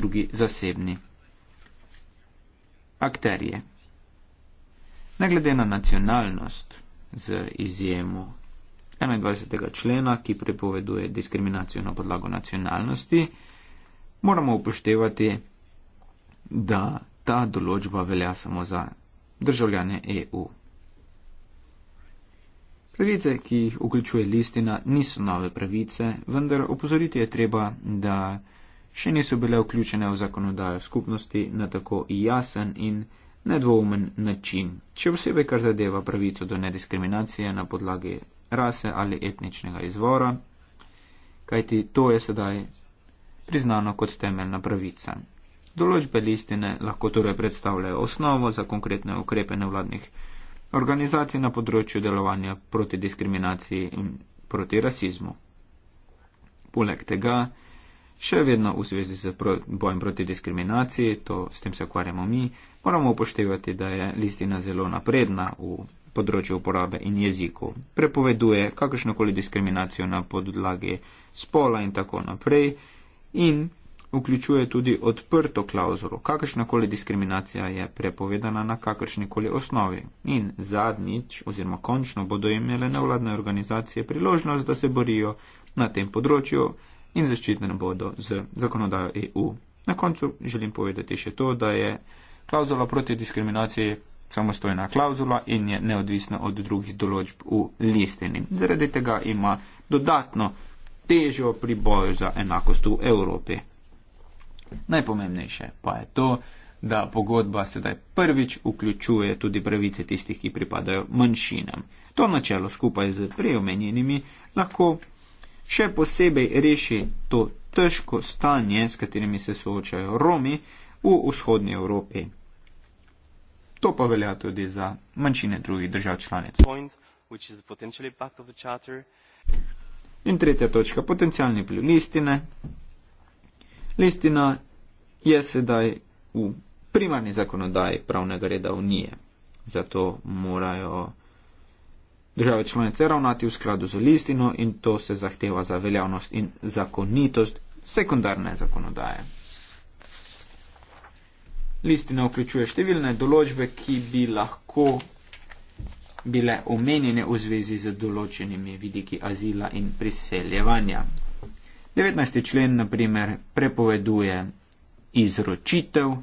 drugi zasebni akterje. Ne glede na nacionalnost, z izjemo 21. člena, ki prepoveduje diskriminacijo na podlagu nacionalnosti, moramo upoštevati, da ta določba velja samo za državljane EU. Pravice, ki jih vključuje listina, niso nove pravice, vendar opozoriti je treba, da še niso bile vključene v zakonodajo skupnosti na tako jasen in nedvoumen način, če osebe, kar zadeva pravico do nediskriminacije na podlagi rase ali etničnega izvora, kajti to je sedaj priznano kot temeljna pravica. Določbe listine lahko torej predstavljajo osnovo za konkretne ukrepe nevladnih organizacij na področju delovanja proti diskriminaciji in proti rasizmu. Poleg tega, še vedno v zvezi z bojem proti diskriminaciji, to s tem se ukvarjamo mi, moramo upoštevati, da je listina zelo napredna v področju uporabe in jeziku. Prepoveduje kakršnokoli diskriminacijo na podlagi spola in tako naprej in vključuje tudi odprto klauzulo, kakršnakoli diskriminacija je prepovedana na kakršnikoli osnovi. In zadnjič oziroma končno bodo imele nevladne organizacije priložnost, da se borijo na tem področju in zaščitene bodo z zakonodajo EU. Na koncu želim povedati še to, da je klauzula proti diskriminaciji samostojna klauzula in je neodvisna od drugih določb v listini. Zaradi tega ima dodatno težo pri boju za enakost v Evropi. Najpomembnejše pa je to, da pogodba sedaj prvič vključuje tudi pravice tistih, ki pripadajo manjšinam. To načelo skupaj z preomenjenimi lahko še posebej reši to težko stanje, s katerimi se soočajo Romi v vzhodnji Evropi. To pa velja tudi za manjšine drugih držav članic. Point, In tretja točka, potencijalni pliv listine. Listina je sedaj v primarni zakonodaji pravnega reda Unije. Zato morajo države članice ravnati v skladu z listino in to se zahteva za veljavnost in zakonitost sekundarne zakonodaje. Listina vključuje številne določbe, ki bi lahko bile omenjene v zvezi z določenimi vidiki azila in priseljevanja. 19. člen, na primer, prepoveduje izročitev,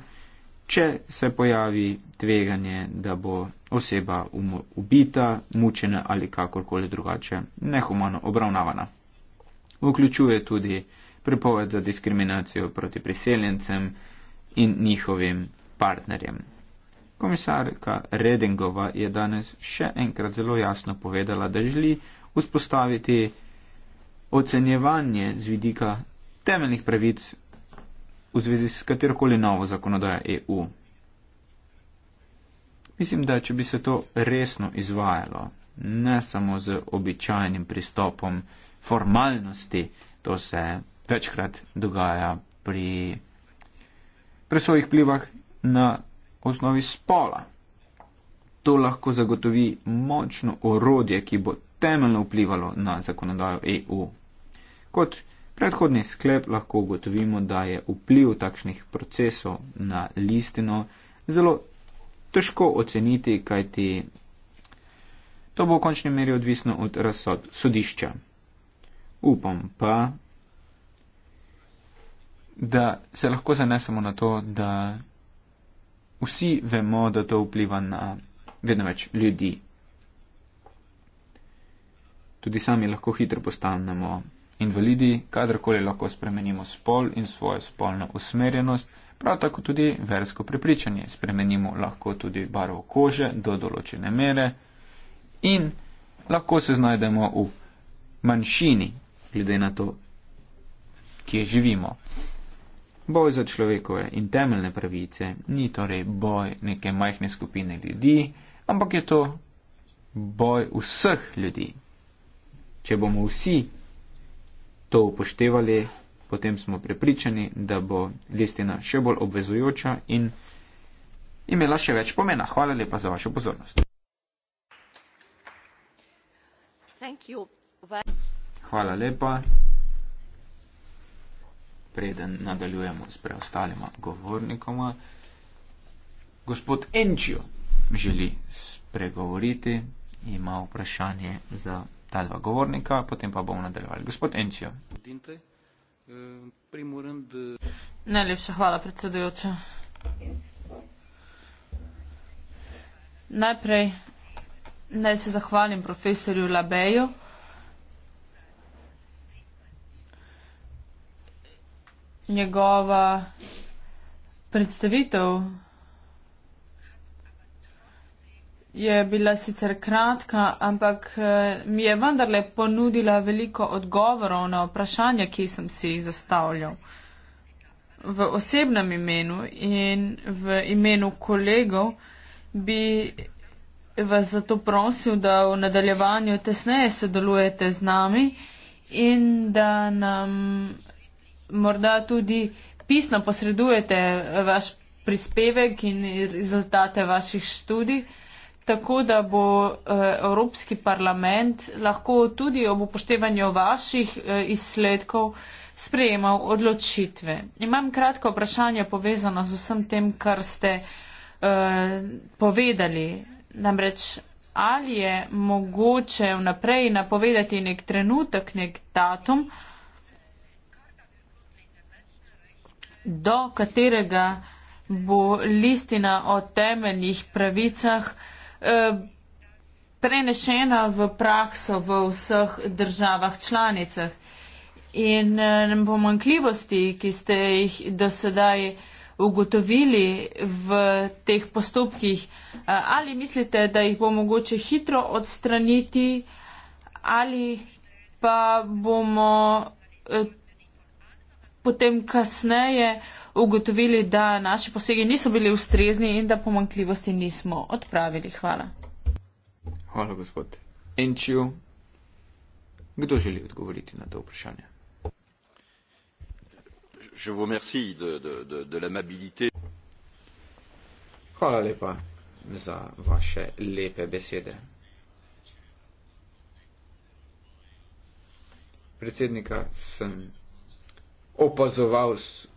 če se pojavi tveganje, da bo oseba ubita, mučena ali kakorkoli drugače nehumano obravnavana. Vključuje tudi prepoved za diskriminacijo proti priseljencem in njihovim partnerjem. Komisarka Redingova je danes še enkrat zelo jasno povedala, da želi vzpostaviti ocenjevanje z vidika temeljnih pravic v zvezi s katerokoli novo zakonodajo EU. Mislim, da če bi se to resno izvajalo, ne samo z običajnim pristopom formalnosti, to se večkrat dogaja pri presojih plivah na osnovi spola. To lahko zagotovi močno orodje, ki bo temeljno vplivalo na zakonodajo EU. Kot predhodni sklep lahko ugotovimo, da je vpliv takšnih procesov na listino zelo težko oceniti, kajti to bo v končni meri odvisno od razsodišča. Upam pa, da se lahko zanesemo na to, da vsi vemo, da to vpliva na vedno več ljudi. Tudi sami lahko hitro postanemo invalidi, kadarkoli lahko spremenimo spol in svojo spolno usmerjenost. Prav tako tudi versko prepričanje. Spremenimo lahko tudi barvo kože do določene mere in lahko se znajdemo v manjšini, glede na to, kje živimo. Boj za človekove in temeljne pravice ni torej boj neke majhne skupine ljudi, ampak je to boj vseh ljudi. Če bomo vsi to upoštevali, potem smo prepričani, da bo listina še bolj obvezujoča in imela še več pomena. Hvala lepa za vašo pozornost. Hvala lepa. Preden nadaljujemo s preostalima govornikoma, gospod Enčijo želi spregovoriti, ima vprašanje za ta dva govornika, potem pa bomo nadaljevali. Gospod Enčijo. Najlepša hvala, predsedujoča. Najprej naj se zahvalim profesorju Labeju. Njegova predstavitev je bila sicer kratka, ampak eh, mi je vendarle ponudila veliko odgovorov na vprašanja, ki sem si jih zastavljal. V osebnem imenu in v imenu kolegov bi vas zato prosil, da v nadaljevanju tesneje sodelujete z nami in da nam morda tudi pisno posredujete vaš prispevek in rezultate vaših študij tako da bo eh, Evropski parlament lahko tudi ob upoštevanju vaših eh, izsledkov sprejemal odločitve. Imam kratko vprašanje povezano z vsem tem, kar ste eh, povedali. Namreč, ali je mogoče vnaprej napovedati nek trenutek, nek datum, do katerega bo listina o temeljnih pravicah vsega, Eh, prenešena v prakso v vseh državah članicah. In eh, pomankljivosti, ki ste jih do sedaj ugotovili v teh postopkih, eh, ali mislite, da jih bo mogoče hitro odstraniti ali pa bomo potem kasneje ugotovili, da naši posegi niso bili ustrezni in da pomankljivosti nismo odpravili. Hvala. Hvala, gospod Enčiju. Kdo želi odgovoriti na to vprašanje? Hvala lepa za vaše lepe besede. Predsednika sem opazoval s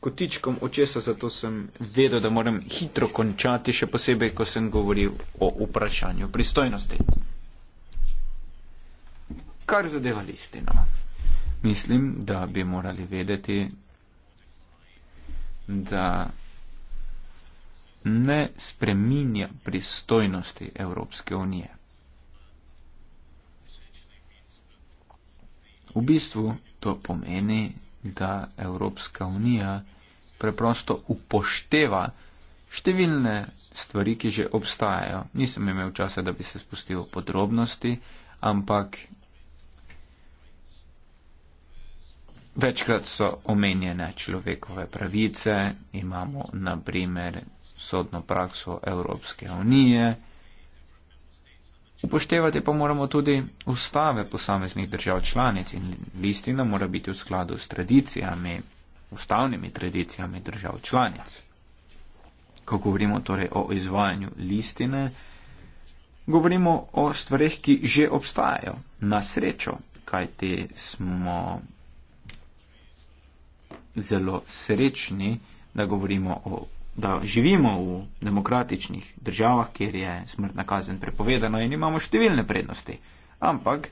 kotičkom očesa, zato sem vedel, da moram hitro končati, še posebej, ko sem govoril o vprašanju pristojnosti. Kar zadeva listino. Mislim, da bi morali vedeti, da ne spreminja pristojnosti Evropske unije. V bistvu to pomeni, da Evropska unija preprosto upošteva številne stvari, ki že obstajajo. Nisem imel časa, da bi se spustil v podrobnosti, ampak večkrat so omenjene človekove pravice, imamo na primer sodno prakso Evropske unije. Upoštevati pa moramo tudi ustave posameznih držav članic in listina mora biti v skladu s tradicijami, ustavnimi tradicijami držav članic. Ko govorimo torej o izvajanju listine, govorimo o stvareh, ki že obstajajo, na srečo, kaj te smo zelo srečni, da govorimo o da živimo v demokratičnih državah, kjer je smrtna kazen prepovedana in imamo številne prednosti. Ampak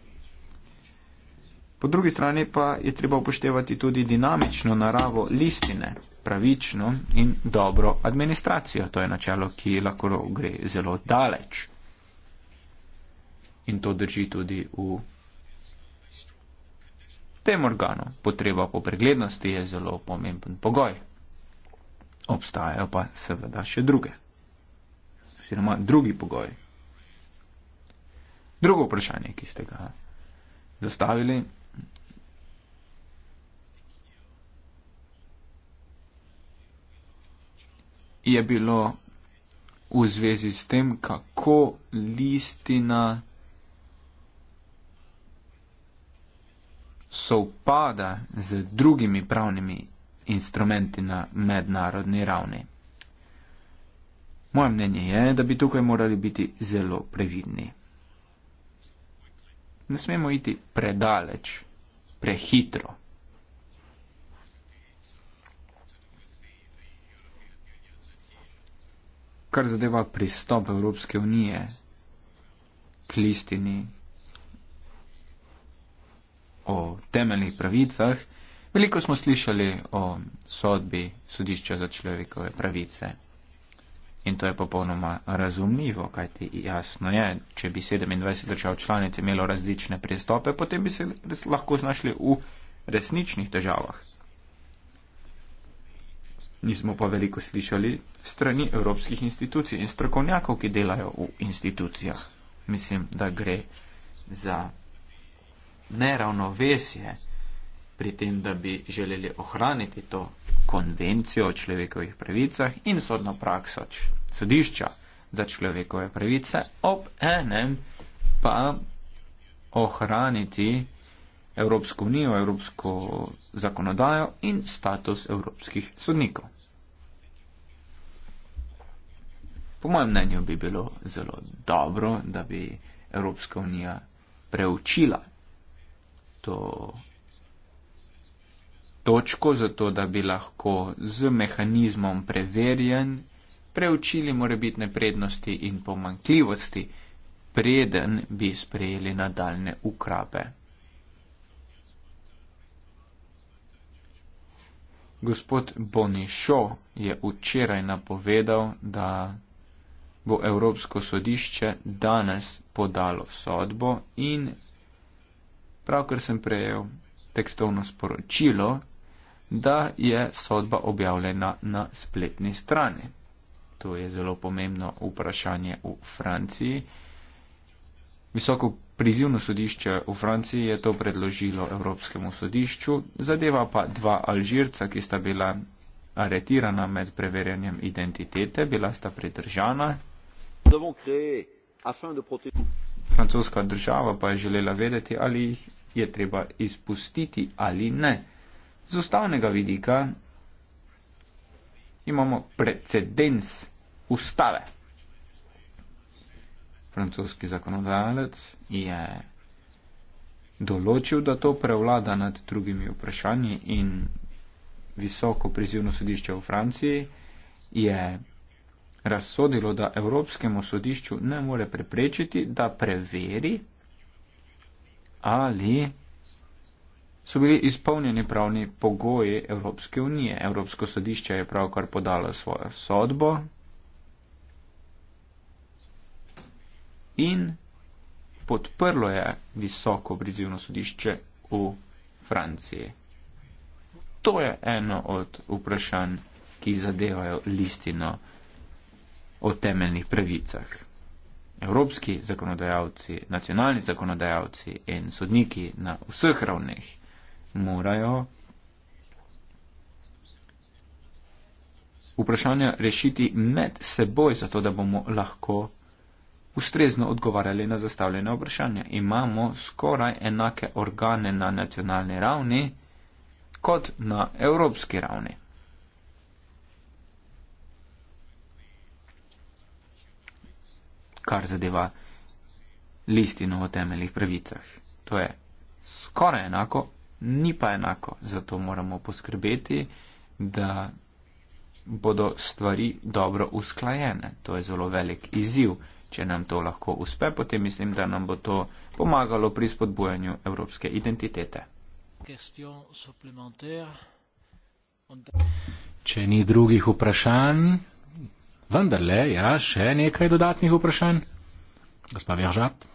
po drugi strani pa je treba upoštevati tudi dinamično naravo listine, pravično in dobro administracijo. To je načelo, ki lahko gre zelo daleč. In to drži tudi v tem organu. Potreba po preglednosti je zelo pomemben pogoj. Obstajajo pa seveda še druge, oziroma drugi pogoji. Drugo vprašanje, ki ste ga zastavili, je bilo v zvezi s tem, kako listina sovpada z drugimi pravnimi instrumenti na mednarodni ravni. Moje mnenje je, da bi tukaj morali biti zelo previdni. Ne smemo iti predaleč, prehitro. Kar zadeva pristop Evropske unije k listini o temeljnih pravicah, Veliko smo slišali o sodbi sodišča za človekove pravice. In to je popolnoma razumljivo, kajti jasno je, če bi 27 držav članic imelo različne pristope, potem bi se res lahko znašli v resničnih težavah. Nismo pa veliko slišali strani evropskih institucij in strokovnjakov, ki delajo v institucijah. Mislim, da gre za neravnovesje pri tem, da bi želeli ohraniti to konvencijo o človekovih pravicah in sodno prakso sodišča za človekove pravice, ob enem pa ohraniti Evropsko unijo, Evropsko zakonodajo in status evropskih sodnikov. Po mojem mnenju bi bilo zelo dobro, da bi Evropska unija preučila to točko, zato da bi lahko z mehanizmom preverjen preučili morebitne prednosti in pomankljivosti, preden bi sprejeli nadaljne ukrape. Gospod Bonišo je včeraj napovedal, da bo Evropsko sodišče danes podalo sodbo in pravkar sem prejel tekstovno sporočilo, da je sodba objavljena na spletni strani. To je zelo pomembno vprašanje v Franciji. Visoko prizivno sodišče v Franciji je to predložilo Evropskemu sodišču, zadeva pa dva Alžirca, ki sta bila aretirana med preverjanjem identitete, bila sta pridržana. Francoska država pa je želela vedeti, ali jih je treba izpustiti ali ne. Z ustavnega vidika imamo precedens ustave. Francoski zakonodajalec je določil, da to prevlada nad drugimi vprašanji in visoko prizivno sodišče v Franciji je razsodilo, da Evropskemu sodišču ne more preprečiti, da preveri, ali so bili izpolnjeni pravni pogoji Evropske unije. Evropsko sodišče je pravkar podalo svojo sodbo in podprlo je visoko prizivno sodišče v Franciji. To je eno od vprašanj, ki zadevajo listino o temeljnih pravicah. Evropski zakonodajalci, nacionalni zakonodajalci in sodniki na vseh ravneh morajo vprašanja rešiti med seboj, zato da bomo lahko ustrezno odgovarjali na zastavljene vprašanja. Imamo skoraj enake organe na nacionalni ravni kot na evropski ravni. Kar zadeva listino o temeljih pravicah. To je skoraj enako ni pa enako. Zato moramo poskrbeti, da bodo stvari dobro usklajene. To je zelo velik izziv. Če nam to lahko uspe, potem mislim, da nam bo to pomagalo pri spodbujanju evropske identitete. Če ni drugih vprašanj, vendarle, ja, še nekaj dodatnih vprašanj. Gospa Vjažat.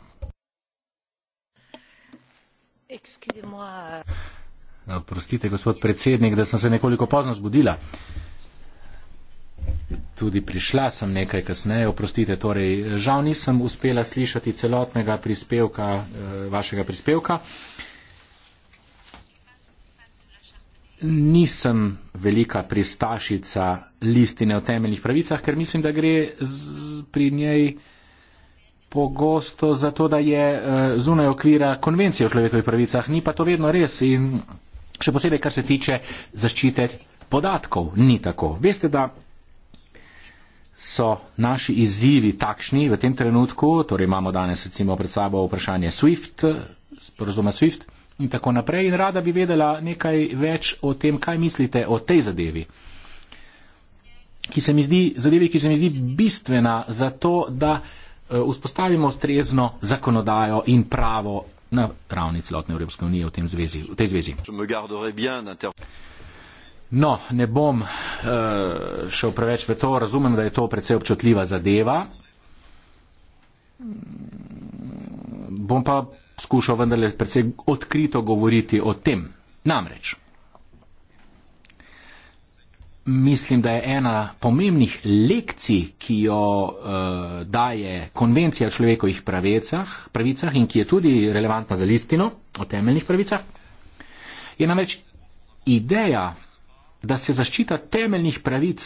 Euh. Oprostite, gospod predsednik, da sem se nekoliko pozno zbudila. Tudi prišla sem nekaj kasneje, oprostite. Torej, žal nisem uspela slišati celotnega prispevka, eh, vašega prispevka. Nisem velika pristašica listine o temeljnih pravicah, ker mislim, da gre z, pri njej pogosto zato, da je eh, zunaj okvira konvencije o človekovih pravicah. Ni pa to vedno res in še posebej, kar se tiče zaščite podatkov, ni tako. Veste, da so naši izzivi takšni v tem trenutku, torej imamo danes recimo pred sabo vprašanje SWIFT, sporozuma SWIFT in tako naprej in rada bi vedela nekaj več o tem, kaj mislite o tej zadevi. Ki se mi zdi, zadevi, ki se mi zdi bistvena za to, da Eh, vzpostavimo strezno zakonodajo in pravo na ravni celotne Evropske unije v, zvezi, v tej zvezi. No, ne bom uh, šel preveč v to, razumem, da je to predvsej občutljiva zadeva. Bom pa skušal vendarle predvsej odkrito govoriti o tem. Namreč, mislim, da je ena pomembnih lekcij, ki jo uh, daje konvencija o človekovih pravicah, pravicah in ki je tudi relevantna za listino o temeljnih pravicah, je namreč ideja, da se zaščita temeljnih pravic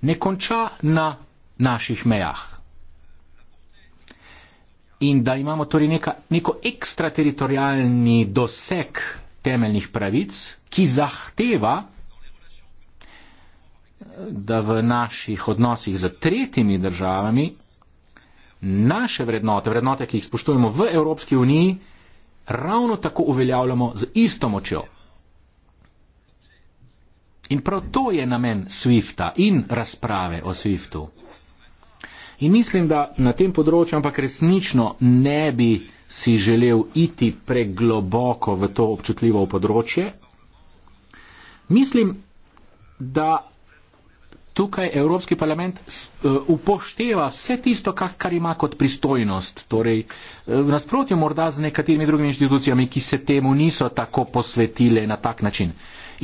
ne konča na naših mejah. In da imamo torej neka, neko ekstrateritorijalni doseg temeljnih pravic, ki zahteva, da v naših odnosih z tretjimi državami naše vrednote, vrednote, ki jih spoštujemo v Evropski uniji, ravno tako uveljavljamo z isto močjo. In prav to je namen SWIFT-a in razprave o SWIFT-u. In mislim, da na tem področju ampak resnično ne bi si želel iti pregloboko v to občutljivo področje. Mislim, da tukaj Evropski parlament e, upošteva vse tisto, kar ima kot pristojnost. Torej, e, v nasprotju morda z nekaterimi drugimi inštitucijami, ki se temu niso tako posvetile na tak način.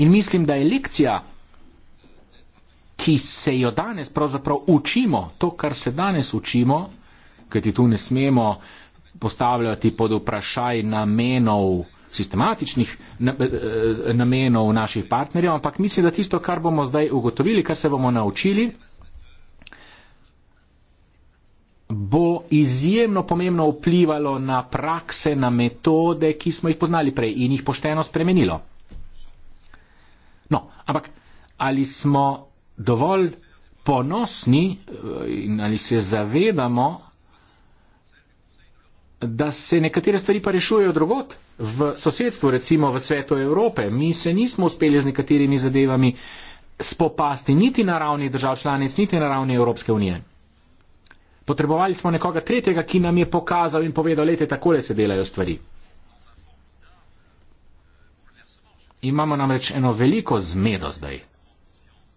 In mislim, da je lekcija, ki se jo danes pravzaprav učimo, to, kar se danes učimo, kajti tu ne smemo postavljati pod vprašaj namenov sistematičnih eh, namenov naših partnerjev, ampak mislim, da tisto, kar bomo zdaj ugotovili, kar se bomo naučili, bo izjemno pomembno vplivalo na prakse, na metode, ki smo jih poznali prej in jih pošteno spremenilo. No, ampak ali smo dovolj ponosni eh, in ali se zavedamo, da se nekatere stvari pa rešujejo drugot, v sosedstvu, recimo v svetu Evrope. Mi se nismo uspeli z nekaterimi zadevami spopasti niti na ravni držav članic, niti na ravni Evropske unije. Potrebovali smo nekoga tretjega, ki nam je pokazal in povedal, lete, takole se delajo stvari. Imamo namreč eno veliko zmedo zdaj,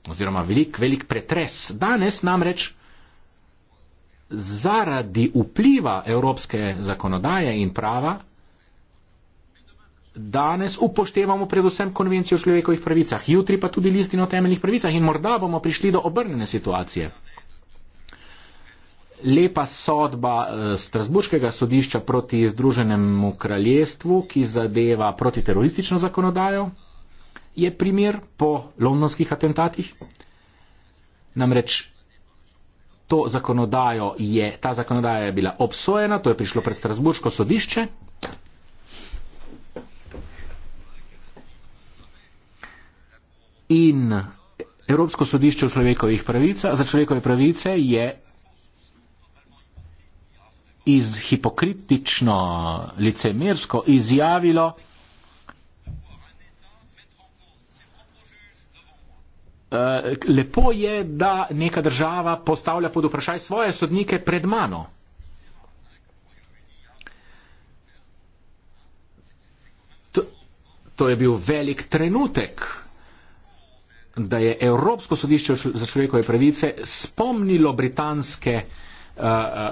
oziroma velik, velik pretres. Danes namreč zaradi vpliva evropske zakonodaje in prava danes upoštevamo predvsem konvencijo o človekovih pravicah, jutri pa tudi listino o temeljnih pravicah in morda bomo prišli do obrnjene situacije. Lepa sodba eh, Strasburškega sodišča proti Združenemu kraljestvu, ki zadeva protiteroristično zakonodajo, je primer po londonskih atentatih. Namreč to zakonodajo je, ta zakonodaja je bila obsojena, to je prišlo pred Strasburško sodišče. In Evropsko sodišče pravica, za človekove pravice je iz hipokritično, licemersko izjavilo, Eh, lepo je, da neka država postavlja pod vprašaj svoje sodnike pred mano. To, to je bil velik trenutek, da je Evropsko sodišče za človekove pravice spomnilo britanske uh, uh,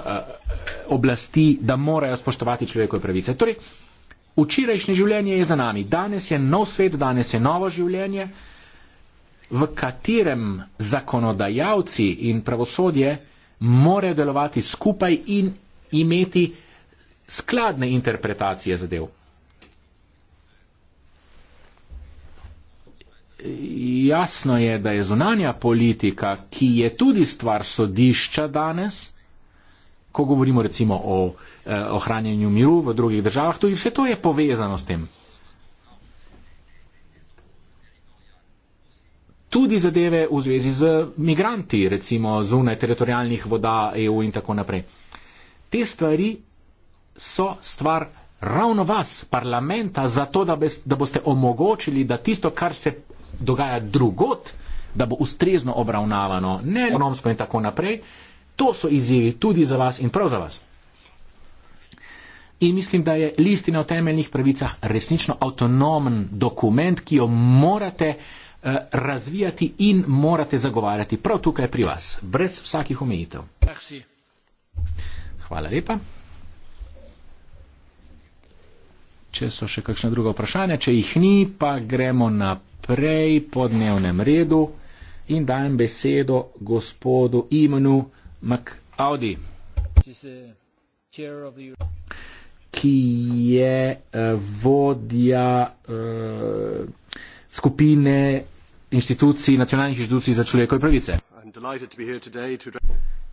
oblasti, da morajo spoštovati človekove pravice. Torej, včerajšnje življenje je za nami, danes je nov svet, danes je novo življenje v katerem zakonodajalci in pravosodje morajo delovati skupaj in imeti skladne interpretacije zadev. Jasno je, da je zunanja politika, ki je tudi stvar sodišča danes, ko govorimo recimo o eh, ohranjanju miru v drugih državah, tudi vse to je povezano s tem. tudi zadeve v zvezi z migranti, recimo zunaj teritorijalnih voda EU in tako naprej. Te stvari so stvar ravno vas, parlamenta, zato, da, bez, da boste omogočili, da tisto, kar se dogaja drugot, da bo ustrezno obravnavano, ne ekonomsko in tako naprej. To so izjivi tudi za vas in prav za vas. In mislim, da je listina o temeljnih pravicah resnično avtonomen dokument, ki jo morate Eh, razvijati in morate zagovarjati prav tukaj pri vas, brez vsakih omejitev. Hvala lepa. Če so še kakšne druga vprašanja, če jih ni, pa gremo naprej po dnevnem redu in dajem besedo gospodu Imenu McAudi, ki je eh, vodja. Uh, skupine inštitucij, nacionalnih inštitucij za človekove pravice.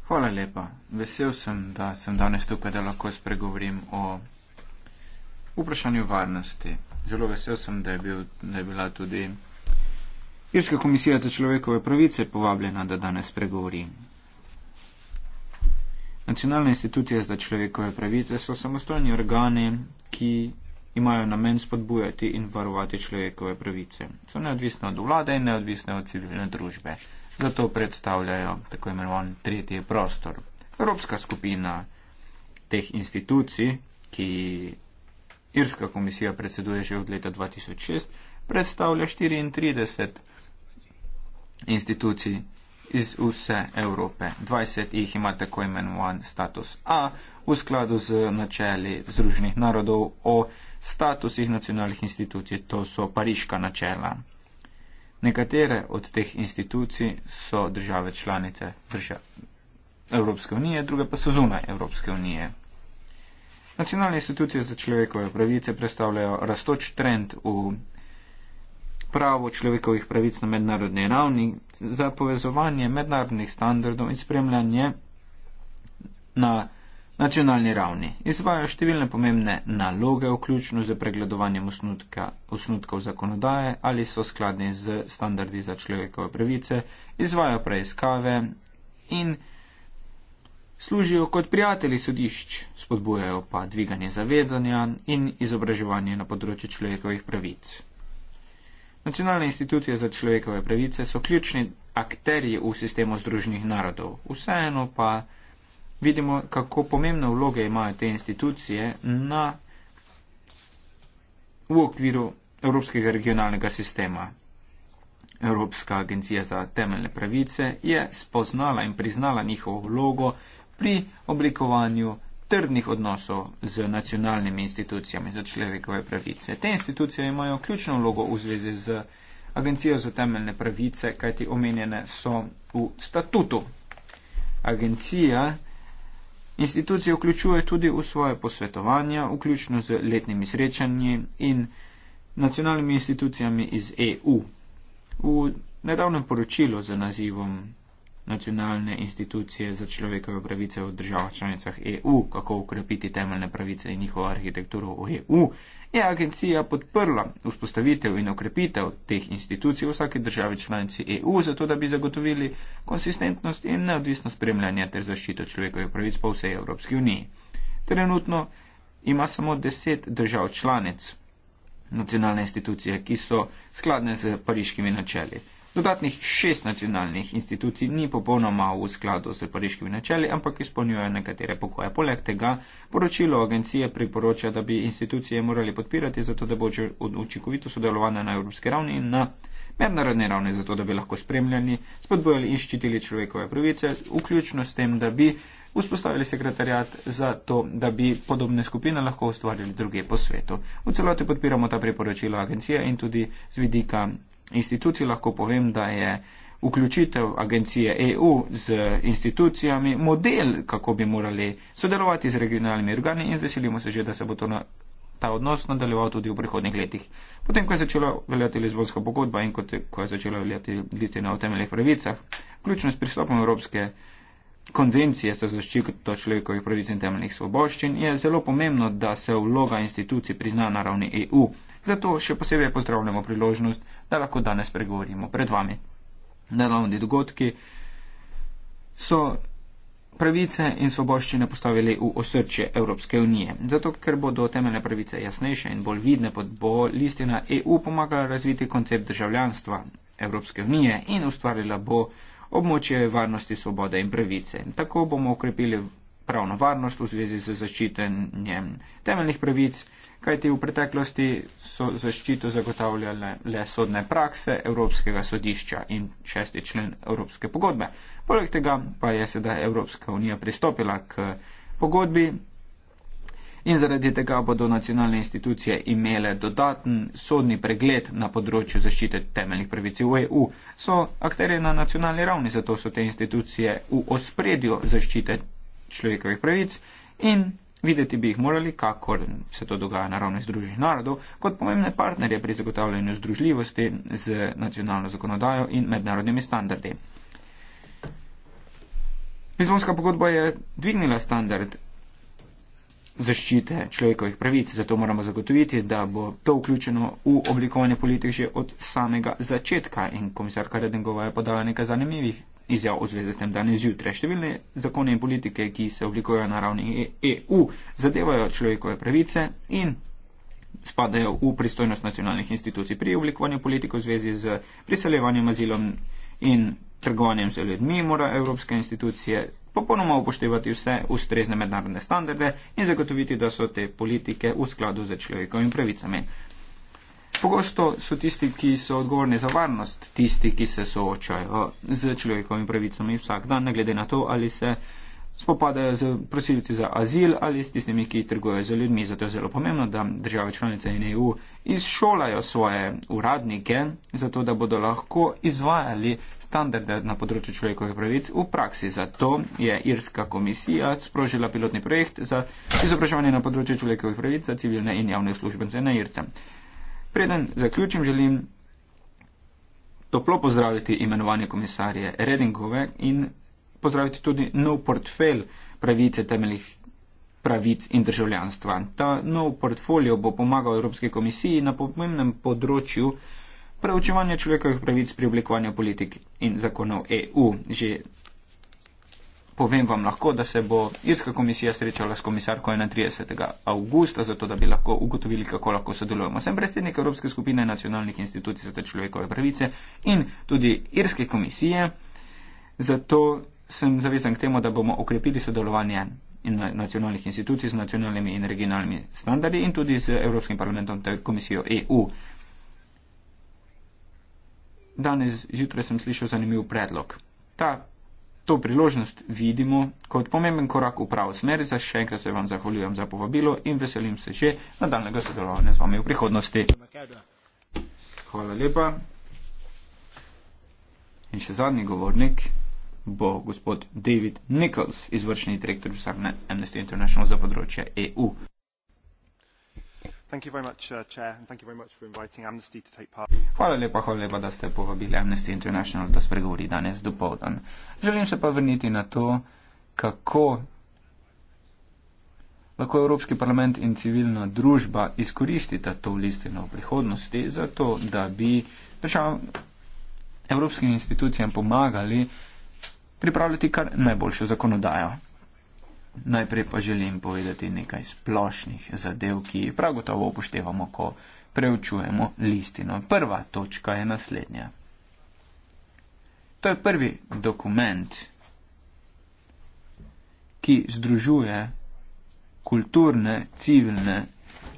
Hvala lepa. Vesel sem, da sem danes tukaj, da lahko spregovorim o vprašanju varnosti. Zelo vesel sem, da je, bil, da je bila tudi Irska komisija za človekove pravice povabljena, da danes spregovorim. Nacionalne institucije za človekove pravice so samostojni organi, ki imajo namen spodbujati in varovati človekove pravice. So neodvisne od vlade in neodvisne od civilne družbe. Zato predstavljajo tako imenovan tretji prostor. Evropska skupina teh institucij, ki Irska komisija predseduje že od leta 2006, predstavlja 34 institucij iz vse Evrope. 20 jih ima tako imenovan status A v skladu z načeli Združenih narodov o statusih nacionalnih institucij, to so pariška načela. Nekatere od teh institucij so države članice držav Evropske unije, druge pa so zunaj Evropske unije. Nacionalne institucije za človekove pravice predstavljajo rastoč trend v pravo človekovih pravic na mednarodni ravni, za povezovanje mednarodnih standardov in spremljanje na nacionalni ravni. Izvajajo številne pomembne naloge, vključno z pregledovanjem osnutka, osnutkov zakonodaje ali so skladni z standardi za človekove pravice, izvajajo preiskave in služijo kot prijatelji sodišč, spodbujajo pa dviganje zavedanja in izobraževanje na področju človekovih pravic. Nacionalne institucije za človekove pravice so ključni akterji v sistemu Združenih narodov. Vseeno pa vidimo, kako pomembne vloge imajo te institucije na, v okviru Evropskega regionalnega sistema. Evropska agencija za temeljne pravice je spoznala in priznala njihovo vlogo pri oblikovanju trdnih odnosov z nacionalnimi institucijami za človekove pravice. Te institucije imajo ključno vlogo v zvezi z Agencijo za temeljne pravice, kajti omenjene so v statutu. Agencija institucije vključuje tudi v svoje posvetovanja, vključno z letnimi srečanji in nacionalnimi institucijami iz EU. V nedavnem poročilu z nazivom nacionalne institucije za človekove pravice v državah članicah EU, kako ukrepiti temeljne pravice in njihovo arhitekturo v EU, je agencija podprla vzpostavitev in ukrepitev teh institucij v vsaki državi članici EU, zato da bi zagotovili konsistentnost in neodvisno spremljanje ter zaščito človekovih pravic po vsej Evropski uniji. Trenutno ima samo deset držav članic nacionalne institucije, ki so skladne z pariškimi načeli. Dodatnih šest nacionalnih institucij ni popolnoma v skladu s pariškimi načeli, ampak izpolnjujejo nekatere pokoje. Poleg tega poročilo agencije priporoča, da bi institucije morali podpirati, zato da bo učinkovito sodelovanje na evropski ravni in na mednarodni ravni, zato da bi lahko spremljali, spodbojali in ščitili človekove pravice, vključno s tem, da bi vzpostavili sekretarjat za to, da bi podobne skupine lahko ustvarjali druge po svetu. V celoti podpiramo ta priporočila agencije in tudi z vidika instituti lahko povem, da je vključitev agencije EU z institucijami model, kako bi morali sodelovati z regionalnimi organi in veselimo se že, da se bo to na, ta odnos nadaljeval tudi v prihodnih letih. Potem, ko je začela veljati Lizbonska pogodba in kot, ko je začela veljati listina o temeljih pravicah, ključno s pristopom Evropske konvencije za zaščito človekovih pravic in temeljnih svoboščin, je zelo pomembno, da se vloga institucij prizna na ravni EU zato še posebej pozdravljamo priložnost, da lahko danes pregovorimo pred vami. Nedavni dogodki so pravice in svoboščine postavili v osrčje Evropske unije, zato ker bodo temeljne pravice jasnejše in bolj vidne, pod bo listina EU pomagala razviti koncept državljanstva Evropske unije in ustvarila bo območje varnosti, svobode in pravice. Tako bomo ukrepili pravno varnost v zvezi z zaščitenjem temeljnih pravic kajti v preteklosti so zaščito zagotavljale le sodne prakse Evropskega sodišča in šesti člen Evropske pogodbe. Poleg tega pa je sedaj Evropska unija pristopila k pogodbi in zaradi tega bodo nacionalne institucije imele dodaten sodni pregled na področju zaščite temeljnih pravic v EU. So akteri na nacionalni ravni, zato so te institucije v ospredju zaščite človekovih pravic in Videti bi jih morali, kakor se to dogaja na ravni združenih narodov, kot pomembne partnerje pri zagotavljanju združljivosti z nacionalno zakonodajo in mednarodnimi standardi. Lizbonska pogodba je dvignila standard zaščite človekovih pravic, zato moramo zagotoviti, da bo to vključeno v oblikovanje politik že od samega začetka. In komisarka Redengova je podala nekaj zanimivih izjav v zvezi s tem danes zjutraj. Številne zakone in politike, ki se oblikujejo na ravni EU, e zadevajo človekove pravice in spadajo v pristojnost nacionalnih institucij pri oblikovanju politike v zvezi z priseljevanjem azilom in trgovanjem z ljudmi, morajo evropske institucije popolnoma upoštevati vse ustrezne mednarodne standarde in zagotoviti, da so te politike v skladu z človekovimi pravicami. Pogosto so tisti, ki so odgovorni za varnost, tisti, ki se soočajo z človekovimi pravicami vsak dan, ne glede na to, ali se spopadajo z prosilci za azil ali s tistimi, ki trgujejo z ljudmi. Zato je zelo pomembno, da države članice in EU izšolajo svoje uradnike, zato da bodo lahko izvajali standarde na področju človekovih pravic v praksi. Zato je Irska komisija sprožila pilotni projekt za izobraževanje na področju človekovih pravic za civilne in javne službence na Ircem. Preden zaključim, želim toplo pozdraviti imenovanje komisarje Redingove in pozdraviti tudi nov portfelj pravice temeljih pravic in državljanstva. Ta nov portfolio bo pomagal Evropski komisiji na pomembnem področju preučevanja človekovih pravic pri oblikovanju politik in zakonov EU. Že povem vam lahko, da se bo Irska komisija srečala s komisarko 31. augusta, zato da bi lahko ugotovili, kako lahko sodelujemo. Sem predsednik Evropske skupine nacionalnih institucij za človekove pravice in tudi Irske komisije, zato sem zavezan k temu, da bomo okrepili sodelovanje in nacionalnih institucij z nacionalnimi in regionalnimi standardi in tudi z Evropskim parlamentom ter komisijo EU. Danes zjutraj sem slišal zanimiv predlog. Ta to priložnost vidimo kot pomemben korak v pravo smer. Za še enkrat se vam zahvaljujem za povabilo in veselim se že nadaljnega sodelovanja z vami v prihodnosti. Hvala lepa. In še zadnji govornik bo gospod David Nichols, izvršni direktor Amnesty International za področje EU. Uh, hvala lepa, hvala lepa, da ste povabili Amnesty International, da spregovori danes do povdan. Želim se pa vrniti na to, kako lahko Evropski parlament in civilna družba izkoristita to listino v prihodnosti, zato da bi držav, evropskim institucijam pomagali pripravljati kar najboljšo zakonodajo. Najprej pa želim povedati nekaj splošnih zadev, ki jih prav gotovo upoštevamo, ko preučujemo listino. Prva točka je naslednja. To je prvi dokument, ki združuje kulturne, civilne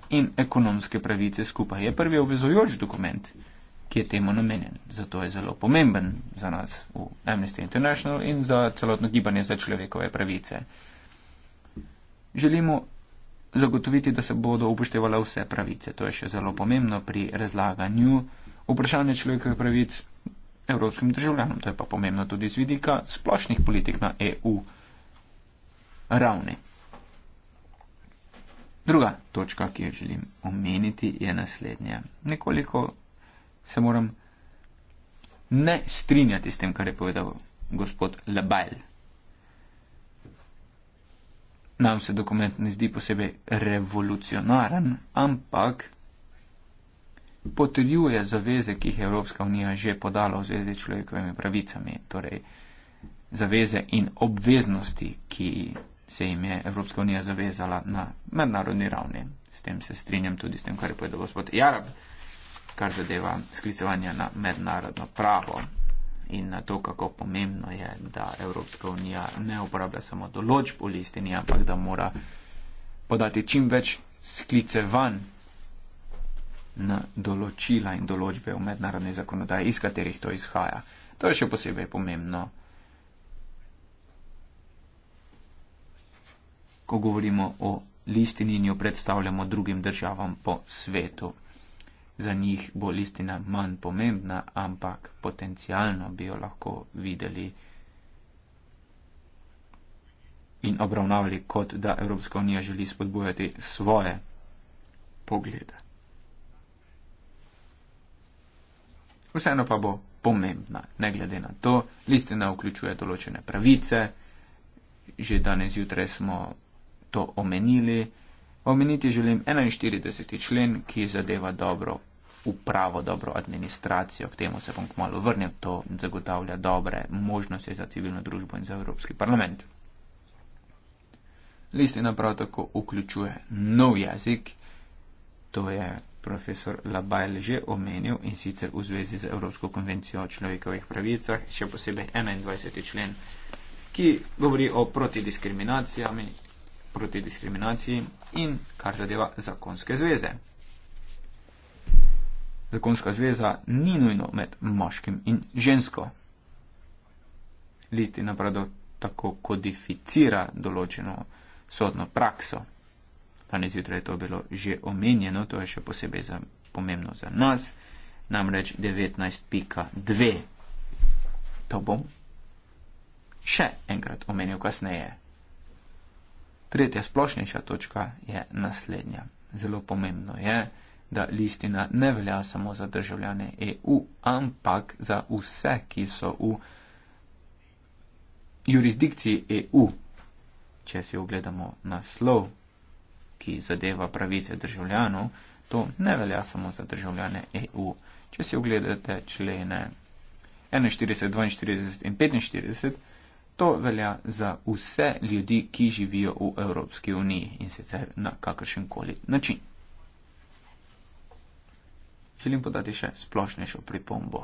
in ekonomske pravice skupaj. Je prvi obvezojoč dokument, ki je temu namenjen. Zato je zelo pomemben za nas v Amnesty International in za celotno gibanje za človekove pravice. Želimo zagotoviti, da se bodo upoštevale vse pravice. To je še zelo pomembno pri razlaganju vprašanja človekovih pravic evropskim državljanom. To je pa pomembno tudi z vidika splošnih politik na EU ravni. Druga točka, ki jo želim omeniti, je naslednja. Nekoliko se moram ne strinjati s tem, kar je povedal gospod Lebel nam se dokument ne zdi posebej revolucionaren, ampak potrjuje zaveze, ki jih je Evropska unija že podala v zvezi s človekovimi pravicami, torej zaveze in obveznosti, ki se jim je Evropska unija zavezala na mednarodni ravni. S tem se strinjam tudi s tem, kar je povedal gospod Jarab, kar zadeva sklicovanje na mednarodno pravo in na to, kako pomembno je, da Evropska unija ne uporablja samo določb v listini, ampak da mora podati čim več sklicevan na določila in določbe v mednarodni zakonodaji, iz katerih to izhaja. To je še posebej pomembno, ko govorimo o listini in jo predstavljamo drugim državam po svetu za njih bo listina manj pomembna, ampak potencialno bi jo lahko videli in obravnavali kot, da Evropska unija želi spodbujati svoje poglede. Vseeno pa bo pomembna, ne glede na to, listina vključuje določene pravice, že danes jutraj smo to omenili. Omeniti želim 41. člen, ki zadeva dobro upravo, dobro administracijo, k temu se bom kmalo vrnil, to zagotavlja dobre možnosti za civilno družbo in za Evropski parlament. Listina prav tako vključuje nov jezik, to je profesor Labajl že omenil in sicer v zvezi z Evropsko konvencijo o človekovih pravicah, še posebej 21. člen, ki govori o protidiskriminacijami, protidiskriminaciji in kar zadeva zakonske zveze. Zakonska zveza ni nujno med moškim in žensko. Listina pravda tako kodificira določeno sodno prakso. Danes jutraj je to bilo že omenjeno, to je še posebej za, pomembno za nas, namreč 19.2. To bom še enkrat omenil kasneje. Tretja splošnejša točka je naslednja. Zelo pomembno je, da listina ne velja samo za državljane EU, ampak za vse, ki so v jurisdikciji EU. Če si ogledamo naslov, ki zadeva pravice državljanov, to ne velja samo za državljane EU. Če si ogledate člene 41, 42 in 45, to velja za vse ljudi, ki živijo v Evropski uniji in sicer na kakršen koli način želim podati še splošnejšo pripombo.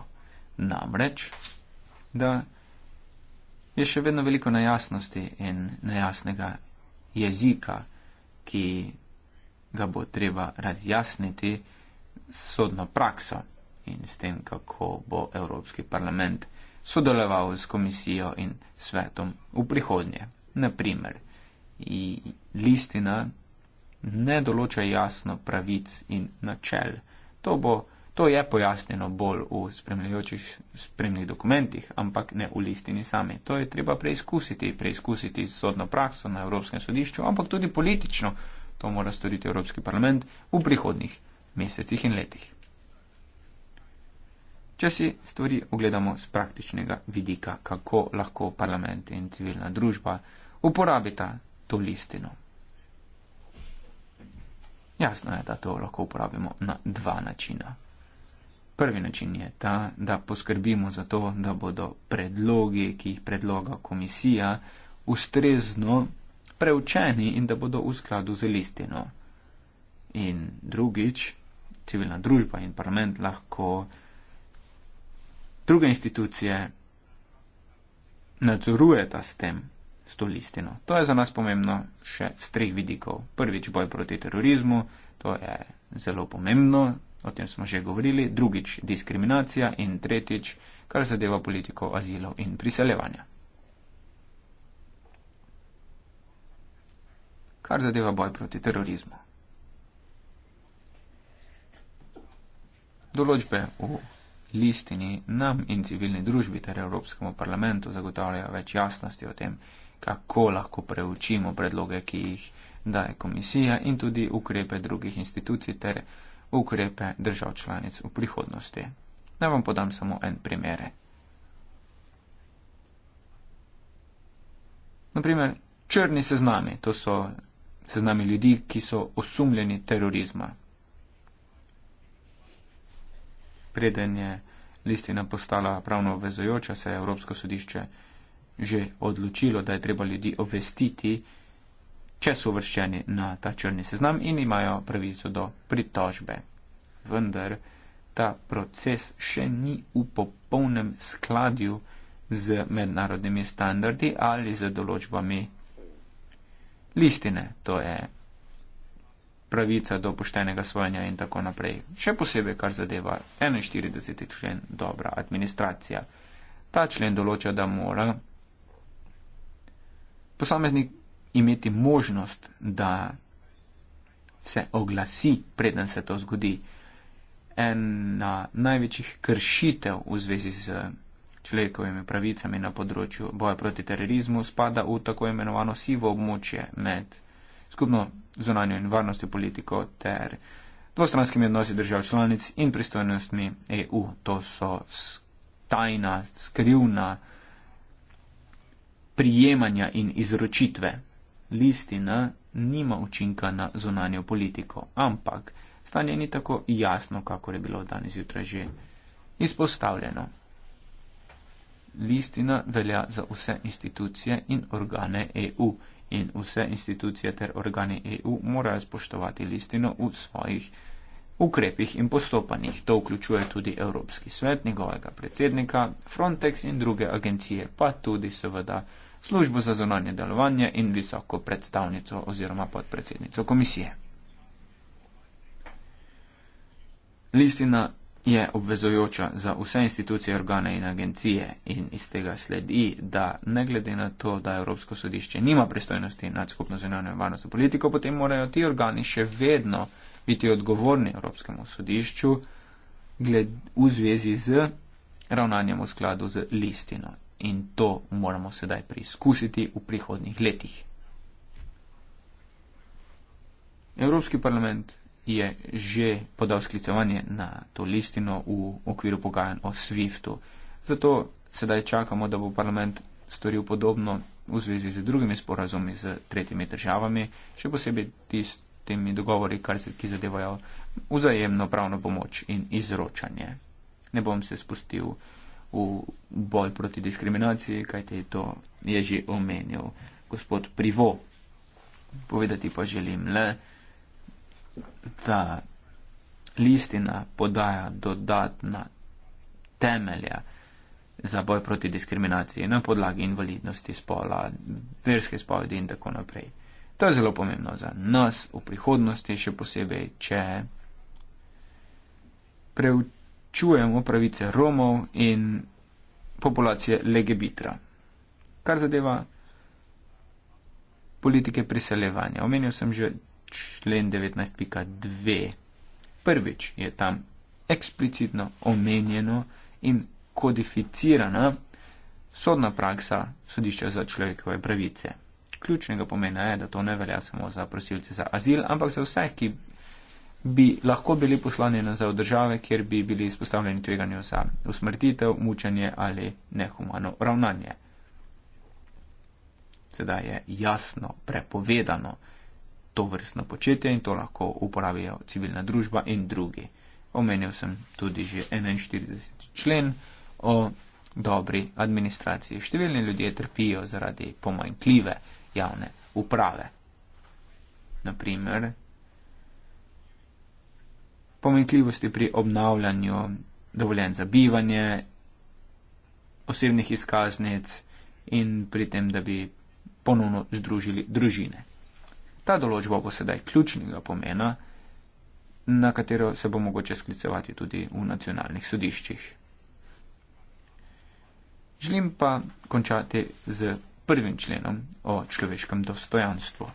Namreč, da je še vedno veliko nejasnosti in nejasnega jezika, ki ga bo treba razjasniti sodno prakso in s tem, kako bo Evropski parlament sodeloval s komisijo in svetom v prihodnje. Naprimer, listina ne določa jasno pravic in načel. To, bo, to je pojasnjeno bolj v spremljajočih spremnih dokumentih, ampak ne v listini sami. To je treba preizkusiti, preizkusiti sodno prakso na Evropskem sodišču, ampak tudi politično. To mora storiti Evropski parlament v prihodnih mesecih in letih. Če si stvari ogledamo z praktičnega vidika, kako lahko parlament in civilna družba uporabita to listino, Jasno je, da to lahko uporabimo na dva načina. Prvi način je ta, da poskrbimo za to, da bodo predlogi, ki jih predloga komisija, ustrezno preučeni in da bodo v skladu z listino. In drugič, civilna družba in parlament lahko druge institucije nadzorujeta s tem, s to listino. To je za nas pomembno še z treh vidikov. Prvič, boj proti terorizmu, to je zelo pomembno, o tem smo že govorili. Drugič, diskriminacija in tretjič, kar zadeva politiko azilov in priseljevanja. Kar zadeva boj proti terorizmu. Določbe v listini nam in civilni družbi ter Evropskemu parlamentu zagotavljajo več jasnosti o tem, kako lahko preučimo predloge, ki jih daje komisija in tudi ukrepe drugih institucij ter ukrepe držav članic v prihodnosti. Naj vam podam samo en primer. Naprimer, črni seznami, to so seznami ljudi, ki so osumljeni terorizma. Preden je listina postala pravno obvezojoča, se je Evropsko sodišče že odločilo, da je treba ljudi obvestiti, če so vrščeni na ta črni seznam in imajo pravico do pritožbe. Vendar ta proces še ni v popolnem skladju z mednarodnimi standardi ali z določbami listine, to je pravica do poštenega svojanja in tako naprej. Še posebej, kar zadeva 41. člen dobra administracija. Ta člen določa, da mora posameznik imeti možnost, da se oglasi, preden se to zgodi. Ena največjih kršitev v zvezi z človekovimi pravicami na področju boja proti terorizmu spada v tako imenovano sivo območje med skupno zunanjo in varnostjo politiko ter dvostranskimi odnosi držav članic in pristojnostmi EU. To so tajna, skrivna, prijemanja in izročitve. Listina nima učinka na zunanjo politiko, ampak stanje ni tako jasno, kako je bilo danes jutraj že izpostavljeno. Listina velja za vse institucije in organe EU in vse institucije ter organe EU morajo spoštovati listino v svojih ukrepih in postopanjih. To vključuje tudi Evropski svet, njegovega predsednika, Frontex in druge agencije, pa tudi seveda službo za zonanje delovanje in visoko predstavnico oziroma podpredsednico komisije. Listina je obvezojoča za vse institucije, organe in agencije in iz tega sledi, da ne glede na to, da Evropsko sodišče nima pristojnosti nad skupno zunanjo varnostno politiko, potem morajo ti organi še vedno biti odgovorni Evropskemu sodišču gled, v zvezi z ravnanjem v skladu z listino in to moramo sedaj preizkusiti v prihodnih letih. Evropski parlament je že podal sklicevanje na to listino v okviru pogajanj o SWIFT-u. Zato sedaj čakamo, da bo parlament storil podobno v zvezi z drugimi sporazumi z tretjimi državami, še posebej tistimi dogovori, ki zadevajo vzajemno pravno pomoč in izročanje. Ne bom se spustil v boj proti diskriminaciji, kajte to je že omenil gospod Privo. Povedati pa želim le, da listina podaja dodatna temelja za boj proti diskriminaciji na podlagi invalidnosti spola, verske spovedi in tako naprej. To je zelo pomembno za nas v prihodnosti, še posebej, če preuči uničujemo pravice Romov in populacije Legebitra. Kar zadeva politike priseljevanja. Omenil sem že člen 19.2. Prvič je tam eksplicitno omenjeno in kodificirana sodna praksa sodišča za človekove pravice. Ključnega pomena je, da to ne velja samo za prosilce za azil, ampak za vse, ki bi lahko bili poslani nazaj v države, kjer bi bili izpostavljeni tveganju za usmrtitev, mučanje ali nehumano ravnanje. Sedaj je jasno prepovedano to vrstno početje in to lahko uporabijo civilna družba in drugi. Omenil sem tudi že 41. člen o dobri administraciji. Številni ljudje trpijo zaradi pomanjkljive javne uprave. Naprimer, pomenkljivosti pri obnavljanju dovoljen za bivanje, osebnih izkaznic in pri tem, da bi ponovno združili družine. Ta določba bo sedaj ključnega pomena, na katero se bo mogoče sklicevati tudi v nacionalnih sodiščih. Želim pa končati z prvim členom o človeškem dostojanstvu.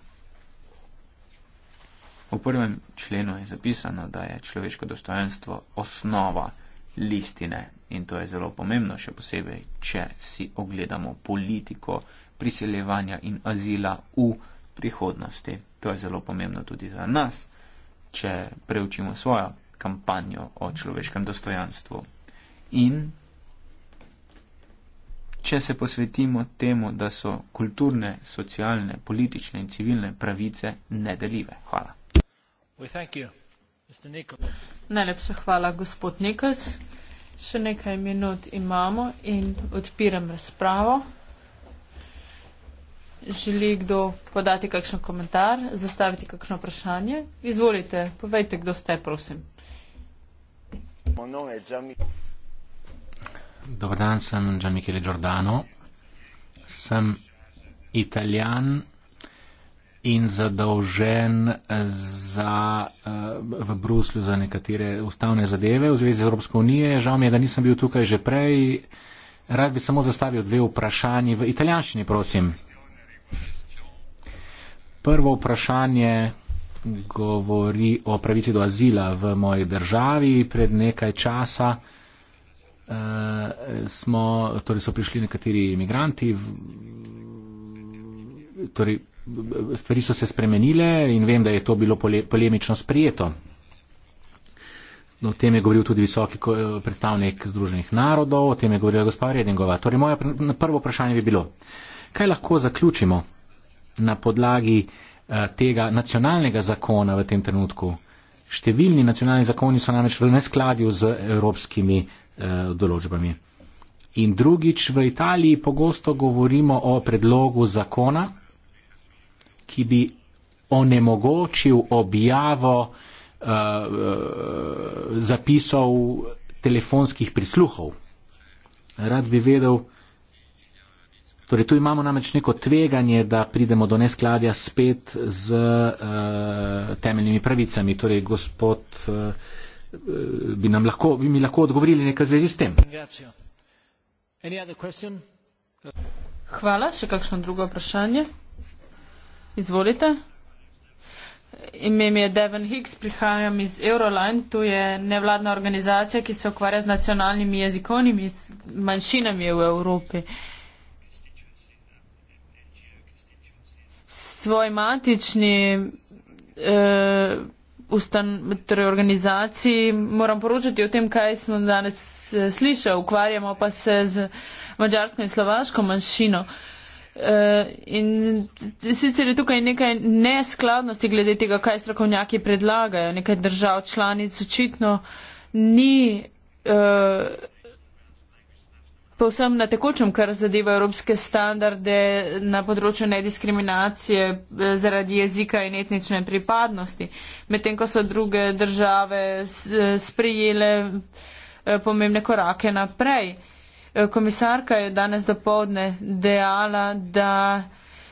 V prvem členu je zapisano, da je človeško dostojenstvo osnova listine in to je zelo pomembno, še posebej, če si ogledamo politiko priseljevanja in azila v prihodnosti. To je zelo pomembno tudi za nas, če preučimo svojo kampanjo o človeškem dostojanstvu. In če se posvetimo temu, da so kulturne, socialne, politične in civilne pravice nedeljive. Hvala. Najlepša hvala, gospod Nikolc. Še nekaj minut imamo in odpiram razpravo. Želi kdo podati kakšen komentar, zastaviti kakšno vprašanje? Izvolite, povejte, kdo ste, prosim. Dobro dan, sem Gianmichele Giordano, sem italijan in zadolžen za, eh, v Bruslju za nekatere ustavne zadeve v zvezi z Evropsko unijo. Žal mi je, da nisem bil tukaj že prej. Rad bi samo zastavil dve vprašanje v italijanščini, prosim. Prvo vprašanje govori o pravici do azila v moji državi. Pred nekaj časa uh, smo, torej so prišli nekateri imigranti, v, torej stvari so se spremenile in vem, da je to bilo pole, polemično sprijeto. O tem je govoril tudi visoki predstavnik Združenih narodov, o tem je govorila gospa Redingova. Torej, moje prvo vprašanje bi bilo, kaj lahko zaključimo na podlagi eh, tega nacionalnega zakona v tem trenutku? Številni nacionalni zakoni so namreč v neskladju z evropskimi eh, določbami. In drugič, v Italiji pogosto govorimo o predlogu zakona, ki bi onemogočil objavo uh, zapisov telefonskih prisluhov. Rad bi vedel, torej tu imamo namreč neko tveganje, da pridemo do neskladja spet z uh, temeljnimi pravicami. Torej, gospod, uh, bi, lahko, bi mi lahko odgovorili nekaj zvezi s tem. Hvala, še kakšno drugo vprašanje? Izvolite. Ime mi je Devon Hicks, prihajam iz Euroline, to je nevladna organizacija, ki se ukvarja z nacionalnimi jezikovnimi manjšinami v Evropi. Svoj matični eh, ustan, torej organizaciji moram poročati o tem, kaj smo danes eh, slišali, ukvarjamo pa se z mađarsko in slovaško manjšino. Eh, Eh, in sicer je tukaj nekaj neskladnosti glede tega, kaj strokovnjaki predlagajo. Nekaj držav članic očitno ni eh, povsem na tekočem, kar zadeva evropske standarde na področju nediskriminacije eh, zaradi jezika in etnične pripadnosti, medtem ko so druge države sprejele pomembne korake naprej. Uh, Eh, komisarka je danes dopovdne dejala, da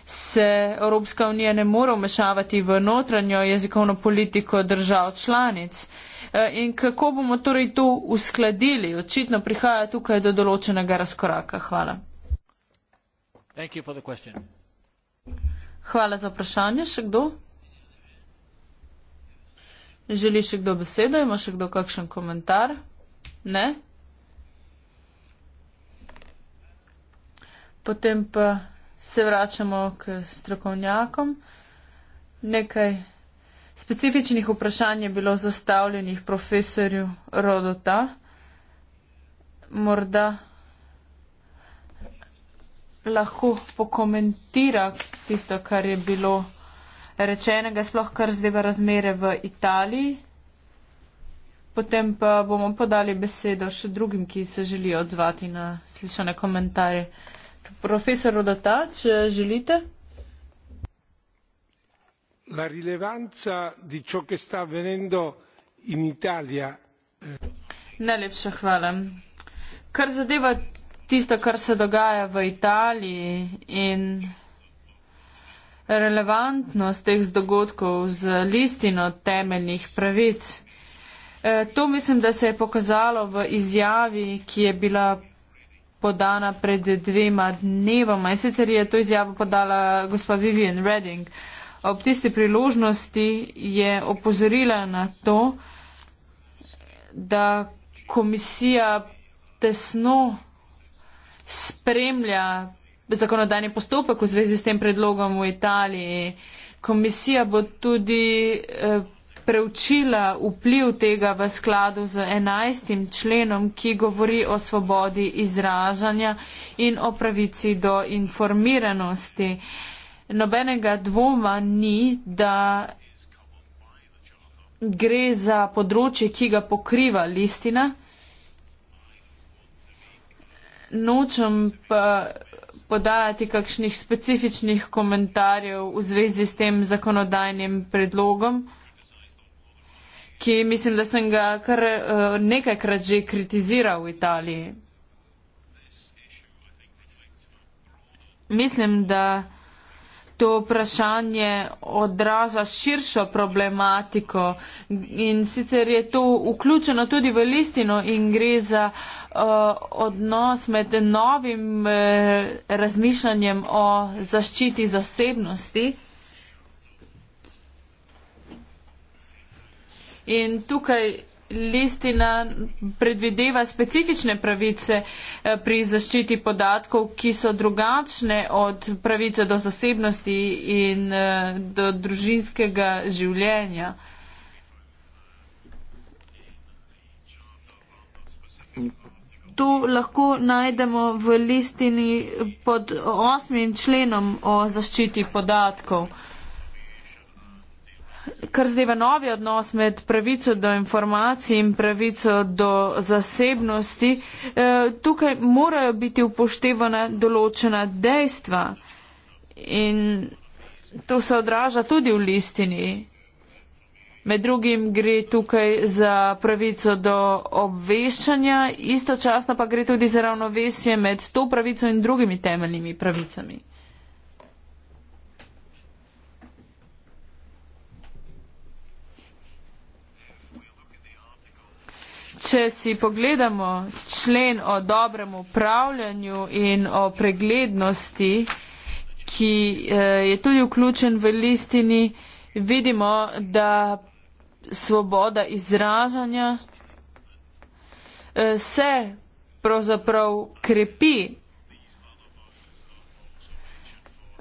se Evropska unija ne more vmešavati v notranjo jezikovno politiko držav članic. Eh, in kako bomo torej to uskladili? Očitno prihaja tukaj do določenega razkoraka. Hvala. Hvala za vprašanje. Še kdo? Želi še kdo besedo? Ima še kdo kakšen komentar? Ne? potem pa se vračamo k strokovnjakom. Nekaj specifičnih vprašanj je bilo zastavljenih profesorju Rodota. Morda lahko pokomentira tisto, kar je bilo rečenega, sploh kar zdajva razmere v Italiji. Potem pa bomo podali besedo še drugim, ki se želijo odzvati na slišane komentarje. Profesor Rodata, če želite. La rilevanza di ciò che sta avvenendo in Italia. Eh, Najlepša hvala. Kar zadeva tisto, kar se dogaja v Italiji in relevantnost teh dogodkov z listino temeljnih pravic, eh, to mislim, da se je pokazalo v izjavi, ki je bila podana pred dvema dnevoma. In sicer je to izjavo podala gospa Vivian Redding. Ob tisti priložnosti je opozorila na to, da komisija tesno spremlja zakonodajni postopek v zvezi s tem predlogom v Italiji. Komisija bo tudi eh, preučila vpliv tega v skladu z 11. členom, ki govori o svobodi izražanja in o pravici do informiranosti. Nobenega dvoma ni, da gre za področje, ki ga pokriva listina. Nočem pa podajati kakšnih specifičnih komentarjev v zvezi s tem zakonodajnim predlogom ki mislim, da sem ga kar uh, nekajkrat že kritiziral v Italiji. Mislim, da to vprašanje odraža širšo problematiko in sicer je to vključeno tudi v listino in gre za uh, odnos med novim eh, razmišljanjem o zaščiti zasebnosti. in tukaj listina predvideva specifične pravice eh, pri zaščiti podatkov, ki so drugačne od pravice do zasebnosti in eh, do družinskega življenja. To lahko najdemo v listini pod osmim členom o zaščiti podatkov. Uh, kar zdaj v novi odnos med pravico do informacij in pravico do zasebnosti, eh, tukaj morajo biti upoštevana določena dejstva in to se odraža tudi v listini. Med drugim gre tukaj za pravico do obveščanja, istočasno pa gre tudi za ravnovesje med to pravico in drugimi temeljnimi pravicami. Če si pogledamo člen o dobrem upravljanju in o preglednosti, ki eh, je tudi vključen v listini, vidimo, da svoboda izražanja eh, se pravzaprav krepi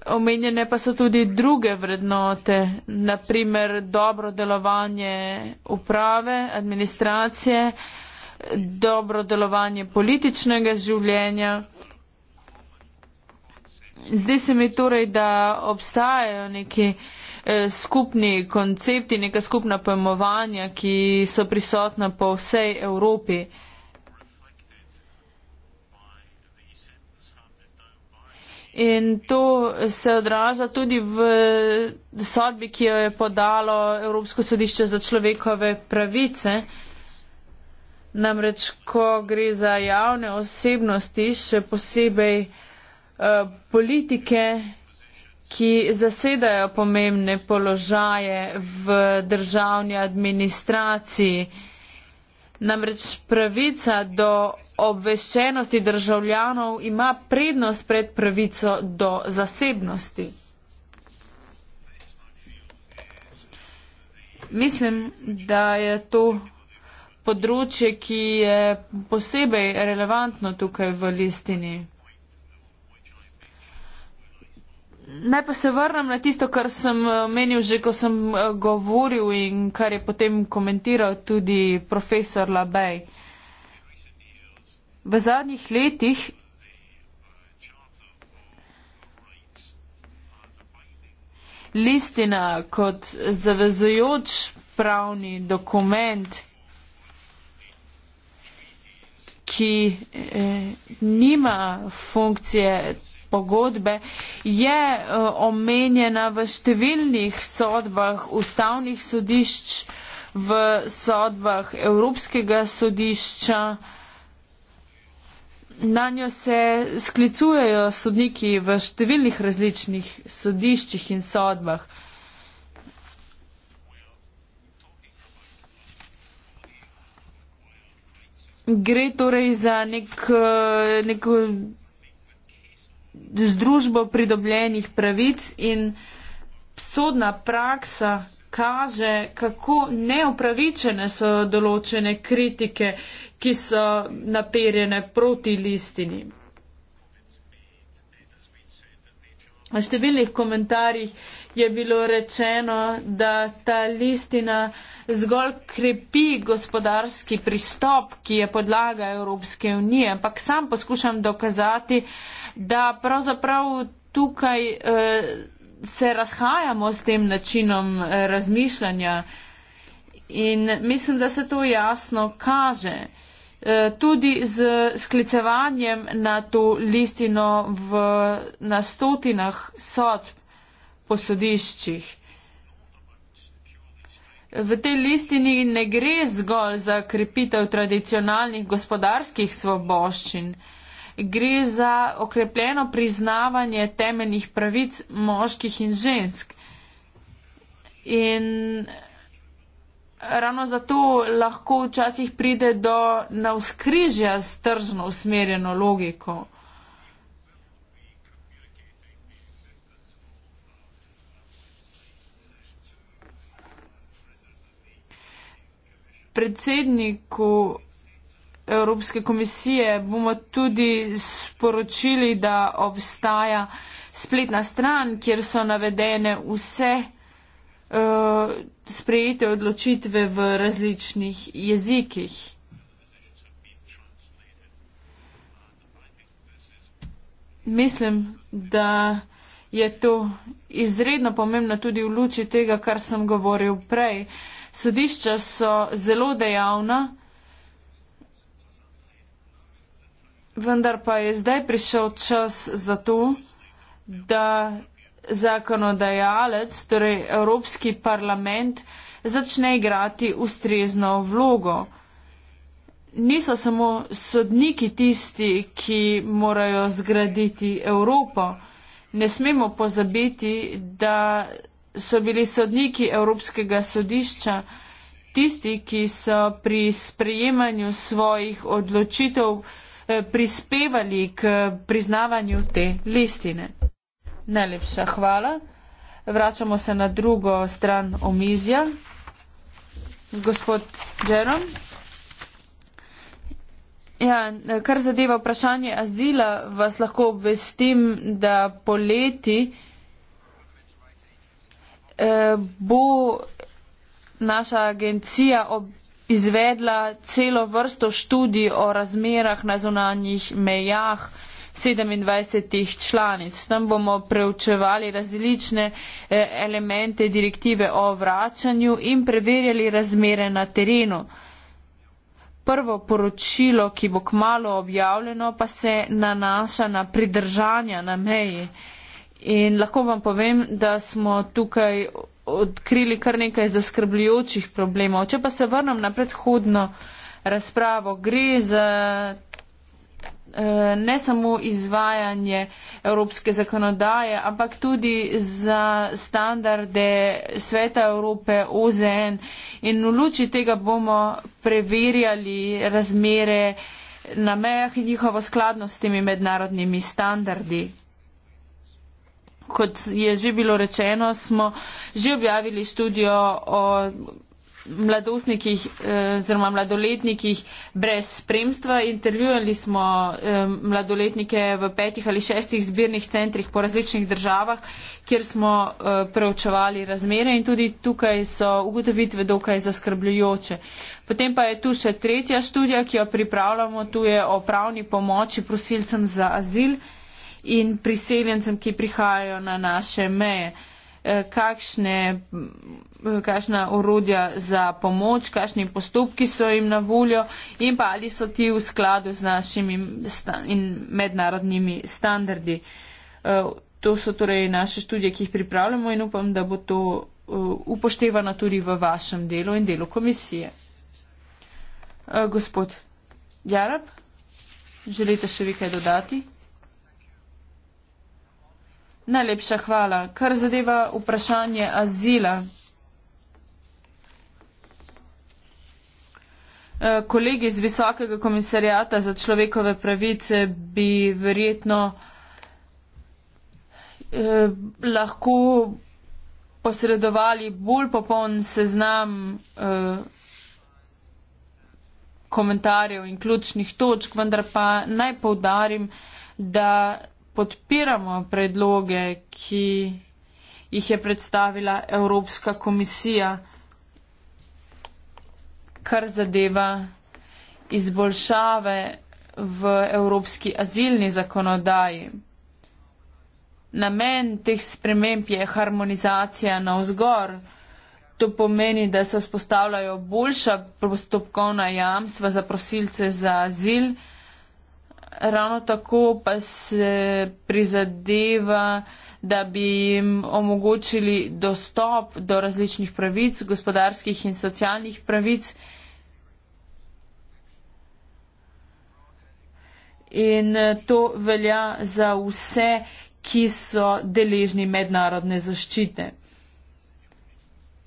omenjene pa so tudi druge vrednote, naprimer dobro delovanje uprave, administracije, dobro delovanje političnega življenja. Zdi se mi torej, da obstajajo neki eh, skupni koncepti, neka skupna pojmovanja, ki so prisotna po vsej Evropi. In to se odraža tudi v sodbi, ki jo je podalo Evropsko sodišče za človekove pravice. Namreč, ko gre za javne osebnosti, še posebej eh, politike, ki zasedajo pomembne položaje v državni administraciji. Namreč pravica do obveščenosti državljanov ima prednost pred pravico do zasebnosti. Mislim, da je to področje, ki je posebej relevantno tukaj v listini. Naj pa se vrnem na tisto, kar sem eh, menil že, ko sem eh, govoril in kar je potem komentiral tudi profesor Labej v zadnjih letih listina kot zavezujoč pravni dokument, ki eh, nima funkcije pogodbe, je eh, omenjena v številnih sodbah ustavnih sodišč, v sodbah Evropskega sodišča, Na njo se sklicujejo sodniki v številnih različnih sodiščih in sodbah. Gre torej za nek, neko združbo pridobljenih pravic in sodna praksa, kaže, kako neopravičene so določene kritike, ki so naperjene proti listini. V številnih komentarjih je bilo rečeno, da ta listina zgolj krepi gospodarski pristop, ki je podlaga Evropske unije, ampak sam poskušam dokazati, da pravzaprav tukaj. Eh, se razhajamo s tem načinom eh, razmišljanja. In mislim, da se to jasno kaže eh, tudi z sklicevanjem na to listino v nastotinah sodb po sodiščih. V tej listini ne gre zgolj za krepitev tradicionalnih gospodarskih svoboščin, gre za okrepljeno priznavanje temeljnih pravic moških in žensk. In ravno zato lahko včasih pride do navskrižja s tržno usmerjeno logiko. Predsedniku Evropske komisije bomo tudi sporočili, da obstaja spletna stran, kjer so navedene vse uh, sprejete odločitve v različnih jezikih. Mislim, da je to izredno pomembno tudi v luči tega, kar sem govoril prej. Sodišča so zelo dejavna. vendar pa je zdaj prišel čas za to, da zakonodajalec, torej Evropski parlament, začne igrati ustrezno vlogo. Niso samo sodniki tisti, ki morajo zgraditi Evropo. Ne smemo pozabiti, da so bili sodniki Evropskega sodišča tisti, ki so pri sprejemanju svojih odločitev Eh, prispevali k priznavanju te listine. Najlepša hvala. Vračamo se na drugo stran omizja. Gospod Džerom. Ja, kar zadeva vprašanje azila, vas lahko obvestim, da poleti eh, bo naša agencija ob, izvedla celo vrsto študij o razmerah na zunanjih mejah 27 članic. Tam bomo preučevali različne eh, elemente direktive o vračanju in preverjali razmere na terenu. Prvo poročilo, ki bo kmalo objavljeno, pa se nanaša na pridržanja na meji. In lahko vam povem, da smo tukaj odkrili kar nekaj zaskrbljujočih problemov. Če pa se vrnem na predhodno razpravo, gre za eh, ne samo izvajanje evropske zakonodaje, ampak tudi za standarde Sveta Evrope, OZN in v luči tega bomo preverjali razmere na mejah in njihovo skladnost s temi mednarodnimi standardi kot je že bilo rečeno, smo že objavili študijo o mladostnikih eh, oziroma mladoletnikih brez spremstva. Intervjuvali smo eh, mladoletnike v petih ali šestih zbirnih centrih po različnih državah, kjer smo eh, preučevali razmere in tudi tukaj so ugotovitve dokaj zaskrbljujoče. Potem pa je tu še tretja študija, ki jo pripravljamo, tu je o pravni pomoči prosilcem za azil in priseljencem, ki prihajajo na naše meje. E, kakšne, kakšna orodja za pomoč, kakšni postopki so jim na voljo in pa ali so ti v skladu z našimi in mednarodnimi standardi. E, to so torej naše študije, ki jih pripravljamo in upam, da bo to e, upoštevano tudi v vašem delu in delu komisije. Gospod Jarab, želite še vi kaj dodati? Najlepša hvala. Kar zadeva vprašanje azila. E, kolegi iz Visokega komisarijata za človekove pravice bi verjetno e, lahko posredovali bolj popoln seznam e, komentarjev in ključnih točk, vendar pa naj povdarim, da podpiramo predloge, ki jih je predstavila Evropska komisija, kar zadeva izboljšave v evropski azilni zakonodaji. Namen teh sprememb je harmonizacija na vzgor. To pomeni, da se vzpostavljajo boljša postopkovna jamstva za prosilce za azil ravno tako pa se prizadeva, da bi jim omogočili dostop do različnih pravic, gospodarskih in socialnih pravic. In eh, to velja za vse, ki so deležni mednarodne zaščite.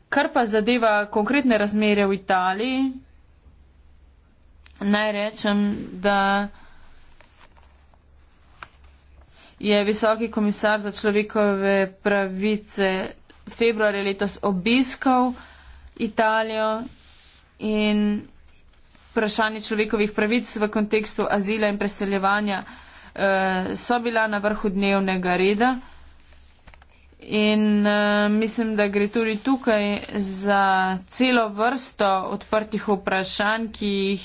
Kar pa zadeva konkretne razmere v Italiji, naj rečem, da je visoki komisar za človekove pravice februarja letos obiskal Italijo in vprašanje človekovih pravic v kontekstu azila in preseljevanja eh, so bila na vrhu dnevnega reda. In uh, mislim, da gre tudi tukaj za celo vrsto odprtih vprašanj, ki jih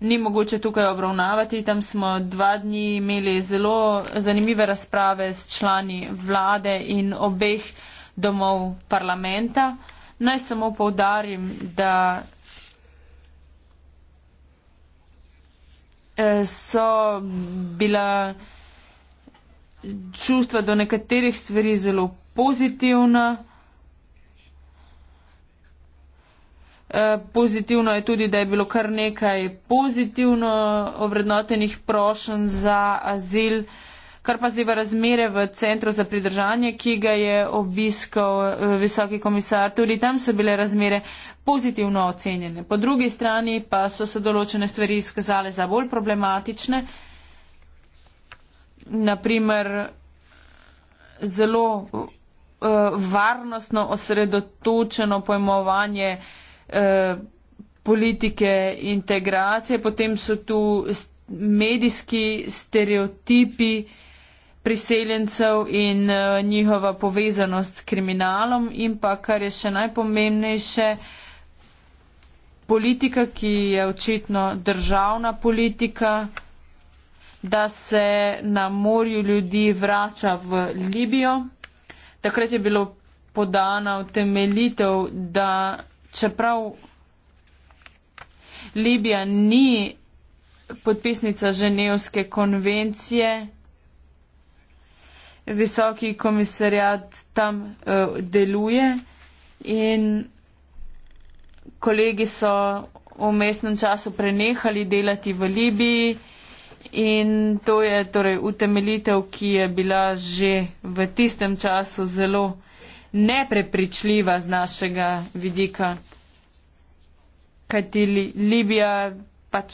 ni mogoče tukaj obravnavati. Tam smo dva dni imeli zelo zanimive razprave s člani vlade in obeh domov parlamenta. Naj samo povdarim, da eh, so bila čustva do nekaterih stvari zelo pozitivna. Eh, pozitivno je tudi, da je bilo kar nekaj pozitivno ovrednotenih prošen za azil, kar pa zdaj v razmere v centru za pridržanje, ki ga je obiskal eh, visoki komisar. Tudi tam so bile razmere pozitivno ocenjene. Po drugi strani pa so se določene stvari izkazale za bolj problematične. Naprimer, zelo Eh, varnostno osredotočeno pojmovanje eh, politike integracije, potem so tu medijski stereotipi priseljencev in eh, njihova povezanost s kriminalom in pa, kar je še najpomembnejše, politika, ki je očitno državna politika, da se na morju ljudi vrača v Libijo takrat je bilo podana utemeljitev, da čeprav Libija ni podpisnica Ženevske konvencije, visoki komisarjat tam uh, deluje in kolegi so v mestnem času prenehali delati v Libiji. In to je torej utemeljitev, ki je bila že v tistem času zelo neprepričljiva z našega vidika, kajti Libija pač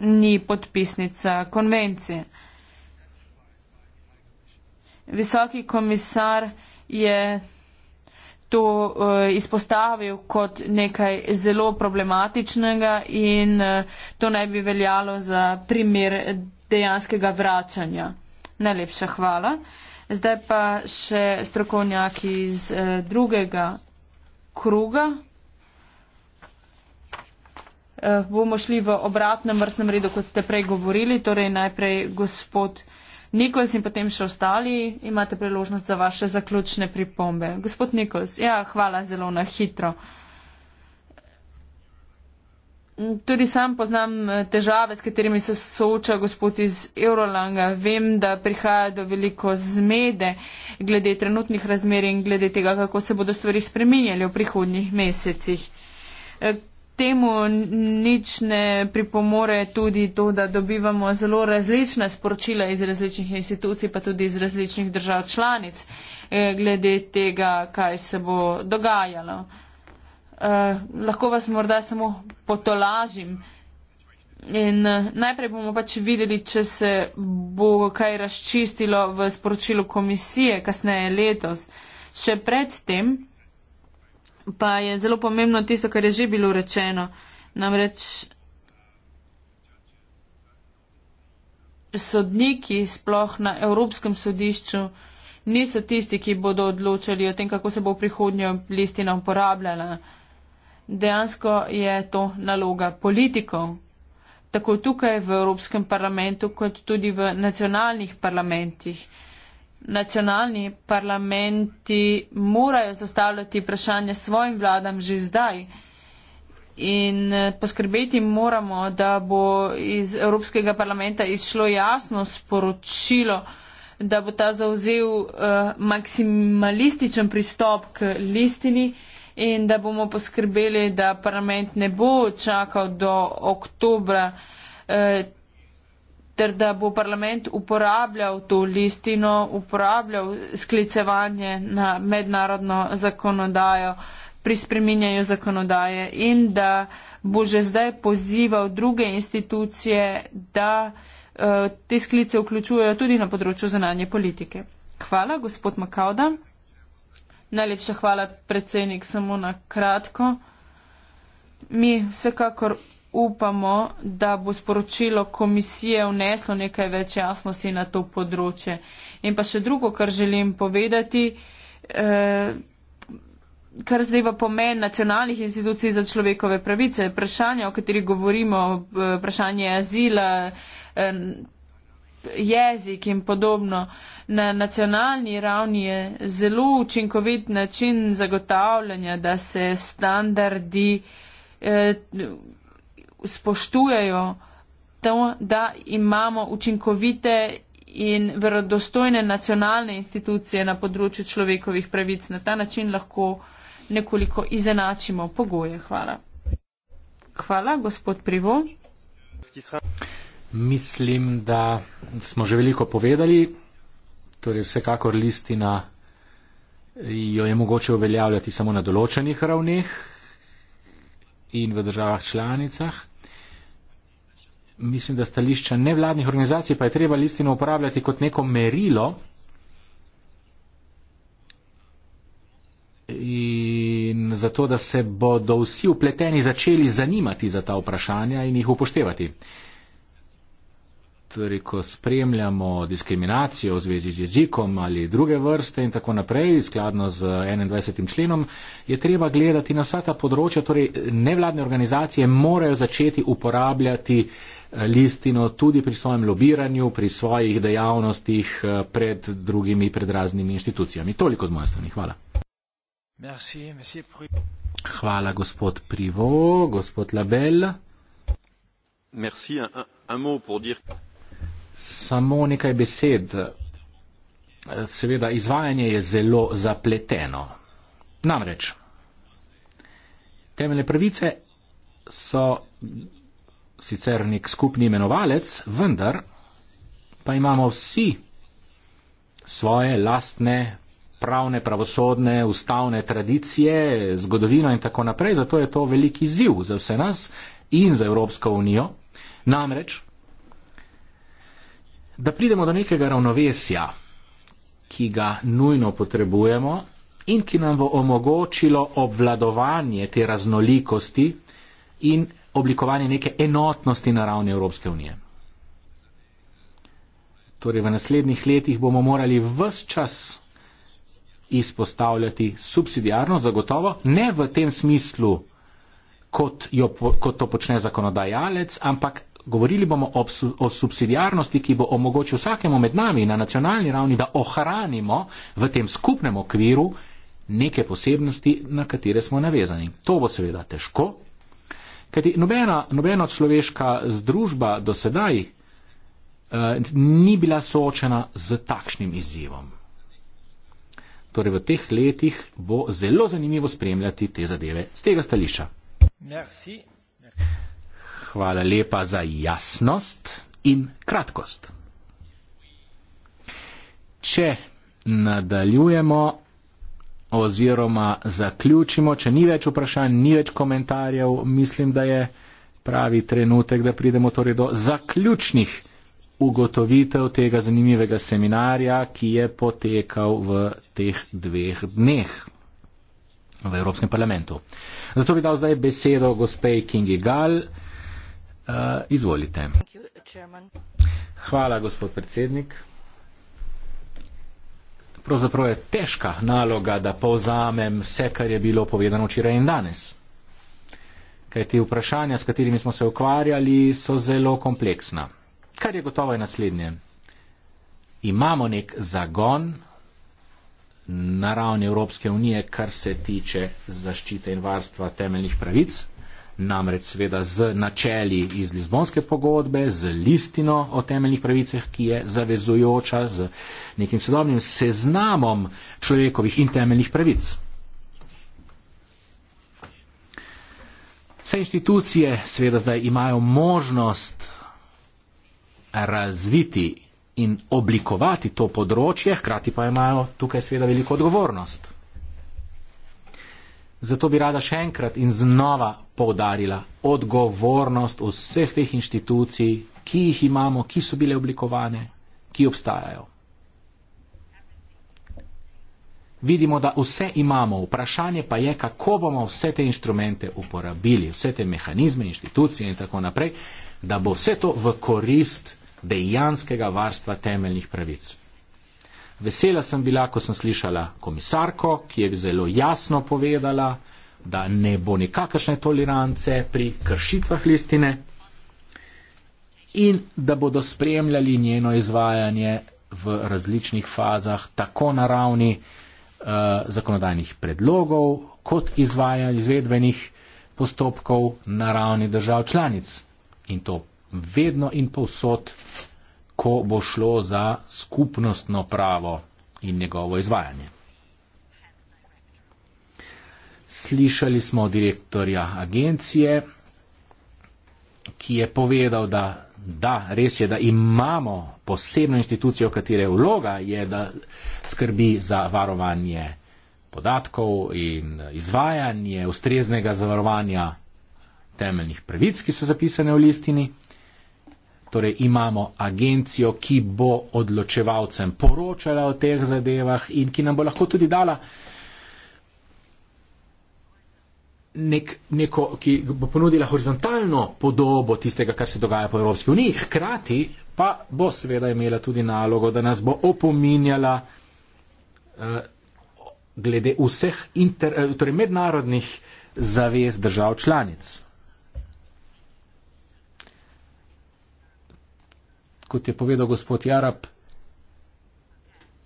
ni podpisnica konvencije. Visoki komisar je to uh, izpostavil kot nekaj zelo problematičnega in uh, to naj bi veljalo za primer dejanskega vračanja. Najlepša hvala. Zdaj pa še strokovnjaki iz uh, drugega kruga. Uh, bomo šli v obratnem vrstnem redu, kot ste prej govorili, torej najprej gospod uh, Nikols in potem še ostali imate priložnost za vaše zaključne pripombe. Gospod Nikols, ja, hvala zelo na hitro. Tudi sam poznam eh, težave, s katerimi se sooča gospod iz Eurolanga. Vem, da prihaja do veliko zmede glede trenutnih razmer in glede tega, kako se bodo stvari spreminjali v prihodnjih mesecih. Eh, temu nič ne pripomore tudi to, da dobivamo zelo različna sporočila iz različnih institucij, pa tudi iz različnih držav članic, eh, glede tega, kaj se bo dogajalo. Eh, lahko vas morda samo potolažim. In eh, najprej bomo pač videli, če se bo kaj razčistilo v sporočilu komisije kasneje letos. Še predtem pa je zelo pomembno tisto, kar je že bilo rečeno. Namreč sodniki sploh na Evropskem sodišču niso tisti, ki bodo odločali o tem, kako se bo prihodnjo listina uporabljala. Dejansko je to naloga politikov, tako tukaj v Evropskem parlamentu, kot tudi v nacionalnih parlamentih nacionalni parlamenti morajo zastavljati vprašanje svojim vladam že zdaj. In eh, poskrbeti moramo, da bo iz Evropskega parlamenta izšlo jasno sporočilo, da bo ta zauzel uh, eh, maksimalističen pristop k listini in da bomo poskrbeli, da parlament ne bo čakal do oktobra uh, ter da bo parlament uporabljal to listino, uporabljal sklicevanje na mednarodno zakonodajo pri spreminjanju zakonodaje in da bo že zdaj pozival druge institucije, da eh, te sklice vključujejo tudi na področju zananje politike. Hvala, gospod Makauda. Najlepša hvala, predsednik, samo na kratko. Mi vsekakor upamo, da bo sporočilo komisije vneslo nekaj več jasnosti na to področje. In pa še drugo, kar želim povedati, eh, kar zdaj v pomen nacionalnih institucij za človekove pravice, vprašanje, o kateri govorimo, eh, vprašanje azila. Eh, jezik in podobno. Na nacionalni ravni je zelo učinkovit način zagotavljanja, da se standardi eh, spoštujejo to, da imamo učinkovite in verodostojne nacionalne institucije na področju človekovih pravic. Na ta način lahko nekoliko izenačimo pogoje. Hvala. Hvala, gospod Privo. Mislim, da smo že veliko povedali, torej vsekakor listina jo je mogoče uveljavljati samo na določenih ravneh in v državah članicah mislim, da stališča nevladnih organizacij pa je treba listino uporabljati kot neko merilo. In zato, da se bodo vsi upleteni začeli zanimati za ta vprašanja in jih upoštevati torej, ko spremljamo diskriminacijo v zvezi z jezikom ali druge vrste in tako naprej, skladno z 21. členom, je treba gledati na vsa ta področja, torej nevladne organizacije morajo začeti uporabljati eh, listino tudi pri svojem lobiranju, pri svojih dejavnostih eh, pred drugimi predraznimi inštitucijami. Toliko z moje strani. Hvala. Merci, merci. Hvala, gospod Privo, gospod Labella. Merci, un, un mot pour dire. Samo nekaj besed. Seveda, izvajanje je zelo zapleteno. Namreč, temeljne pravice so sicer nek skupni imenovalec, vendar pa imamo vsi svoje lastne pravne, pravosodne, ustavne tradicije, zgodovino in tako naprej. Zato je to veliki ziv za vse nas in za Evropsko unijo. Namreč, da pridemo do nekega ravnovesja, ki ga nujno potrebujemo in ki nam bo omogočilo obvladovanje te raznolikosti in oblikovanje neke enotnosti na ravni Evropske unije. Torej v naslednjih letih bomo morali vse čas izpostavljati subsidijarno zagotovo, ne v tem smislu, kot, jo, kot to počne zakonodajalec, ampak Govorili bomo o, o subsidijarnosti, ki bo omogočil vsakemu med nami na nacionalni ravni, da ohranimo v tem skupnem okviru neke posebnosti, na katere smo navezani. To bo seveda težko, kajti nobena, nobena človeška združba do sedaj eh, ni bila soočena z takšnim izzivom. Torej v teh letih bo zelo zanimivo spremljati te zadeve z tega stališča. Merci. Merci hvala lepa za jasnost in kratkost. Če nadaljujemo oziroma zaključimo, če ni več vprašanj, ni več komentarjev, mislim, da je pravi trenutek, da pridemo torej do zaključnih ugotovitev tega zanimivega seminarja, ki je potekal v teh dveh dneh v Evropskem parlamentu. Zato bi dal zdaj besedo gospej Kingi Gal. Eh, izvolite. Hvala, gospod predsednik. Pravzaprav je težka naloga, da povzamem vse, kar je bilo povedano včeraj in danes. Kaj ti vprašanja, s katerimi smo se ukvarjali, so zelo kompleksna. Kar je gotovo je naslednje. Imamo nek zagon na ravni Evropske unije, kar se tiče zaščite in varstva temeljnih pravic, namreč sveda z načeli iz Lizbonske pogodbe, z listino o temeljnih pravicah, ki je zavezujoča, z nekim sodobnim seznamom človekovih in temeljnih pravic. Vse inštitucije sveda zdaj imajo možnost razviti in oblikovati to področje, hkrati pa imajo tukaj sveda veliko odgovornost. Zato bi rada še enkrat in znova povdarila odgovornost vseh teh inštitucij, ki jih imamo, ki so bile oblikovane, ki obstajajo. Vidimo, da vse imamo, vprašanje pa je, kako bomo vse te inštrumente uporabili, vse te mehanizme, inštitucije in tako naprej, da bo vse to v korist dejanskega varstva temeljnih pravic. Vesela sem bila, ko sem slišala komisarko, ki je zelo jasno povedala, da ne bo nikakršne tolerance pri kršitvah listine in da bodo spremljali njeno izvajanje v različnih fazah, tako na ravni eh, zakonodajnih predlogov, kot izvajanja izvedbenih postopkov na ravni držav članic. In to vedno in povsod ko bo šlo za skupnostno pravo in njegovo izvajanje. Slišali smo direktorja agencije, ki je povedal, da, da res je, da imamo posebno institucijo, katere vloga je, da skrbi za varovanje podatkov in izvajanje ustreznega zavarovanja temeljnih pravic, ki so zapisane v listini torej imamo agencijo, ki bo odločevalcem poročala o teh zadevah in ki nam bo lahko tudi dala nek, neko, ki bo ponudila horizontalno podobo tistega, kar se dogaja po Evropski uniji, hkrati pa bo seveda imela tudi nalogo, da nas bo opominjala eh, glede vseh inter, eh, torej mednarodnih zavez držav članic. kot je povedal gospod Jarab,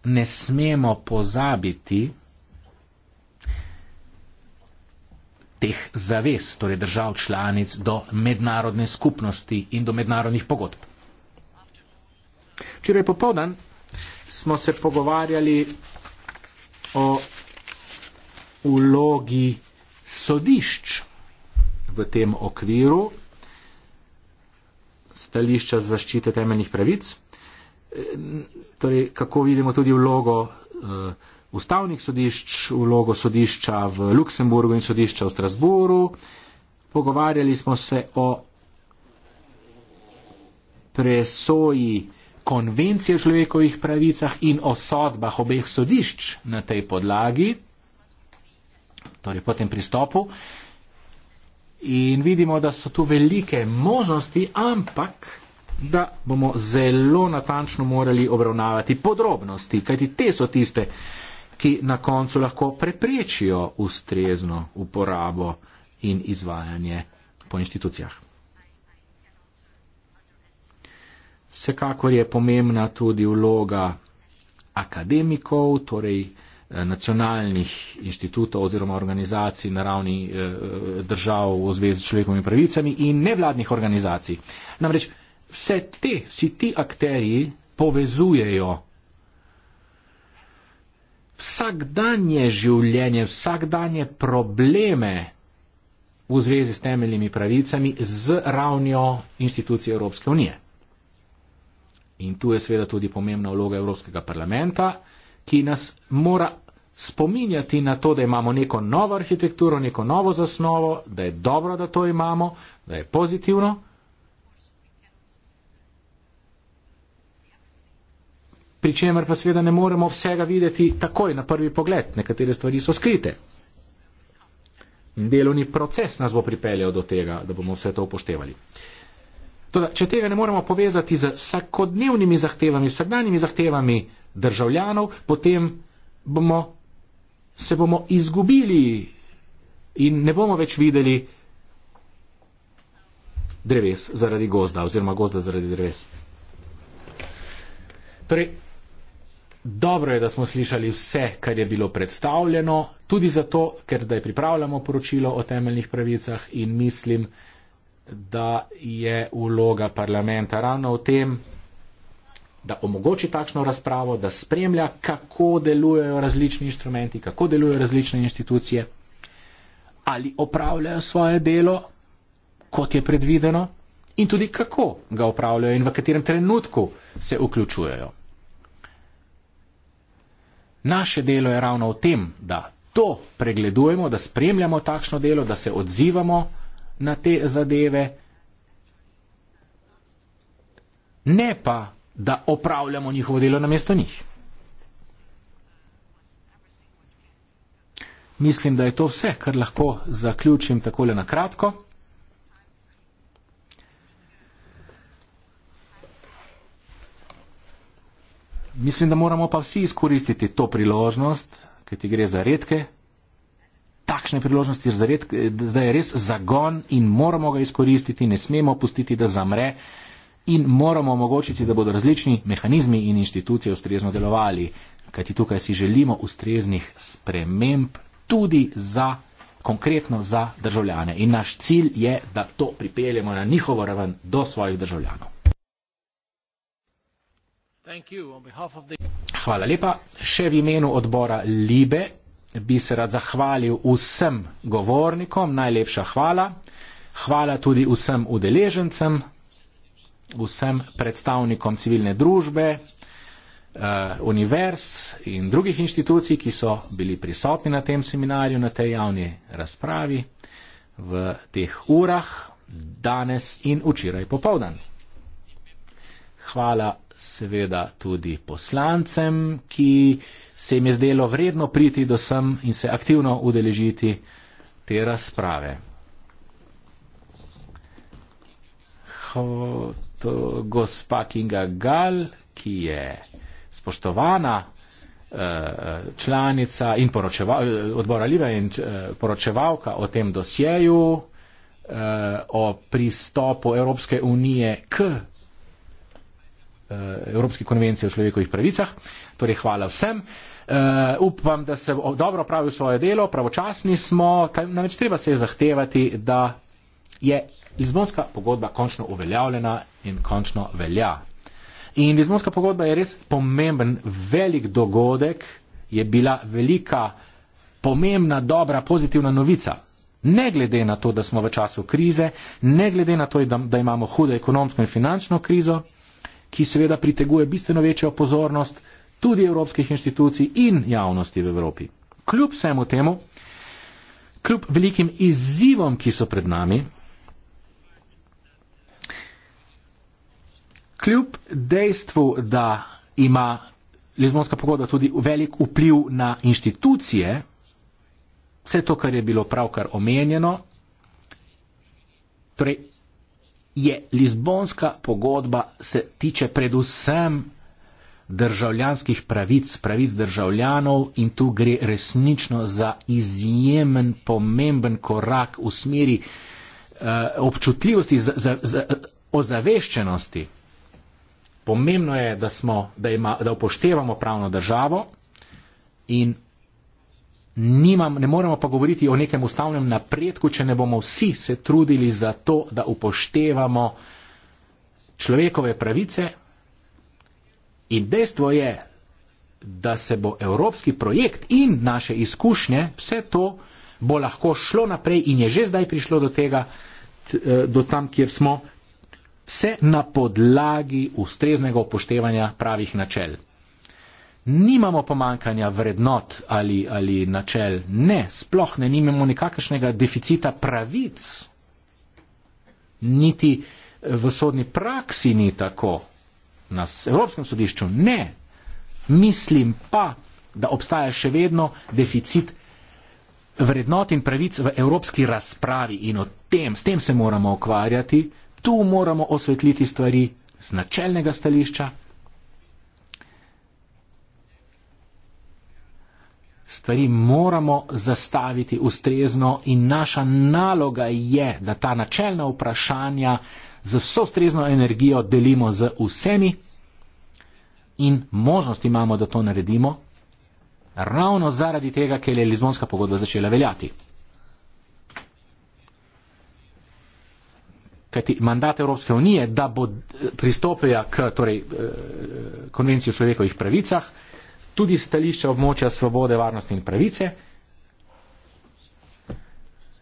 ne smemo pozabiti teh zavez, torej držav članic, do mednarodne skupnosti in do mednarodnih pogodb. Včeraj popovdan smo se pogovarjali o vlogi sodišč v tem okviru stališča zaščite temeljnih pravic, torej kako vidimo tudi vlogo eh, ustavnih sodišč, vlogo sodišča v Luksemburgu in sodišča v Strasburu. Pogovarjali smo se o presoji konvencije o človekovih pravicah in o sodbah obeh sodišč na tej podlagi, torej po tem pristopu. In vidimo, da so tu velike možnosti, ampak da bomo zelo natančno morali obravnavati podrobnosti, kajti te so tiste, ki na koncu lahko preprečijo ustrezno uporabo in izvajanje po inštitucijah. Vsekakor je pomembna tudi vloga akademikov, torej Eh, nacionalnih inštitutov oziroma organizacij na ravni eh, držav v zvezi s človekovimi pravicami in nevladnih organizacij. Namreč vse te, vsi ti akteri povezujejo vsakdanje življenje, vsakdanje probleme v zvezi s temeljnimi pravicami z ravnjo institucije Evropske unije. In tu je seveda tudi pomembna vloga Evropskega parlamenta, ki nas mora spominjati na to, da imamo neko novo arhitekturo, neko novo zasnovo, da je dobro, da to imamo, da je pozitivno. Pričemer pa seveda ne moremo vsega videti takoj na prvi pogled, nekatere stvari so skrite. In delovni proces nas bo pripeljal do tega, da bomo vse to upoštevali. Toda, če tega ne moremo povezati z vsakodnevnimi zahtevami, vsakdanjimi zahtevami državljanov, potem bomo, se bomo izgubili in ne bomo več videli dreves zaradi gozda oziroma gozda zaradi dreves. Torej, dobro je, da smo slišali vse, kar je bilo predstavljeno, tudi zato, ker da je pripravljamo poročilo o temeljnih pravicah in mislim, da je vloga parlamenta ravno v tem, da omogoči takšno razpravo, da spremlja, kako delujejo različni inštrumenti, kako delujejo različne inštitucije, ali opravljajo svoje delo, kot je predvideno, in tudi kako ga opravljajo in v katerem trenutku se vključujejo. Naše delo je ravno v tem, da to pregledujemo, da spremljamo takšno delo, da se odzivamo, na te zadeve, ne pa, da opravljamo njihovo delo na mesto njih. Mislim, da je to vse, kar lahko zaključim takole na kratko. Mislim, da moramo pa vsi izkoristiti to priložnost, ki ti gre za redke takšne priložnosti, zdaj je res zagon in moramo ga izkoristiti, ne smemo pustiti, da zamre in moramo omogočiti, da bodo različni mehanizmi in inštitucije ustrezno delovali, kajti tukaj si želimo ustreznih sprememb tudi za, konkretno za državljane. In naš cilj je, da to pripeljemo na njihovo raven do svojih državljanov. Hvala lepa. Še v imenu odbora Libe bi se rad zahvalil vsem govornikom, najlepša hvala. Hvala tudi vsem udeležencem, vsem predstavnikom civilne družbe, eh, univerz in drugih inštitucij, ki so bili prisotni na tem seminarju, na tej javni razpravi v teh urah danes in včeraj popovdan hvala seveda tudi poslancem, ki se jim je zdelo vredno priti do sem in se aktivno udeležiti te razprave. Hvala gospa Kinga Gal, ki je spoštovana eh, članica in odbora Liva in eh, poročevalka o tem dosjeju, eh, o pristopu Evropske unije k Eh, Evropski konvencije o človekovih pravicah. Torej, hvala vsem. Uh, upam, da se dobro opravil svoje delo, pravočasni smo, namreč treba se je zahtevati, da je Lizbonska pogodba končno uveljavljena in končno velja. In Lizbonska pogodba je res pomemben, velik dogodek, je bila velika, pomembna, dobra, pozitivna novica. Ne glede na to, da smo v času krize, ne glede na to, da, da imamo hudo ekonomsko in finančno krizo, ki seveda priteguje bistveno večjo pozornost tudi evropskih inštitucij in javnosti v Evropi. Kljub vsemu temu, kljub velikim izzivom, ki so pred nami, kljub dejstvu, da ima Lizbonska pogodba tudi velik vpliv na inštitucije, vse to, kar je bilo pravkar omenjeno, torej je Lizbonska pogodba se tiče predvsem državljanskih pravic, pravic državljanov in tu gre resnično za izjemen, pomemben korak v smeri uh, občutljivosti, za, za, za, ozaveščenosti. Pomembno je, da, smo, da, ima, da upoštevamo pravno državo in Nimam, ne moremo pa govoriti o nekem ustavnem napredku, če ne bomo vsi se trudili za to, da upoštevamo človekove pravice. In dejstvo je, da se bo evropski projekt in naše izkušnje, vse to bo lahko šlo naprej in je že zdaj prišlo do tega, eh, do tam, kjer smo, vse na podlagi ustreznega upoštevanja pravih načel nimamo pomankanja vrednot ali, ali načel, ne, sploh ne, nimamo nekakšnega deficita pravic. Niti v sodni praksi ni tako, na Evropskem sodišču ne. Mislim pa, da obstaja še vedno deficit vrednot in pravic v evropski razpravi in o tem, s tem se moramo ukvarjati, tu moramo osvetliti stvari z načelnega stališča, stvari moramo zastaviti ustrezno in naša naloga je, da ta načelna vprašanja z vso ustrezno energijo delimo z vsemi in možnost imamo, da to naredimo, ravno zaradi tega, ker je Lizbonska pogodba začela veljati. Kajti mandat Evropske unije, da bo eh, pristopila k torej, eh, eh, konvenciji o človekovih pravicah, tudi stališča območja svobode, varnosti in pravice.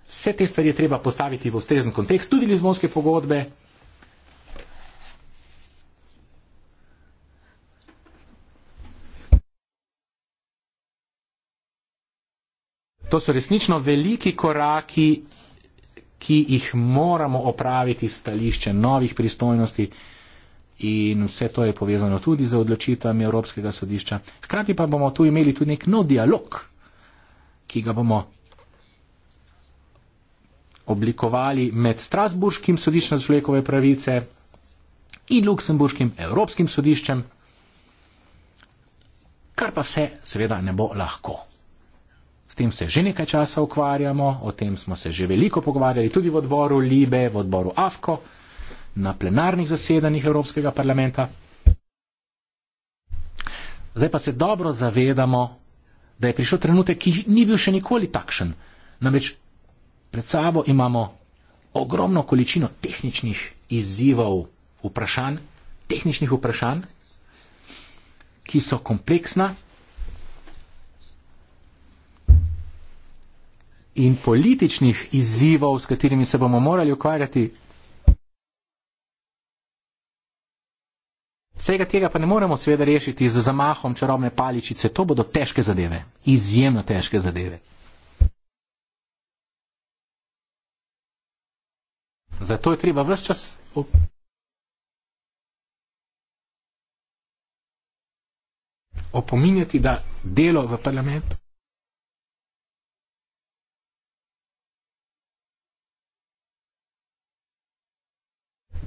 Vse te stvari je treba postaviti v ustrezen kontekst, tudi Lizbonske pogodbe. To so resnično veliki koraki, ki jih moramo opraviti stališče novih pristojnosti, in vse to je povezano tudi z odločitvami Evropskega sodišča. Hkrati pa bomo tu imeli tudi nek nov dialog, ki ga bomo oblikovali med Strasburškim sodiščem za človekove pravice in Luksemburškim Evropskim sodiščem, kar pa vse seveda ne bo lahko. S tem se že nekaj časa ukvarjamo, o tem smo se že veliko pogovarjali tudi v odboru Libe, v odboru AFKO na plenarnih zasedanjih Evropskega parlamenta. Zdaj pa se dobro zavedamo, da je prišel trenutek, ki ni bil še nikoli takšen. Namreč pred sabo imamo ogromno količino tehničnih izzivov, vprašanj, tehničnih vprašanj, ki so kompleksna in političnih izzivov, s katerimi se bomo morali ukvarjati Vsega tega pa ne moremo seveda rešiti z zamahom čarobne paličice, to bodo težke zadeve, izjemno težke zadeve. Zato je treba vse čas. Opominjati, da delo v parlamentu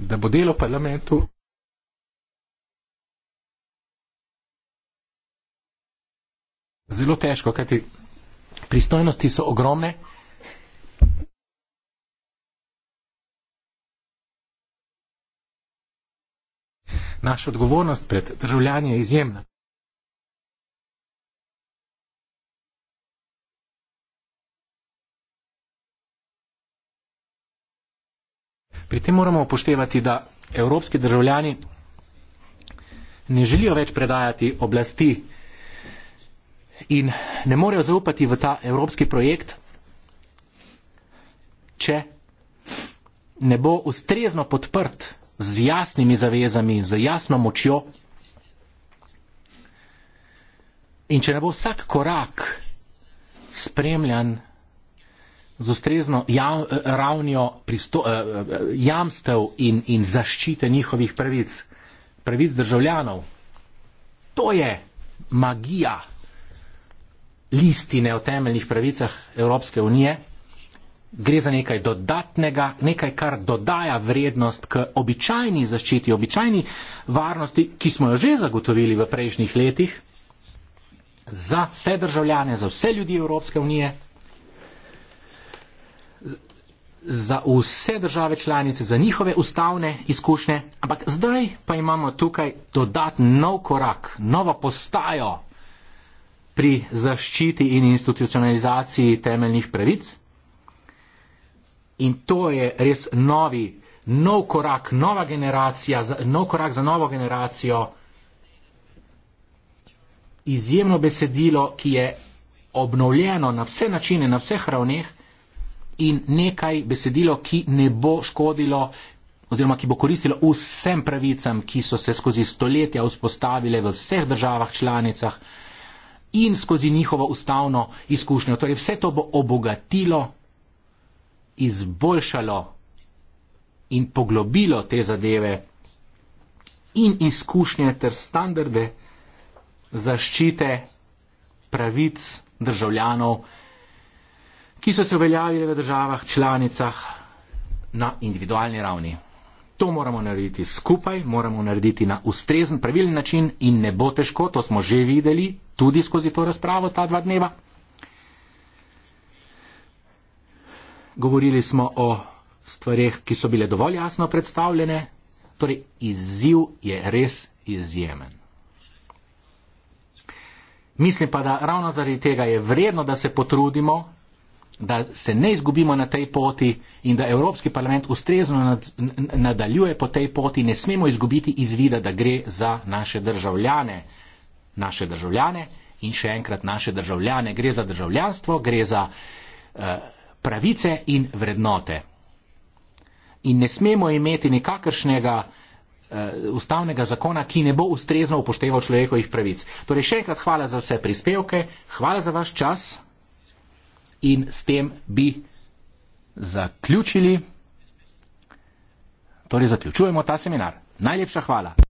da bo delo parlamentu Zelo težko, kajti pristojnosti so ogromne. Naša odgovornost pred državljanje je izjemna. Pri tem moramo upoštevati, da evropski državljani ne želijo več predajati oblasti in ne morejo zaupati v ta evropski projekt, če ne bo ustrezno podprt z jasnimi zavezami, z jasno močjo in če ne bo vsak korak spremljan z ustrezno jav, ravnjo pristo, eh, eh, jamstev in, in zaščite njihovih pravic, pravic državljanov. To je magija listine o temeljnih pravicah Evropske unije, gre za nekaj dodatnega, nekaj, kar dodaja vrednost k običajni zaščiti, običajni varnosti, ki smo jo že zagotovili v prejšnjih letih za vse državljane, za vse ljudi Evropske unije, za vse države članice, za njihove ustavne izkušnje, ampak zdaj pa imamo tukaj dodatni nov korak, novo postajo pri zaščiti in institucionalizaciji temeljnih pravic. In to je res novi, nov korak, nova generacija, nov korak za novo generacijo, izjemno besedilo, ki je obnovljeno na vse načine, na vseh ravneh in nekaj besedilo, ki ne bo škodilo oziroma ki bo koristilo vsem pravicam, ki so se skozi stoletja vzpostavile v vseh državah članicah, in skozi njihovo ustavno izkušnjo. Torej, vse to bo obogatilo, izboljšalo in poglobilo te zadeve in izkušnje ter standarde zaščite pravic državljanov, ki so se uveljavile v državah članicah na individualni ravni. To moramo narediti skupaj, moramo narediti na ustrezen, pravilen način in ne bo težko, to smo že videli tudi skozi to razpravo ta dva dneva. Govorili smo o stvarih, ki so bile dovolj jasno predstavljene, torej izziv je res izjemen. Mislim pa, da ravno zaradi tega je vredno, da se potrudimo da se ne izgubimo na tej poti in da Evropski parlament ustrezno nad, nadaljuje po tej poti, ne smemo izgubiti iz vida, da gre za naše državljane. Naše državljane in še enkrat naše državljane. Gre za državljanstvo, gre za eh, pravice in vrednote. In ne smemo imeti nikakršnega eh, ustavnega zakona, ki ne bo ustrezno upošteval človekovih pravic. Torej še enkrat hvala za vse prispevke, hvala za vaš čas in s tem bi zaključili. Torej zaključujemo ta seminar. Najlepša hvala.